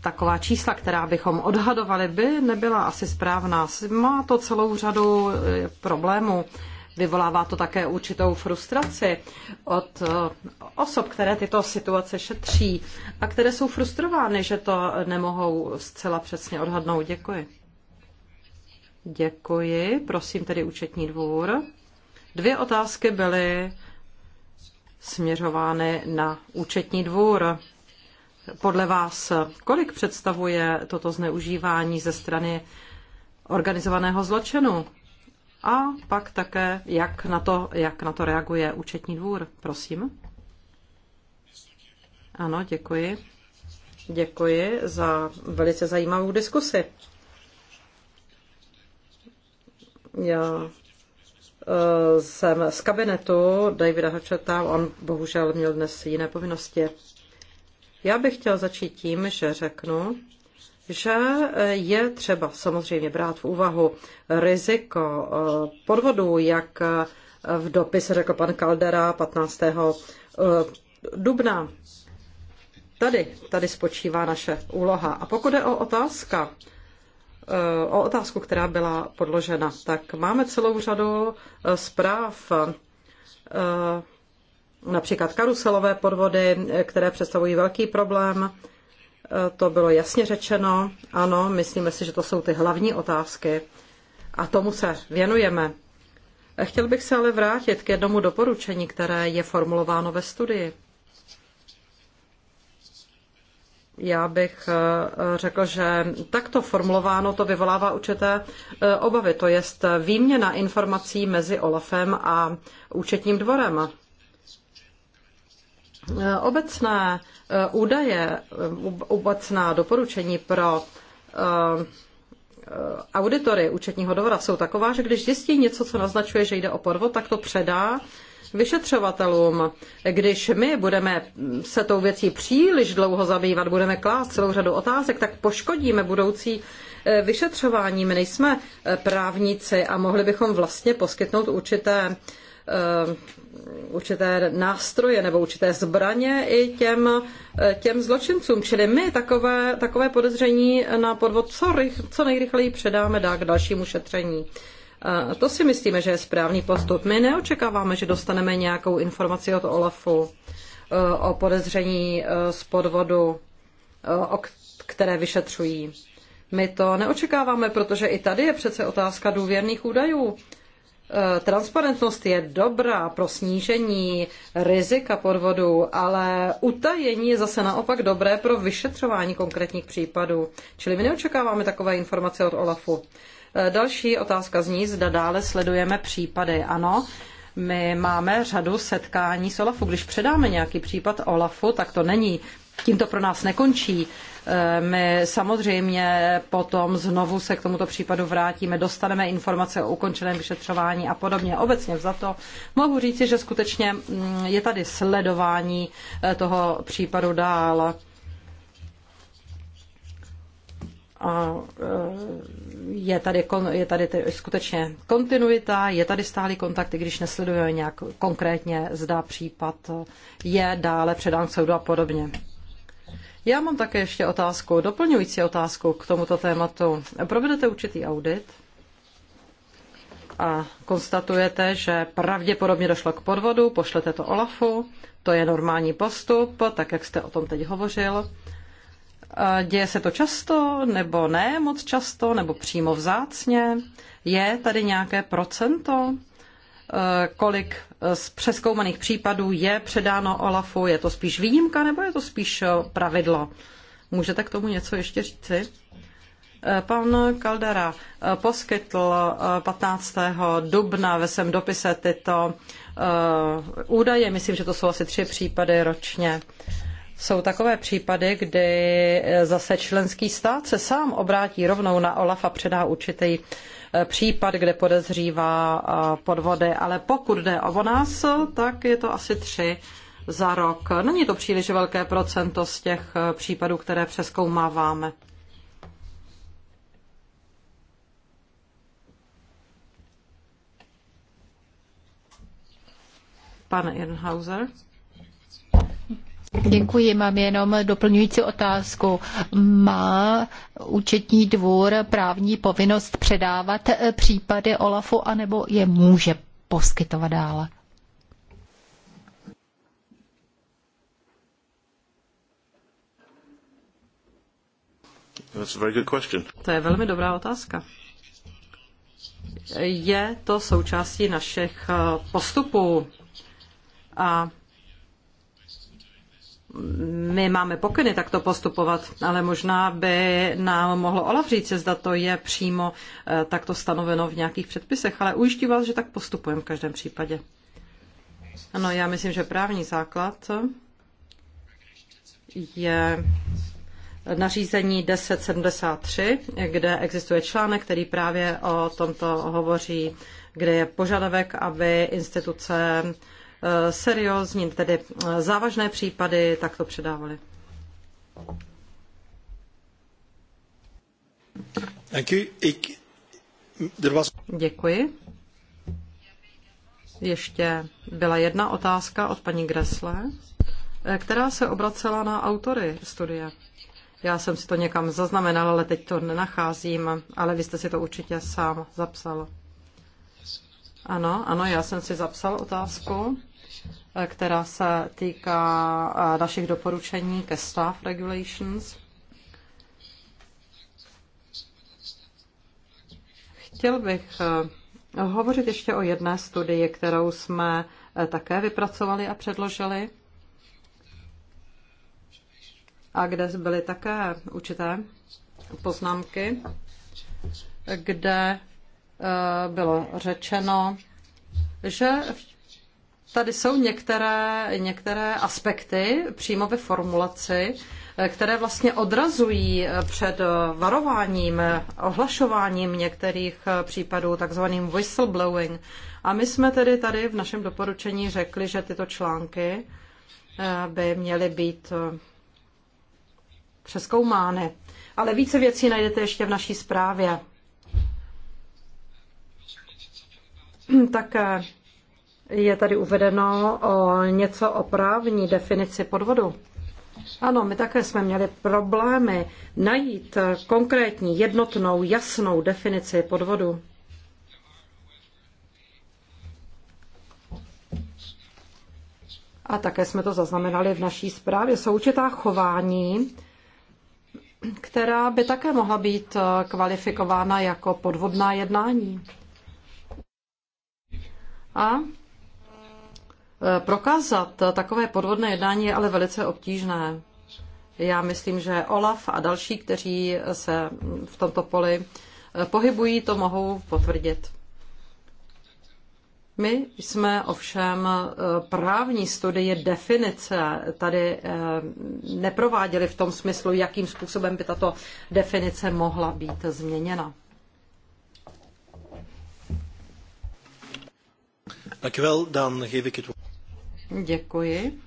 taková čísla, která bychom odhadovali, by nebyla asi správná. Má to celou řadu eh, problémů. Vyvolává to také určitou frustraci od eh, osob, které tyto situace šetří a které jsou frustrovány, že to nemohou zcela přesně odhadnout. Děkuji. Děkuji. Prosím tedy účetní dvůr. Dvě otázky byly směřovány na účetní dvůr podle vás, kolik představuje toto zneužívání ze strany organizovaného zločinu? A pak také, jak na to, jak na to reaguje účetní dvůr, prosím. Ano, děkuji. Děkuji za velice zajímavou diskusi. Já eh, jsem z kabinetu Davida Hatcheta, on bohužel měl dnes jiné povinnosti. Já bych chtěl začít tím, že řeknu, že je třeba samozřejmě brát v úvahu riziko eh, podvodů, jak eh, v dopise řekl pan Caldera 15. Eh, dubna. Tady, tady spočívá naše úloha. A pokud je o otázka, o otázku, která byla podložena, tak máme celou řadu zpráv například karuselové podvody, které představují velký problém. To bylo jasně řečeno. Ano, myslíme si, že to jsou ty hlavní otázky. A tomu se věnujeme. Chtěl bych se ale vrátit k jednomu doporučení, které je formulováno ve studii. Já bych eh, řekl, že takto formulováno to vyvolává určité eh, obavy, to jest výměna informací mezi OLAFem a účetním dvorem. Eh, obecné eh, údaje, eh, obecná doporučení pro auditory účetního dvora jsou taková, že když zjistí něco, co naznačuje, že jde o podvod, tak to předá vyšetřovatelům. Když my budeme se tou věcí příliš dlouho zabývat, budeme klást celou řadu otázek, tak poškodíme budoucí vyšetřování. My nejsme právníci a mohli bychom vlastně poskytnout určité Eh, určité nástroje nebo určité zbraně i těm, eh, těm zločincům. Čili my takové, takové podezření na podvod co, rych, co nejrychleji předáme dá k dalšímu šetření. A eh, to si myslíme, že je správný postup. My neočekáváme, že dostaneme nějakou informaci od OLAFu o podezření z podvodu, o které vyšetřují. My to neočekáváme, protože i tady je přece otázka důvěrných údajů. Eh, transparentnost je dobrá pro snížení rizika podvodu, ale utajení je zase naopak dobré pro vyšetřování konkrétních případů. Čili my neočekáváme takové informace od OLAFu. Eh, další otázka zní, zda dále sledujeme případy. Ano, my máme řadu setkání s OLAFu. Když předáme nějaký případ OLAFu, tak to není tím to pro nás nekončí. Eh, my samozřejmě potom znovu se k tomuto případu vrátíme, dostaneme informace o ukončeném vyšetřování a podobně. Obecně vzato mohu říci, že skutečně mm, je tady sledování eh, toho případu dál. A eh, je tady, je tady skutečně kontinuita, je tady stálý kontakt, i když nesledujeme nějak konkrétně, zda případ je dále předán k soudu a podobně. Já mám také ještě otázku, doplňující otázku k tomuto tématu. Provedete určitý audit a konstatujete, že pravděpodobně došlo k podvodu, pošlete to Olafu, to je normální postup, tak jak jste o tom teď hovořil. Děje se to často, nebo ne moc často, nebo přímo vzácně? Je tady nějaké procento? Eh, kolik eh, z přeskoumaných případů je předáno Olafu? Je to spíš výjimka nebo je to spíš eh, pravidlo? Můžete k tomu něco ještě říci? Pan Kaldera poskytl 15. dubna ve svém dopise tyto údaje. Myslím, že to jsou asi tři případy ročně. Jsou takové případy, kdy zase členský stát se sám obrátí rovnou na OLAF a předá určitý Eh, případ, kde podezřívá eh, podvody, ale pokud jde o nás, tak je to asi tři za rok. Není to příliš velké procento z těch eh, případů, které přeskoumáváme. Pan Irnhauser. Děkuji, mám jenom doplňující otázku. Má účetní dvůr právní povinnost předávat eh, případy Olafu, anebo je může poskytovat dále? To je velmi dobrá otázka. Je to součástí našich eh, postupů a my máme pokyny takto postupovat, ale možná by nám mohlo Olaf říct, zda to je přímo eh, takto stanoveno v nějakých předpisech, ale ujišťuji vás, že tak postupujeme v každém případě. Ano, já myslím, že právní základ je nařízení 1073, kde existuje článek, který právě o tomto hovoří, kde je požadavek, aby instituce Eh, seriózní, tedy eh, závažné případy takto předávali. Děkuji. Ještě byla jedna otázka od paní Gresle, eh, která se obracela na autory studie. Já jsem si to někam zaznamenala, ale teď to nenacházím, ale vy jste si to určitě sám zapsal. Ano, ano, já jsem si zapsal otázku která se týká eh, našich doporučení ke staff regulations. Chtěl bych eh, hovořit ještě o jedné studii, kterou jsme eh, také vypracovali a předložili a kde byly také určité poznámky, kde bylo řečeno, že v tady jsou některé, některé aspekty přímo ve formulaci, které vlastně odrazují před varováním, ohlašováním některých případů, takzvaným whistleblowing. A my jsme tedy tady v našem doporučení řekli, že tyto články eh, by měly být eh, přeskoumány. Ale více věcí najdete ještě v naší zprávě. *clears throat* Tak. Eh, je tady uvedeno o něco o právní definici podvodu. Ano, my také jsme měli problémy najít konkrétní, jednotnou, jasnou definici podvodu. A také jsme to zaznamenali v naší zprávě. Jsou určitá chování, která by také mohla být kvalifikována jako podvodná jednání. A Eh, prokázat takové podvodné jednání je ale velice obtížné. Já myslím, že Olaf a další, kteří se v tomto poli eh, pohybují, to mohou potvrdit. My jsme ovšem eh, právní studie definice tady neprováděli v tom smyslu, jakým způsobem by tato definice mohla být změněna. Dank u wel, dan geef ik het woord. Děkuji.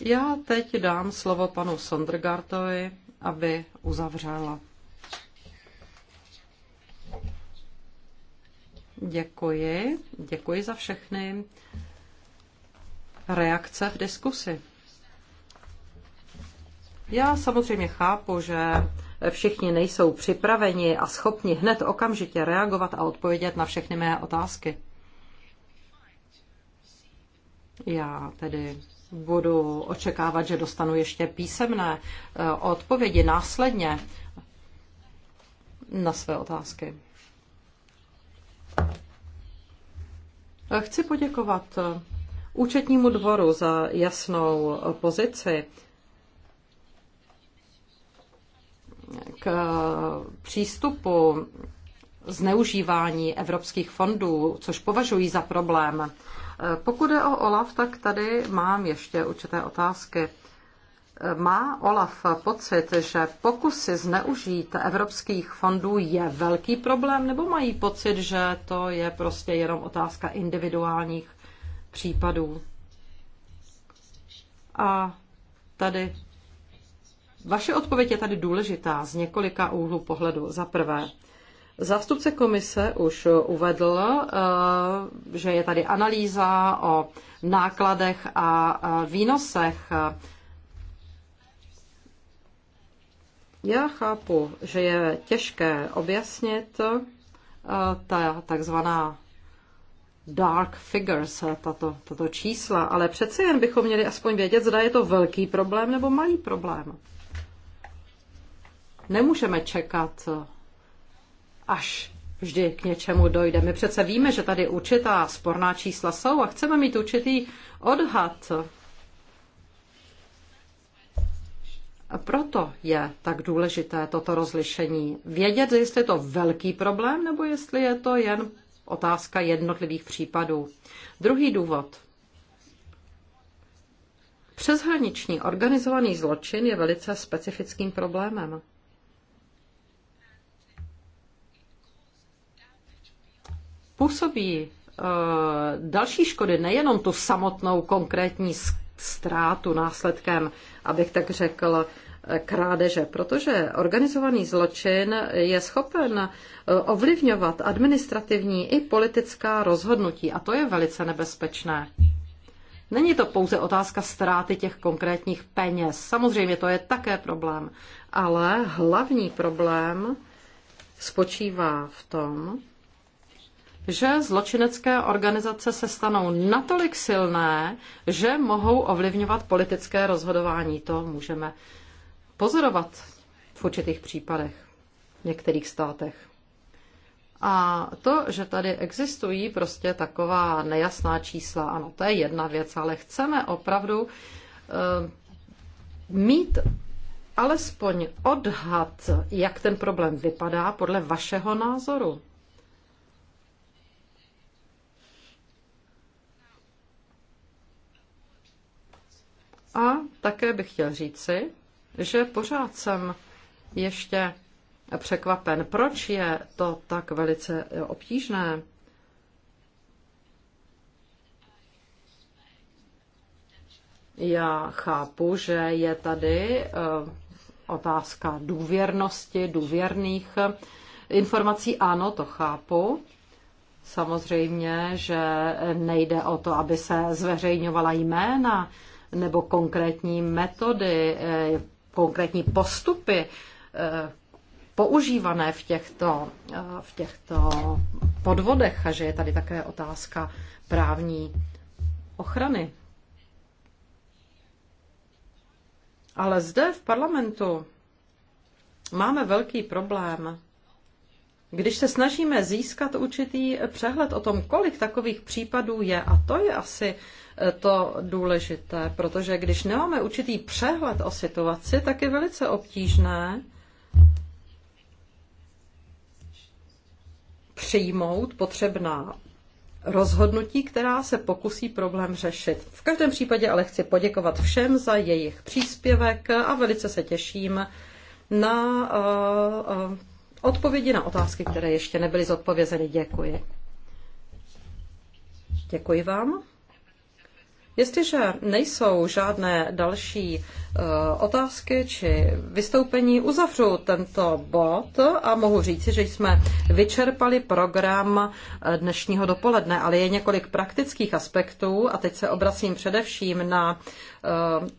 Já teď dám slovo panu Sondergartovi, aby uzavřela. Děkuji. Děkuji za všechny reakce v diskusi. Já samozřejmě chápu, že všichni nejsou připraveni a schopni hned okamžitě reagovat a odpovědět na všechny mé otázky. Já tedy budu očekávat, že dostanu ještě písemné eh, odpovědi následně na své otázky. Eh, chci poděkovat eh, účetnímu dvoru za jasnou pozici k přístupu zneužívání evropských fondů, což považuji za problém. Pokud je o OLAF, tak tady mám ještě určité otázky. Má OLAF pocit, že pokusy zneužít evropských fondů je velký problém, nebo mají pocit, že to je prostě jenom otázka individuálních případů? A tady vaše odpověď je tady důležitá z několika úhlů pohledu. Za prvé, Zástupce komise už uvedl, eh, že je tady analýza o nákladech a výnosech. Já chápu, že je těžké objasnit eh, ta takzvaná dark figures, eh, tato, tato čísla, ale přece jen bychom měli aspoň vědět, zda je to velký problém nebo malý problém. Nemůžeme čekat až vždy k něčemu dojde. My přece víme, že tady určitá sporná čísla jsou a chceme mít určitý odhad. A proto je tak důležité toto rozlišení. Vědět, jestli je to velký problém, nebo jestli je to jen otázka jednotlivých případů. Druhý důvod. Přeshraniční organizovaný zločin je velice specifickým problémem. působí eh, další škody, nejenom tu samotnou konkrétní ztrátu následkem, abych tak řekl, eh, krádeže, protože organizovaný zločin je schopen eh, ovlivňovat administrativní i politická rozhodnutí a to je velice nebezpečné. Není to pouze otázka ztráty těch konkrétních peněz. Samozřejmě to je také problém, ale hlavní problém spočívá v tom, že zločinecké organizace se stanou natolik silné, že mohou ovlivňovat politické rozhodování. To můžeme pozorovat v určitých případech v některých státech. A to, že tady existují prostě taková nejasná čísla, ano, to je jedna věc, ale chceme opravdu uh, mít alespoň odhad, jak ten problém vypadá podle vašeho názoru. A také bych chtěl říci, že pořád jsem ještě překvapen, proč je to tak velice obtížné. Já chápu, že je tady eh, otázka důvěrnosti, důvěrných eh, informací. Ano, to chápu. Samozřejmě, že nejde o to, aby se zveřejňovala jména nebo konkrétní metody, eh, konkrétní postupy eh, používané v těchto, eh, v těchto podvodech a že je tady také otázka právní ochrany. Ale zde v parlamentu máme velký problém. Když se snažíme získat určitý přehled o tom, kolik takových případů je, a to je asi to důležité, protože když nemáme určitý přehled o situaci, tak je velice obtížné přijmout potřebná rozhodnutí, která se pokusí problém řešit. V každém případě ale chci poděkovat všem za jejich příspěvek a velice se těším na uh, uh, odpovědi na otázky, které ještě nebyly zodpovězeny. Děkuji. Děkuji vám. Jestliže nejsou žádné další Eh, otázky či vystoupení, uzavřu tento bod a mohu říci, že jsme vyčerpali program eh, dnešního dopoledne, ale je několik praktických aspektů a teď se obracím především na eh,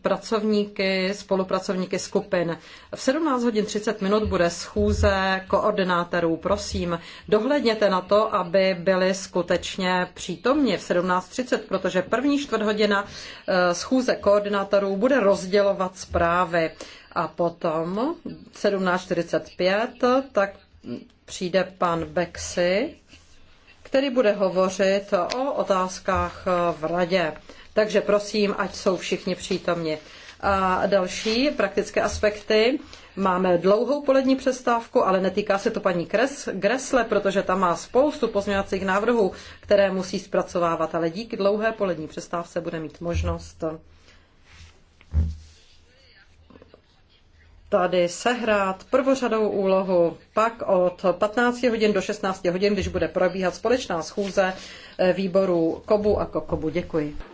pracovníky, spolupracovníky skupin. V 17 hodin 30 minut bude schůze koordinátorů. Prosím, dohledněte na to, aby byli skutečně přítomni v 17.30, protože první čtvrt hodina schůze koordinátorů bude rozdělovat vypracovat zprávy. A potom 17.45 tak přijde pan Bexy, který bude hovořit o otázkách v radě. Takže prosím, ať jsou všichni přítomni. A další praktické aspekty. Máme dlouhou polední přestávku, ale netýká se to paní Gresle, protože ta má spoustu pozměňovacích návrhů, které musí zpracovávat, ale díky dlouhé polední přestávce bude mít možnost tady sehrát prvořadou úlohu. Pak od 15 hodin do 16 hodin, když bude probíhat společná schůze eh, výborů KOBU a KOKOBU. Děkuji.